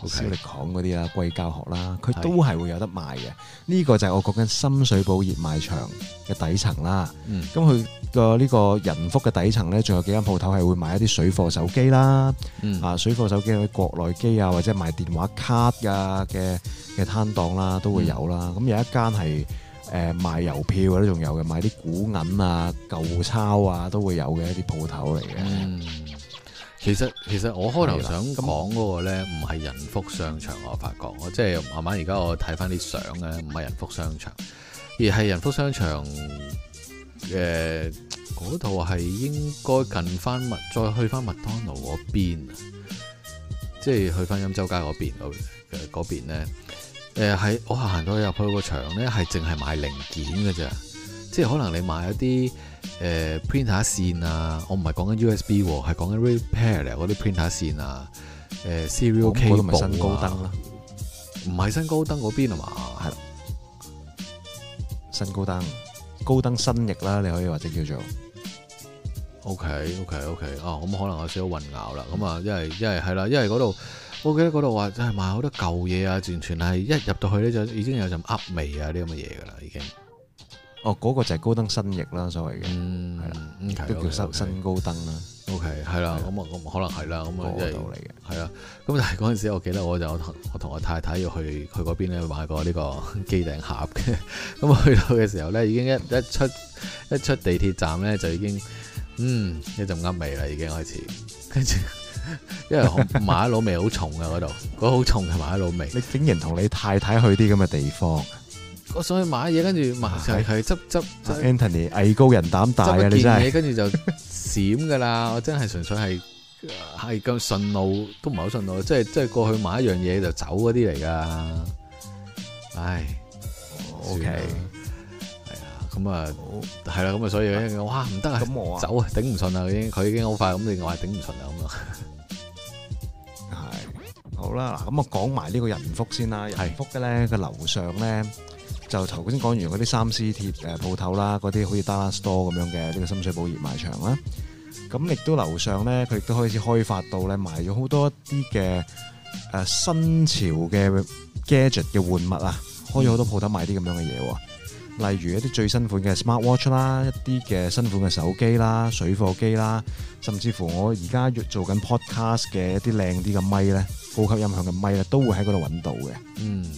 B: 小力講嗰啲啦，貴教學啦，佢都係會有得賣嘅。呢是個就係我講緊深水埗熱賣場嘅底層啦。咁佢個呢個人福嘅底層呢，仲有幾間鋪頭係會賣一啲水貨手機啦，嗯、啊水貨手機喺國內機啊，或者賣電話卡的的的攤檔啊嘅嘅攤檔啦，都會有啦。咁、嗯、有一間係誒賣郵票嗰啲仲有嘅，賣啲古銀
A: 啊、舊鈔啊都會有嘅一啲鋪頭嚟嘅。嗯其實其實我開頭想講嗰個咧，唔係人福商場，的我發覺，即係慢慢而家我睇翻啲相咧，唔係人福商場，而係人福商場誒嗰度係應該近翻麥，再去翻麥當勞嗰邊，即係去翻欽州街嗰邊咧，我行到入去個場咧，係淨係買零件嘅咋，即係可能你買一啲。誒，printer、呃、線啊，我唔係講緊 USB，係講緊 repair 嗰啲 printer 線啊。誒，serial cable 啊，唔係、啊、新高登嗰邊啊嘛，係新高登，高登新翼啦，你可以或者叫做。OK OK OK，哦，咁、嗯、可能有少少混淆啦。咁、嗯、啊，因為因為係啦，因為嗰度，我記得嗰度話真係賣好多舊嘢啊，完全係一入到去咧就已經有陣噏味啊啲咁嘅嘢噶啦，已經。哦，嗰、那個就係高登新翼啦，所謂嘅，係啦，都叫新高登啦。O K，係啦，咁啊，咁可能係啦，咁啊，道理嘅，係啦。咁但係嗰陣時，我記得我就我同我太太要去去嗰邊咧買過呢個機頂盒嘅。咁 啊、嗯，去到嘅時候咧，已經一一出一出地鐵站咧，就已經嗯一陣噏味啦，已經開始。跟住，因為買一攞味好重啊，嗰度嗰好重嘅買一攞味。你竟然同你太太去
B: 啲咁嘅地方。
A: 我想去買嘢，跟住埋就係執執
B: Anthony，藝高人膽大啦，你真係跟
A: 住就閃噶啦。我真係純粹係係咁順路都唔係好順路，即係即係過去買一樣嘢就走嗰啲嚟噶。唉，OK，係啊，咁啊，係啦，咁啊，所以哇唔得啊，走頂唔順啊，已經佢已經好快咁，你話頂唔順啊咁啊，係好啦。嗱咁啊，我講埋呢個人福先啦。人福嘅咧，
B: 個樓上咧。就頭先講完嗰啲三 C 貼誒鋪頭啦，嗰啲好似 Dollar Store 咁樣嘅呢、呢個深水埗熱賣場啦，咁亦都樓上咧，佢亦都開始開發到咧賣咗好多一啲嘅誒新潮嘅 gadget 嘅玩物啊，開咗好多鋪頭賣啲咁樣嘅嘢喎，例如一啲最新款嘅 smartwatch 啦，一啲嘅新款嘅手機啦、水貨機啦，甚至乎我而家做緊 podcast 嘅一啲靚啲嘅咪咧，高級音響嘅咪咧，都會喺嗰度揾到嘅。嗯。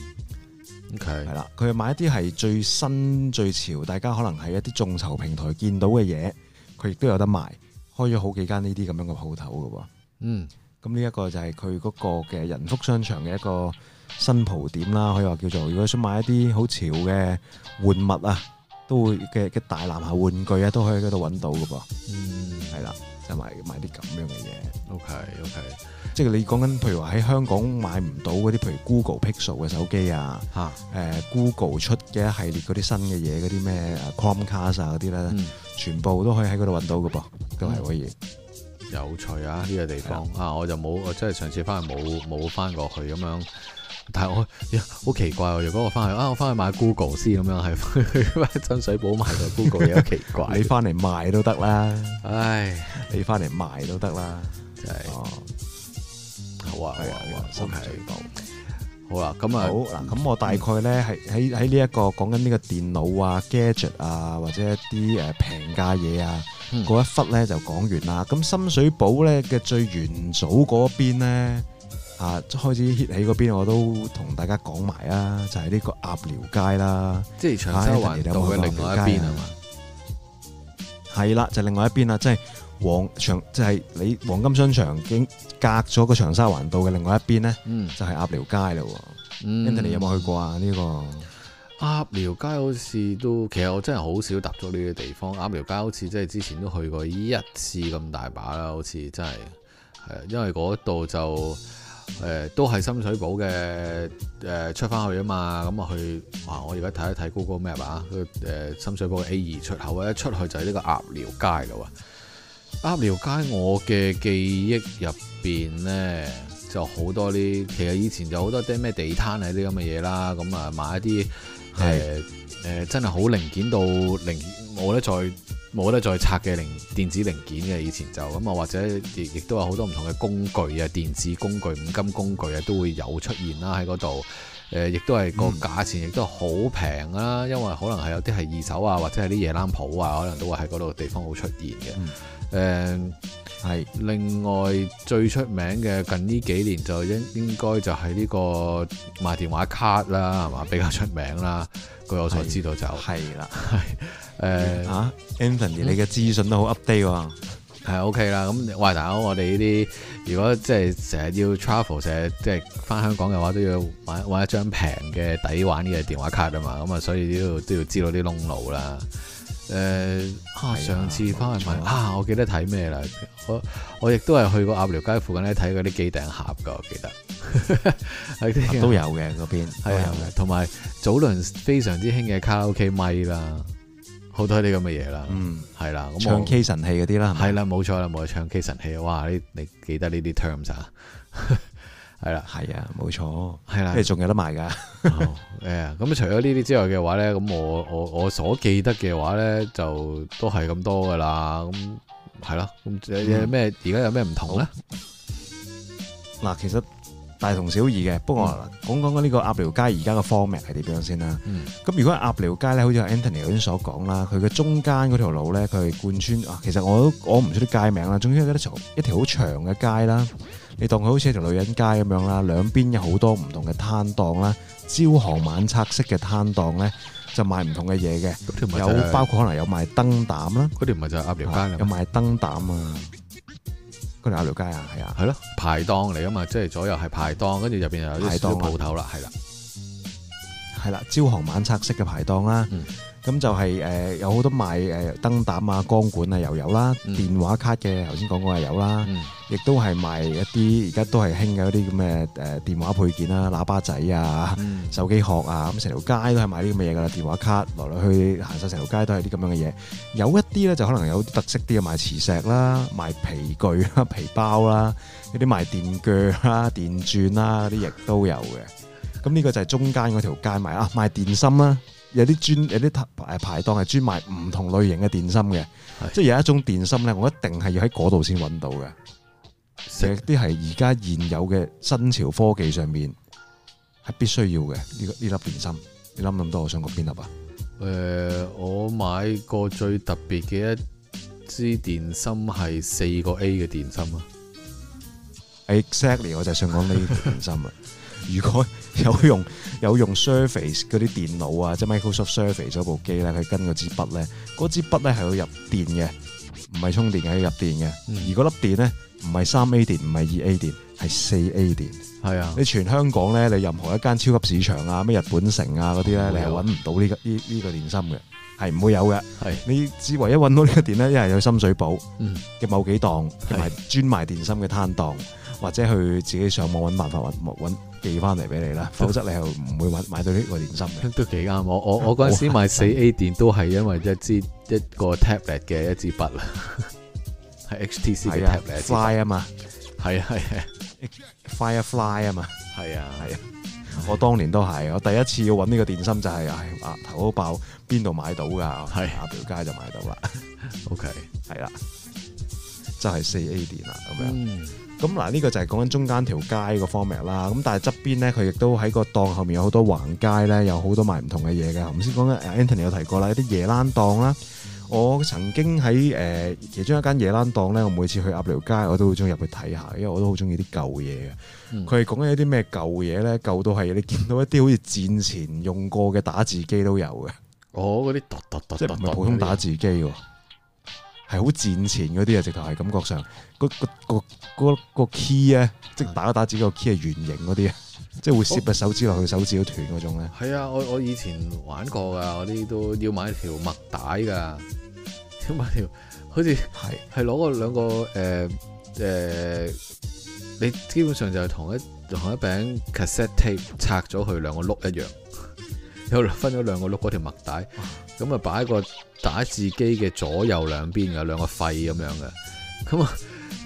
B: 係啦，佢 Okay. 買一啲係最新最潮，大家可能喺一啲眾籌平台見到嘅嘢，佢亦都有得賣，開咗好幾間呢啲咁樣嘅鋪頭噶。嗯，咁呢一個就係佢嗰個嘅仁福商場嘅一個新蒲點啦，可以話叫做，如果想買一啲好潮嘅玩物啊，都會嘅嘅大男孩玩具啊，都可以喺度揾到噶。嗯，係啦，就買買啲咁樣嘅嘢。OK，OK。Okay, okay. 即係你講緊，譬如話喺香港買唔到嗰啲，譬如 Google Pixel 嘅手機啊，嚇、啊，誒、呃、Google 出嘅一系列嗰啲新嘅嘢，嗰啲咩 Chromecast、啊啊嗰啲咧，
A: 全部都可以喺嗰度揾到嘅噃，嗯、都係可以。有趣啊！呢、這個地方的啊，我就冇，我真係上次翻去冇冇翻過去咁樣，但係我好奇怪喎、啊，如果我翻去啊，我翻去買 Google 先咁樣，係去 深水埗買個 Google 嘢，奇怪。 你翻嚟賣都得啦，唉，你翻嚟賣都得啦，真係
B: 唉。好啊，那好咁啊，好嗱，咁我大概咧係喺喺呢一、嗯這個講緊呢個電腦啊、gadget 啊或者一啲誒平價嘢啊，嗰、嗯、一忽咧就講完啦。咁深水埗咧嘅最元祖嗰邊咧啊，開始 heat 起嗰邊我都同大家講埋啦，就係、是、呢個鴨寮街啦，即係長洲環道嘅、啊、另外一邊啊？嘛，係啦，就是、另外一邊啦，即係。黃長即係你黃金商場已經隔咗個長沙灣道嘅另外一邊咧，就係鴨寮街啦。
A: Andy，你、嗯、有冇去過啊？呢個鴨寮街好似都，其實我真係好少踏足呢啲地方。鴨寮街好似真係之前都去過呢一次咁大把啦，好似真係，因為嗰度就誒，都係深水埗嘅誒，出翻去啊嘛，咁啊去啊，我而家睇一睇 Google 咩話，誒深水埗 A 二出口一出去就係呢個鴨寮街噶喎。鴨寮街，我嘅記憶入面呢，就好多啲，其實以前就好多啲咩地攤啊啲咁嘅嘢啦，咁啊買一啲誒、嗯呃呃、真係好零件到零，冇得再冇得再拆嘅零電子零件嘅，以前就咁啊，或者亦亦都有好多唔同嘅工具啊，電子工具、五金工具啊都會有出現啦喺嗰度，亦、呃、都係個價錢亦、嗯、都好平啦，因為可能係有啲係二手啊，或者係啲夜冷舖啊，可能都會喺嗰度地方好出現嘅。嗯誒係、嗯、另外最出名嘅近呢幾年就應應該就係呢個賣電話卡啦，係嘛，比較出名啦。是的 據我所知道就係啦，係誒嚇 Anthony，你嘅資訊都好 update 喎、啊，係、嗯嗯、OK 啦。咁華大佬，我哋呢啲如果即係成日要 travel，成日即係返香港嘅話，都要買一張平嘅抵玩嘅電話卡啊嘛，咁啊所以都要都要知道啲窿路啦。誒、呃啊、上次翻去問啊，啊，我記得睇咩啦？我我亦都係去過鴨寮街附近咧睇嗰啲機頂盒噶，我記得係、 啊、都有嘅嗰邊。係啊，同埋有早輪非常之興嘅卡拉 OK 咪啦，好多呢啲咁嘅嘢啦。嗯，係啦、嗯，啊、唱 K 神器嗰啲啦。係啦、嗯，冇錯啦，冇錯、啊，唱 K 神器。哇！你你記得呢啲 terms 啊？ 係啦，係啊，冇錯的，係啦錯，即係仲有得賣噶。誒，咁、哦 哎、除咗呢啲之外嘅話咧，咁我我我所記得嘅話咧，就都係咁多噶啦。咁係啦，咁有什麼、嗯、現在有咩而家有咩唔同咧？
B: 嗱、嗯，其實大同小異嘅。不過講講呢個鴨寮街而家嘅方貌係點樣先啦。咁、嗯、如果鴨寮街咧，好似 Anthony 頭先所講啦，佢嘅中間嗰條路咧，佢貫穿啊。其實我都講唔出啲街名啦，總之係嗰一條好長嘅街啦。你當佢好似一條女人街咁樣啦，兩邊有好多唔同嘅攤檔啦，朝行晚拆式嘅攤檔咧就賣唔同嘅嘢嘅，就是、有包括可能有賣燈膽
A: 啦。嗰條唔係就係鴨寮街、啊、嗎有賣燈膽啊，嗰條鴨寮街啊，係啊了，係囉，排檔嚟啊嘛，即、就、係、是、左右係排檔，跟住入邊有啲小鋪頭啦，係啦、
B: 啊，係啦了，朝行晚拆式嘅排檔啦。嗯咁就係、是、誒、呃、有好多賣誒、呃、燈膽啊、光管啊又有啦，嗯、電話卡嘅頭先講過係有啦，亦、嗯、都係賣一啲而家都係興嘅嗰啲咁嘅誒電話配件啦、啊、喇叭仔啊、嗯、手機殼啊，咁成條街都係賣呢啲咁嘅嘢㗎啦。電話卡來來去去行晒成條街都係啲咁樣嘅嘢。有一啲咧就可能有特色啲嘅賣磁石啦、賣皮具啦、皮包啦，有啲賣電鋸啦、電鑽啦，呢啲亦都有嘅。咁呢個就係中間嗰條街賣啊賣電芯啦。有啲專有啲誒，排檔係專賣唔同類型嘅電芯嘅，是的 即係有一種電芯咧，我一定係要喺嗰度先揾到嘅。成啲係而家現有嘅新潮科技上面，係必須要嘅呢呢粒電
A: 芯。你諗諗多，我想講邊粒啊？誒、呃，我買過最特別嘅一支電芯係四個 A 嘅電芯啊。
B: Exactly，我就想講呢粒電芯啊。 如果 有用有用 Surface 嗰啲電腦啊，即 Microsoft Surface 嗰部機咧，佢跟嗰支筆咧，嗰支筆咧係要入電嘅，唔係充電嘅，要入電嘅。嗯，而嗰粒電咧，唔係三 A 電，唔係二 A 電，係四 A 電。係啊，你全香港咧，你任何一間超級市場啊，咩日本城啊嗰啲咧，不你係揾唔到呢個呢呢個電芯嘅，係唔會有嘅。係的，你只唯一揾到呢個電咧，一係有深水埗嘅某幾檔同埋專賣電芯嘅攤檔。或者去自己上網揾辦法揾揾寄翻嚟俾你啦，否則你又唔會揾買,買到呢個
A: 電芯都幾啱，我我我嗰陣時買四 A 電都係因為一支 一個 tablet 嘅一支筆啦，係 HTC 嘅啊，fly 啊嘛，係啊係
B: 係 fire fly 啊嘛，係 啊係啊，我當年都係，我第一次要揾呢個電芯就係唉哇頭好爆，邊度買到噶？係阿條街就買到啦，OK 係啦，就係四 A 電啦咁樣。嗯咁嗱，呢個就係講緊中間條街個 format 啦。咁但係側邊咧，佢亦都喺個檔後面有好多橫街咧，有好多賣唔同嘅嘢嘅。頭先講緊，Anthony 有提過啦，有啲夜冷檔啦。我曾經喺誒其中一間夜冷檔咧，我每次去鴨寮街我都會中意入去睇下，因為我都好中意啲舊嘢嘅。佢係講緊一啲咩舊嘢咧？舊到係你見到一啲好似戰前用過嘅打字機都有嘅。哦，嗰啲突突突，即係唔係普通打字機喎？係好戰前嗰啲啊！直頭係感覺上，嗰、嗰個、嗰個、嗰個 key 咧，即係打一打自己個 key 係圓形嗰啲啊，即係會揳個手指落去，手指都斷嗰種咧。係、
A: 哦、啊，我我以前玩過噶，我啲都要買條墨帶噶，要買條好似係係攞個兩個誒誒，你基本上就係同一同一餅 cassette tape 拆咗佢兩個碌一樣，有分咗兩個碌嗰條墨帶。咁啊，擺喺個打字機嘅左右兩邊有兩個肺咁樣嘅，咁啊，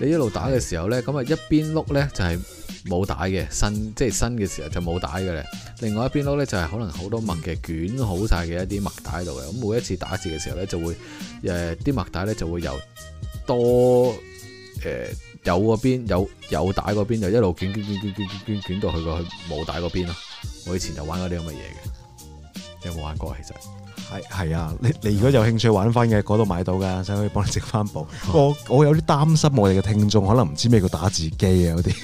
A: 你一路打嘅時候咧，咁啊一邊碌咧就係冇帶嘅新，即係新嘅時候就冇帶嘅咧，另外一邊碌咧就係可能好多墨嘅捲好晒嘅一啲墨帶喺度嘅，咁每一次打字嘅時候咧就會誒啲墨帶咧就會有多誒有嗰邊有有帶嗰邊就一路捲卷卷卷卷卷卷捲到去個去冇帶嗰邊咯。我以前就玩嗰啲咁嘅嘢嘅，你有冇玩過其實？係係啊！
B: 你你如果有興趣玩翻嘅，嗰度買到噶，所以可以幫你值翻部、嗯我。我有啲擔心，我哋嘅聽眾可能唔知咩叫打字機啊嗰啲。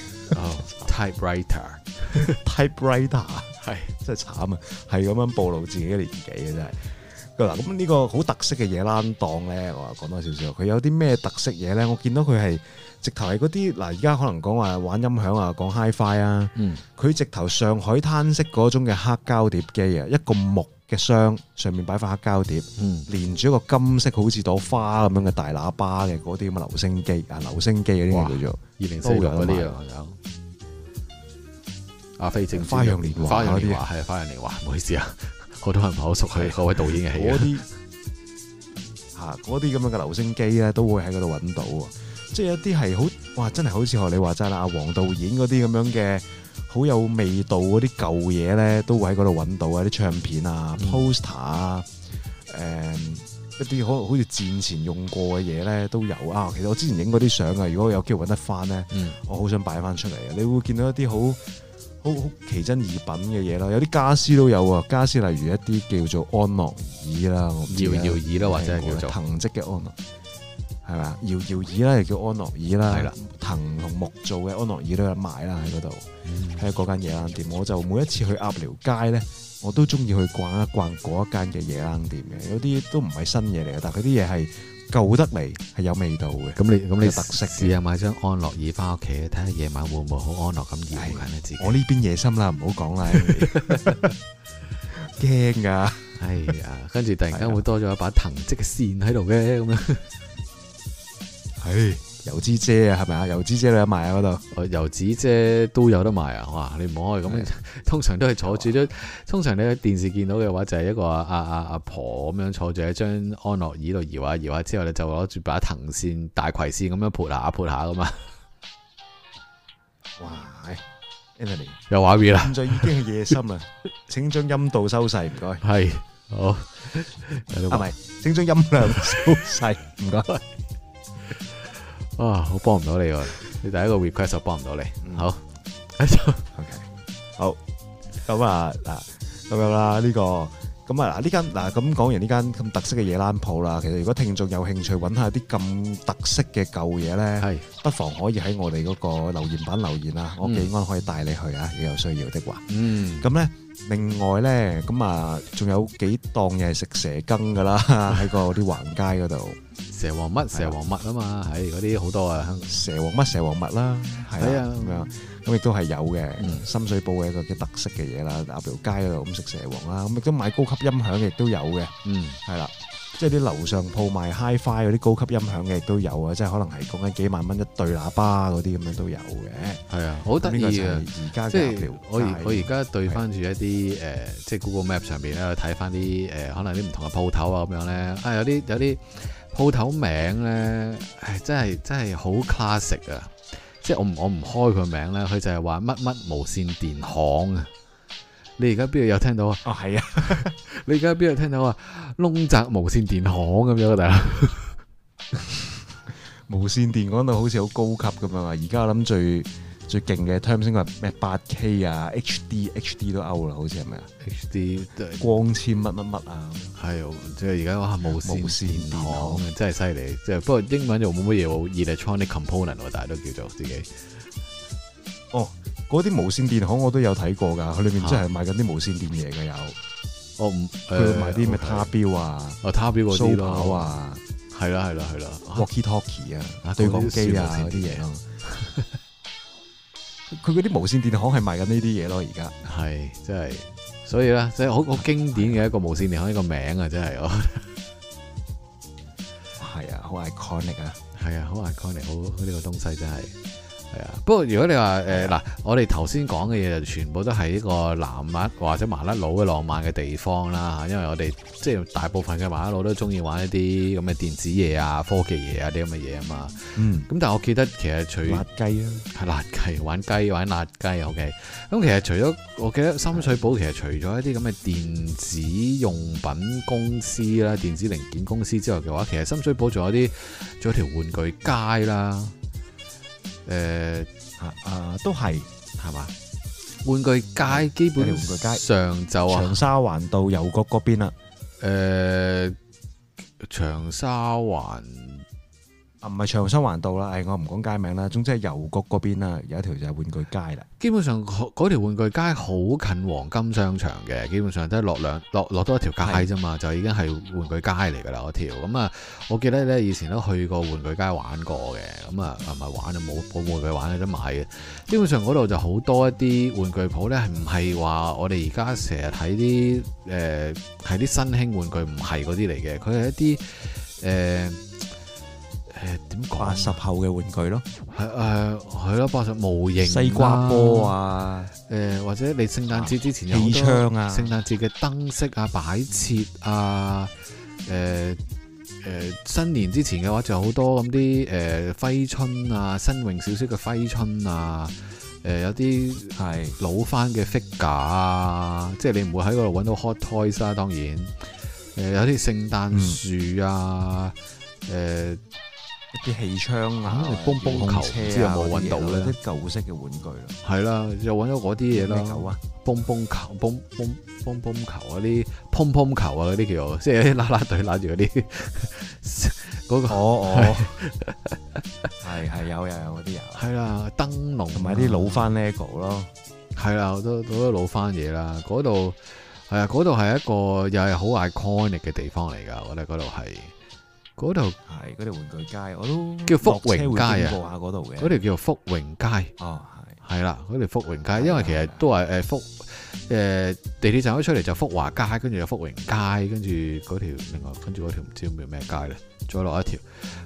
B: typewriter，typewriter 係真係慘啊！係咁樣暴露自己嘅年紀嘅、啊、真係嗱，咁呢個好特色嘅嘢攤檔咧，我話講多少少，佢有啲咩特色嘢咧？我見到佢係直頭係嗰啲嗱，而家可能講話玩音響啊，講 HiFi 啊，佢、嗯、直頭上海灘式嗰種嘅黑膠碟機啊，一個木。箱上面擺翻黑膠碟，連住一個金色好似朵花咁樣嘅大喇叭嘅嗰啲咁嘅留聲機啊，留聲機啲叫做二零四六嗰啲啊，
A: 阿飛正是花樣年華，花樣年華係花樣年華，唔好意思啊，好多人唔係好熟悉嗰 位導演嘅戲、啊。吓， 嗰啲
B: 咁樣嘅留聲機咧，都會喺嗰度揾到，即係一啲係好哇，真係好似學你話齋啦，阿黃導演嗰啲咁樣嘅。好有味道嗰啲舊嘢咧，都會喺嗰度揾到啊！啲唱片啊、嗯、poster 啊，誒、嗯、一啲好好似戰前用過嘅嘢咧都有啊。其實我之前影過啲相啊，如果我有機會揾得翻咧，嗯、我好想擺翻出嚟啊！你會見到一啲好好奇珍異品嘅嘢啦，有啲家私都有啊。家私例如一啲叫做安樂椅啦，搖搖椅啦，或者係叫做藤織嘅安樂。係咪，搖搖椅啦，又叫安樂椅啦，藤同木做嘅安樂椅都有得賣啦，喺嗰度，喺嗰間夜冷店。我就每一次去鴨寮街咧，我都中意去逛一逛嗰一間嘅夜冷店嘅。有啲都唔係新嘢嚟嘅，但係嗰啲嘢係舊得嚟，係有味道嘅。咁你，咁你特色試下買張安樂椅翻屋企，睇下夜晚
A: 會唔會好安樂咁搖緊你自己。我呢邊夜深啦，唔好講啦，驚㗎！哎呀，跟住突然間會多咗一把藤織嘅扇喺度嘅咁樣。誒、哎，油紙遮啊，係咪啊？油紙遮你有賣啊？嗰度，油紙遮都有得賣啊！哇，你唔好開咁，通常都係坐住、哦、通常你喺電視見到嘅話，就係一個阿阿阿婆咁樣坐住喺張安樂椅度搖下搖下之後，你就攞住把藤扇、大葵扇咁樣撥下撥下噶嘛。
B: 哇 Emily
A: 又玩 V 啦，現
B: 在已經係夜深
A: 啦， 請將音度收細，唔該。係，好。 等等啊，唔係，
B: 請將音量收細，
A: 唔該。 啊、哦，我幫唔到你，你第一個 request 我幫唔到你，好，OK，好，咁啊，嗱，咁樣
B: 啦，呢個。咁啊，嗱，呢間嗱，咁講完呢間咁特色嘅野攬鋪啦，其實如果聽眾有興趣揾下啲咁特色嘅舊嘢咧，是不妨可以喺我哋嗰個留言板留言啊，嗯、我技安可以帶你去啊，你有需要的話，嗯，咁咧另外，咧咁啊，仲有幾檔嘢食蛇羹噶啦，喺個啲橫街嗰度。蛇王乜、蛇王乜啊嘛，係嗰啲好多啊。蛇王乜、蛇王乜啦，係啊，係啊。咁亦都係有嘅，深水埗嘅一個嘅特色嘅嘢啦，阿條街嗰度咁食蛇王啦，咁亦都買高級音響嘅，亦都有嘅，係啦，即係啲樓上鋪賣 Hi-Fi 嗰啲高級音響嘅，亦都有啊，即係可能係講緊幾萬蚊一對喇叭嗰啲咁樣都有嘅，
A: 係啊，好得意啊！而家嘅，我而我而家對翻住一啲誒、呃、即係 Google Map 上邊咧睇翻啲可能啲唔同嘅鋪頭啊咁樣咧，啊有啲有啲鋪頭名咧，真係真係好 classic 啊！即係我唔我唔開佢名啦，佢就係話乜乜無線電行啊！你而家邊度有聽到，哦、啊？哦係啊！你而家邊度聽到啊？窿澤無線電行咁樣啊！大佬， 無線電講到好似好高級咁啊嘛！而家諗最。
B: 最勁嘅 term 先話咩八 K 啊，HD、HD 都 out 啦，好似係咪啊？HD
A: 光纖乜乜乜啊？係，即係而家哇無線無線電行真係犀利，即係不過英文就冇乜嘢喎。Electronic component 大家都叫做自己。
B: 哦，嗰啲無線電行我都有睇過㗎，佢裏面真係賣緊啲無線電嘢嘅，有。
A: 哦唔，佢賣啲咩塔表啊？t 塔表嗰啲咯，啊，係啦係啦係啦，Walkie Talkie 啊，對講機啊嗰啲嘢。佢嗰啲無線電行係賣緊呢啲嘢咯，而家係真係，所以咧真係好好經典嘅一個無線電行，呢個名啊，真係哦，係啊，好 iconic 啊，係啊，好 iconic，好呢個東西真係。係啊，不過如果你話誒嗱，我哋頭先講嘅嘢全部都喺呢個男甩或者麻甩佬嘅浪漫嘅地方啦，因為我哋即係大部分嘅麻甩佬都中意玩一啲咁嘅電子嘢啊、科技嘢啊啲咁嘅嘢啊嘛。嗯。咁但係我記得其實除辣雞啊，係辣雞玩雞玩，玩辣雞 OK。咁其實除咗我記得深水埗其實除咗一啲咁嘅電子用品公司啦、電子零件公司之外嘅話，其實深水埗仲有啲仲有條玩具街啦。誒、呃啊，啊，都係係嘛，是吧，玩具街基本上，玩具街上就啊長沙灣道右角嗰邊啦，誒、呃、長沙灣。
B: 唔係長沙灣道啦，誒，我唔講街名啦，總之係郵局嗰邊啦，有一條就係玩具街啦。
A: 基本上嗰條玩具街好近黃金商場嘅，基本上都係落兩落落多一條街啫嘛，是就已經係玩具街嚟㗎啦嗰條。咁啊，我記得咧以前都去過玩具街玩過嘅，咁啊唔係玩啊，冇冇玩具玩，有得買嘅。基本上嗰度就好多一啲玩具鋪咧，係唔係話我哋而家成日睇啲誒係啲新興玩具？唔係嗰啲嚟嘅，佢係一啲誒。呃誒，點掛、呃啊、八十後嘅玩具咯？係誒、啊，係咯、啊，掛十模型、啊、西瓜波啊！誒、呃，或者你聖誕節之前有好多啊，聖誕節嘅燈飾啊、擺設啊。誒、呃、誒，新年之前嘅話就好多咁啲誒，揮、呃、春啊，新穎少少嘅揮春啊。誒、呃，有啲係老番嘅 figure 啊，是即係你唔會喺嗰度搵到 hot toys 啦、啊。當然，誒、呃、有啲聖誕樹啊，誒、嗯。呃啲氣槍啊，蹦蹦、嗯、球，知、啊、有冇搵到咧？啲舊式嘅玩具啦，係啦，又搵咗嗰啲嘢啦。咩狗啊？蹦蹦、啊、球，蹦蹦蹦蹦球，嗰啲碰碰球啊，嗰啲、啊、叫，即係啲拉拉隊拉住嗰啲嗰個。哦哦，係係有又有嗰啲有。係啦，燈籠同埋啲老翻 LEGO 咯。係啦、啊，我都都老翻嘢啦。嗰度係啊，嗰度係一個又係好 iconic 嘅地方嚟噶。我哋嗰度係。嗰度
B: 係嗰條玩具街，我都叫福榮街、啊、福華街啊！嗰度嘅嗰條
A: 叫福榮街哦，係係啦，嗰條福榮街，的因為其實都係誒、呃、福誒、呃、地鐵站一出嚟就福華街，跟住有福榮街，跟住嗰條另外跟住嗰條唔知叫咩街咧，再落一條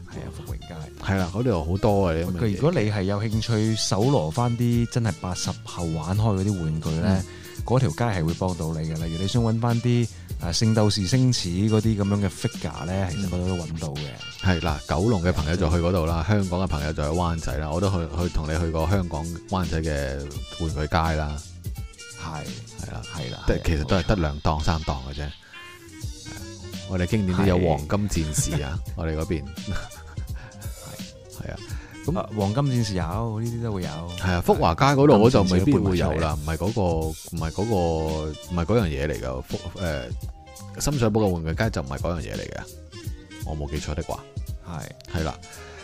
A: 係啊福榮街係啦，嗰條好多嘅。佢如果你係有興趣搜羅翻
B: 啲真係八十後玩開嗰啲玩具咧。嗯嗰條街係會幫到你嘅，例如你想揾
A: 翻啲啊聖鬥士星矢嗰啲咁樣嘅 figure 呢，其實嗰度都揾到嘅。係嗱，九龍嘅朋友就去嗰度啦，的香港嘅朋友就喺灣仔啦。我都去去同你去過香港灣仔嘅玩具街啦。係係啦係啦，得其實都係得兩檔三檔嘅啫。的我哋經典啲有黃金戰士啊，的我哋嗰邊
B: 係係啊。 係的係咁那黃金線是有呢啲都會有
A: 係啊。福華街嗰度我就未必會有啦，唔係嗰個唔係嗰個唔係嗰樣嘢嚟噶。福誒深水埗嘅玩具街就唔係嗰樣嘢嚟嘅，我冇記錯的話係係啦。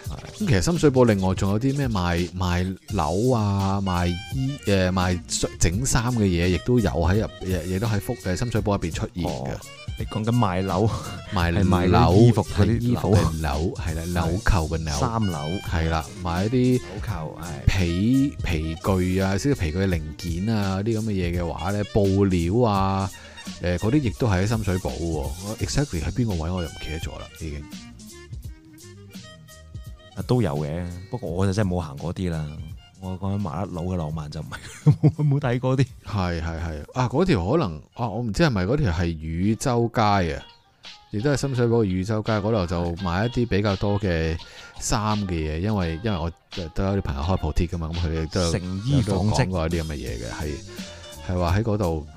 A: 咁是、啊、其實深水埗另外仲有啲咩賣賣樓啊，賣,賣,賣衣誒賣整衫嘅嘢，亦都有喺入，亦亦都喺福誒深水埗入邊出現嘅。哦你講緊賣樓，係賣啲衣服嗰啲衣服定樓係啦，紐扣嘅紐三樓係啦，買一啲紐扣皮皮具啊，少啲皮具零件啊，啲咁嘅嘢嘅話咧，布料啊，誒，嗰啲亦都係喺深水埗，我 exactly 喺邊個位我又唔記得咗啦，已經
B: 啊都有嘅，不過我就真係冇行嗰啲啦。我講緊麻甩
A: 佬嘅浪漫就唔係，冇冇睇過啲？係係係啊！嗰條可能啊，我唔知係咪嗰條係宇洲街啊？亦都係深水埗嘅宇洲街嗰度就賣一啲比較多嘅衫嘅嘢，因為因為我都有啲朋友開鋪貼噶嘛，咁佢哋都成衣紡織過一啲咁嘅嘢嘅，係係話喺嗰度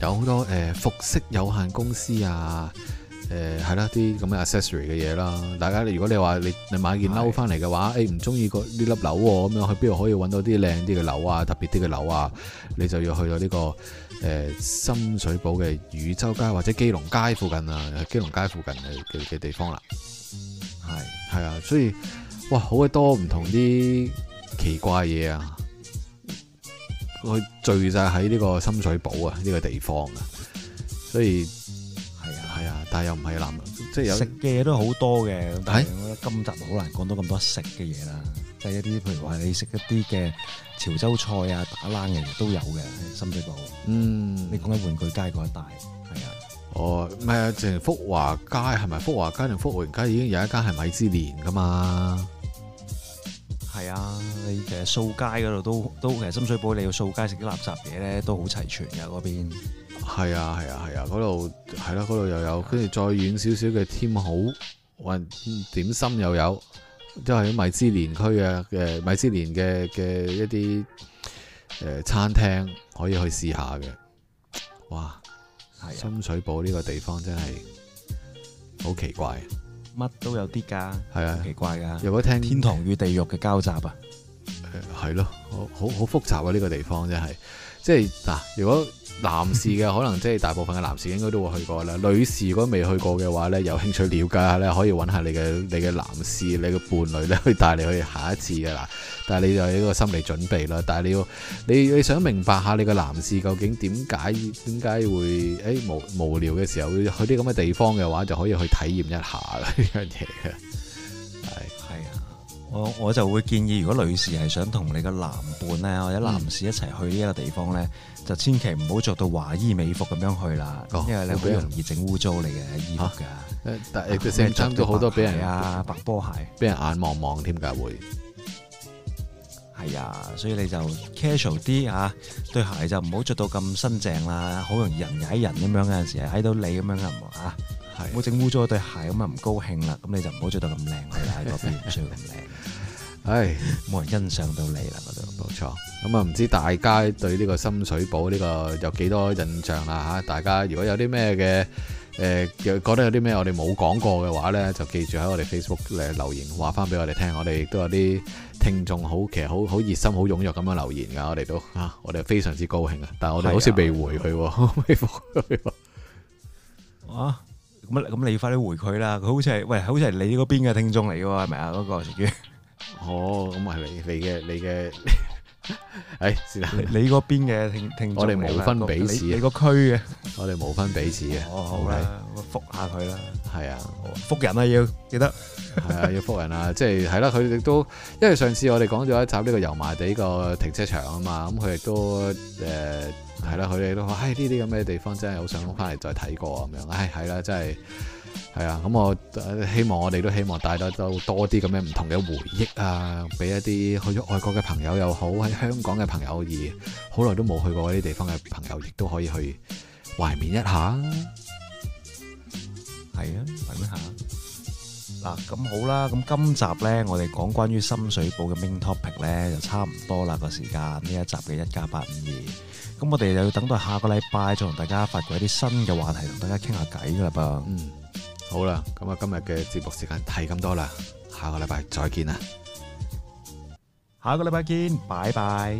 A: 有好多誒、呃、服飾有限公司啊。誒係啦，啲咁嘅 accessory 嘅嘢啦。大家如果你話你你買件褸翻嚟嘅話，誒唔中意呢粒褸喎，咁、欸呢個呢個啊、樣去邊度可以搵到啲靚啲嘅褸啊，特別啲嘅褸啊？你就要去到呢、呢個、呃、深水埗嘅宇洲街或者基隆街附近啊，基隆街附近嘅嘅地方啦。係係啊，所以哇，好鬼多唔同啲奇怪嘢啊，佢聚曬喺呢個深水埗啊呢、呢個地方啊，所以。但又唔係南洋，即係有食嘅嘢都好
B: 多嘅。但係我覺得今集好難講到咁多食嘅嘢啦，即係一啲譬如話你食一啲嘅潮
A: 州菜啊、打冷嘅嘢都有嘅。深水埗，嗯，你講緊玩具街嗰一帶，係啊，哦，唔係啊，淨係福華街係咪？是不是福華街同福榮街已經有一間係米芝蓮噶嘛？係啊，你其實掃街嗰度都
B: 都其實深水埗你要掃街食啲垃圾嘢咧都好齊全嘅嗰邊。
A: 係啊係啊係啊，嗰度係啦，嗰度、啊啊、又有，跟住是、啊、再遠少少嘅添好好運點心又有，都係米芝蓮區嘅，誒米芝蓮嘅嘅一啲誒、呃、餐廳可以去試下嘅。哇，係深是、啊、水埗呢個地方真係好奇怪、啊，
B: 乜、啊、都有啲噶，係啊，
A: 奇怪噶。有果聽天堂與地獄嘅交集啊，誒係咯，好好好複雜啊呢、呢個地方真係。即係嗱，如果男士嘅可能，即係大部分嘅男士應該都會去過啦。女士如果未去過嘅話呢，有興趣了解下呢，可以揾下你嘅你嘅男士、你嘅伴侶呢，去帶你去下一次嘅啦。但係你就有個心理準備啦。但係你要你你想明白一下你嘅男士究竟點解點解會誒無無聊嘅時候會去啲咁嘅地方嘅話，就可以去體驗一下呢樣嘢。我
B: 我就會建議，如果女士係想同你個男伴呀，或者男士一齊去呢個地方咧，就千祈唔好着到華衣美服咁樣去啦，因為你好容易整污糟你嘅衣服㗎、啊。
A: 但係成日都好多俾人啊白波鞋，
B: 俾人眼望望添解會。係啊，所以你就 casual 啲嚇、啊，對鞋就唔好着到咁新淨啦，好容易人踩人咁樣嗰陣時，踩到你咁樣咁啊。我整污咗我對鞋咁啊唔高興啦！咁你就唔好着到咁靚，我
A: 哋喺嗰邊唔 需要咁靚。唉，冇人欣賞到你啦，嗰度冇錯。咁啊唔知大家對呢個深水埗呢個有幾多印象啦、啊、嚇？大家如果有啲咩嘅誒，覺得有啲咩我哋冇講過嘅話咧，就記住喺我哋 Facebook 誒留言話翻俾我哋聽，我哋亦都有啲聽眾好，其實好好熱心、好踴躍咁樣留言㗎，我哋都嚇、啊，我哋非常之高興啊！但係我哋好似未回去喎啊！
B: 咁你快啲回佢啦！佢好似係喂，好似係你嗰邊嘅聽眾嚟噶喎，係咪啊？嗰、那個陳主，那個、 哦，咁係你你嘅你嘅。 誒、哎，你嗰邊嘅聽聽，聽我哋冇分彼此你。你個區嘅，我哋冇分
A: 彼此嘅。好啦吧，okay 我覆下佢啦。係啊，覆人啊要記得。係啊，要覆人 啊，即係係啦。佢哋都因為上次我哋講咗一集呢個油麻地個停車場啊嘛，咁佢哋都誒係啦，佢哋都話唉，呢啲咁嘅地方真係好想翻嚟再睇過咁樣。唉、哎，係啦、啊，真係。係啊，咁我希望我哋都希望帶得多啲咁樣唔同嘅回憶啊，俾一啲去咗外國嘅朋友又好，喺香港嘅朋友而好耐都冇去過嗰啲地方嘅朋友，亦都可以去懷緬一下。係啊，懷緬下嗱。咁好
B: 啦，咁今集呢，我哋講關於深水埗嘅 main topic 呢，就差唔多啦。個時間呢，一集嘅一家八五二，咁我哋就要等到下個禮拜再同大家發掘一啲新
A: 嘅話題，同大家傾下偈噶啦噃。嗯。好啦，咁啊，今日嘅節目時間係咁多啦，下個禮拜再見啦，下個禮拜見，拜拜。